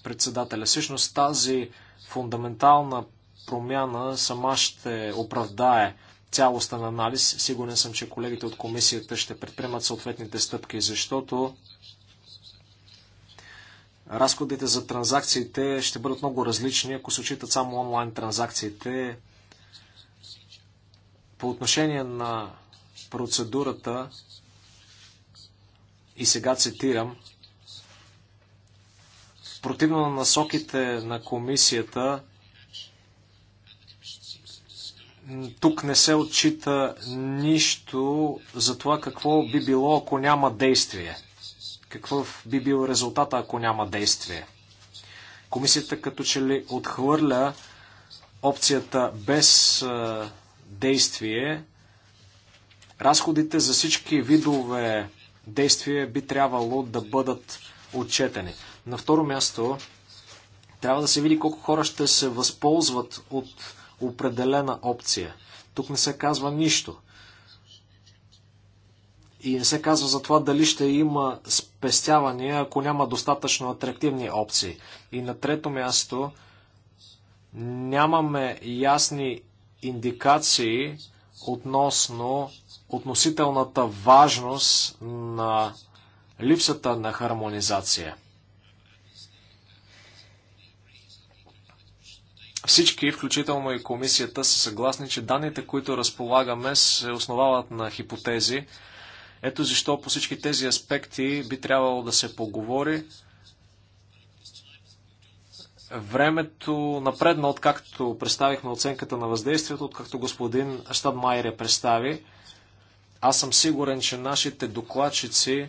Председателя, всъщност тази фундаментална промяна сама ще оправдае цялостен анализ. Сигурен съм, че колегите от комисията ще предприемат съответните стъпки, защото разходите за транзакциите ще бъдат много различни, ако се отчитат само онлайн транзакциите. По отношение на процедурата, и сега цитирам, противно на насоките на комисията, тук не се отчита нищо за това какво би било, ако няма действие. Какво би бил резултата, ако няма действие? Комисията като че ли отхвърля опцията без действие. Разходите за всички видове действия би трябвало да бъдат отчетени. На второ място, трябва да се види колко хора ще се възползват от определена опция. Тук не се казва нищо. И не се казва за това дали ще има спестявания, ако няма достатъчно атрактивни опции. И на трето място, нямаме ясни индикации относно относителната важност на липсата на хармонизация. Всички, включително и комисията, са съгласни, че данните, които разполагаме, се основават на хипотези, ето защо по всички тези аспекти би трябвало да се поговори. Времето напредна, откакто представихме оценката на въздействието, откакто господин Штадмайер я представи. Аз съм сигурен, че нашите докладчици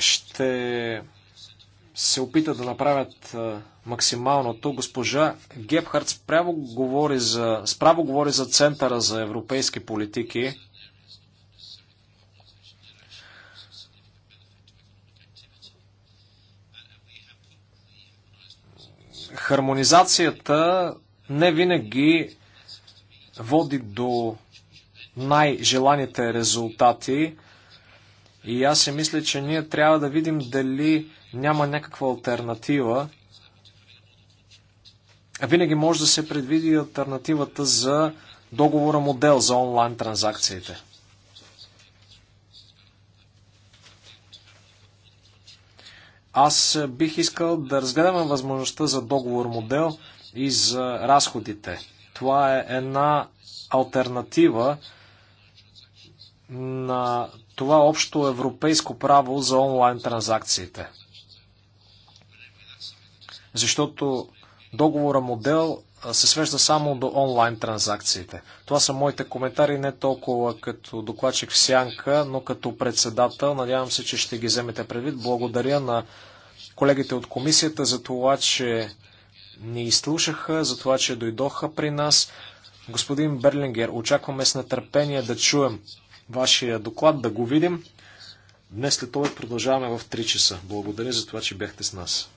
ще се опитат да направят максималното. Госпожа Гебхард справо говори за, справо говори за Центъра за европейски политики. Хармонизацията не винаги води до най-желаните резултати. И аз си мисля, че ние трябва да видим дали няма някаква альтернатива винаги може да се предвиди альтернативата за договора модел за онлайн транзакциите. Аз е, бих искал да разгледаме възможността за договор модел и за разходите. Това е една альтернатива на това общо европейско право за онлайн транзакциите. Защото договора модел се свежда само до онлайн транзакциите. Това са моите коментари, не толкова като докладчик в сянка, но като председател. Надявам се, че ще ги вземете предвид. Благодаря на колегите от комисията за това, че ни изслушаха, за това, че дойдоха при нас. Господин Берлингер, очакваме с нетърпение да чуем вашия доклад, да го видим. Днес след това продължаваме в 3 часа. Благодаря за това, че бяхте с нас.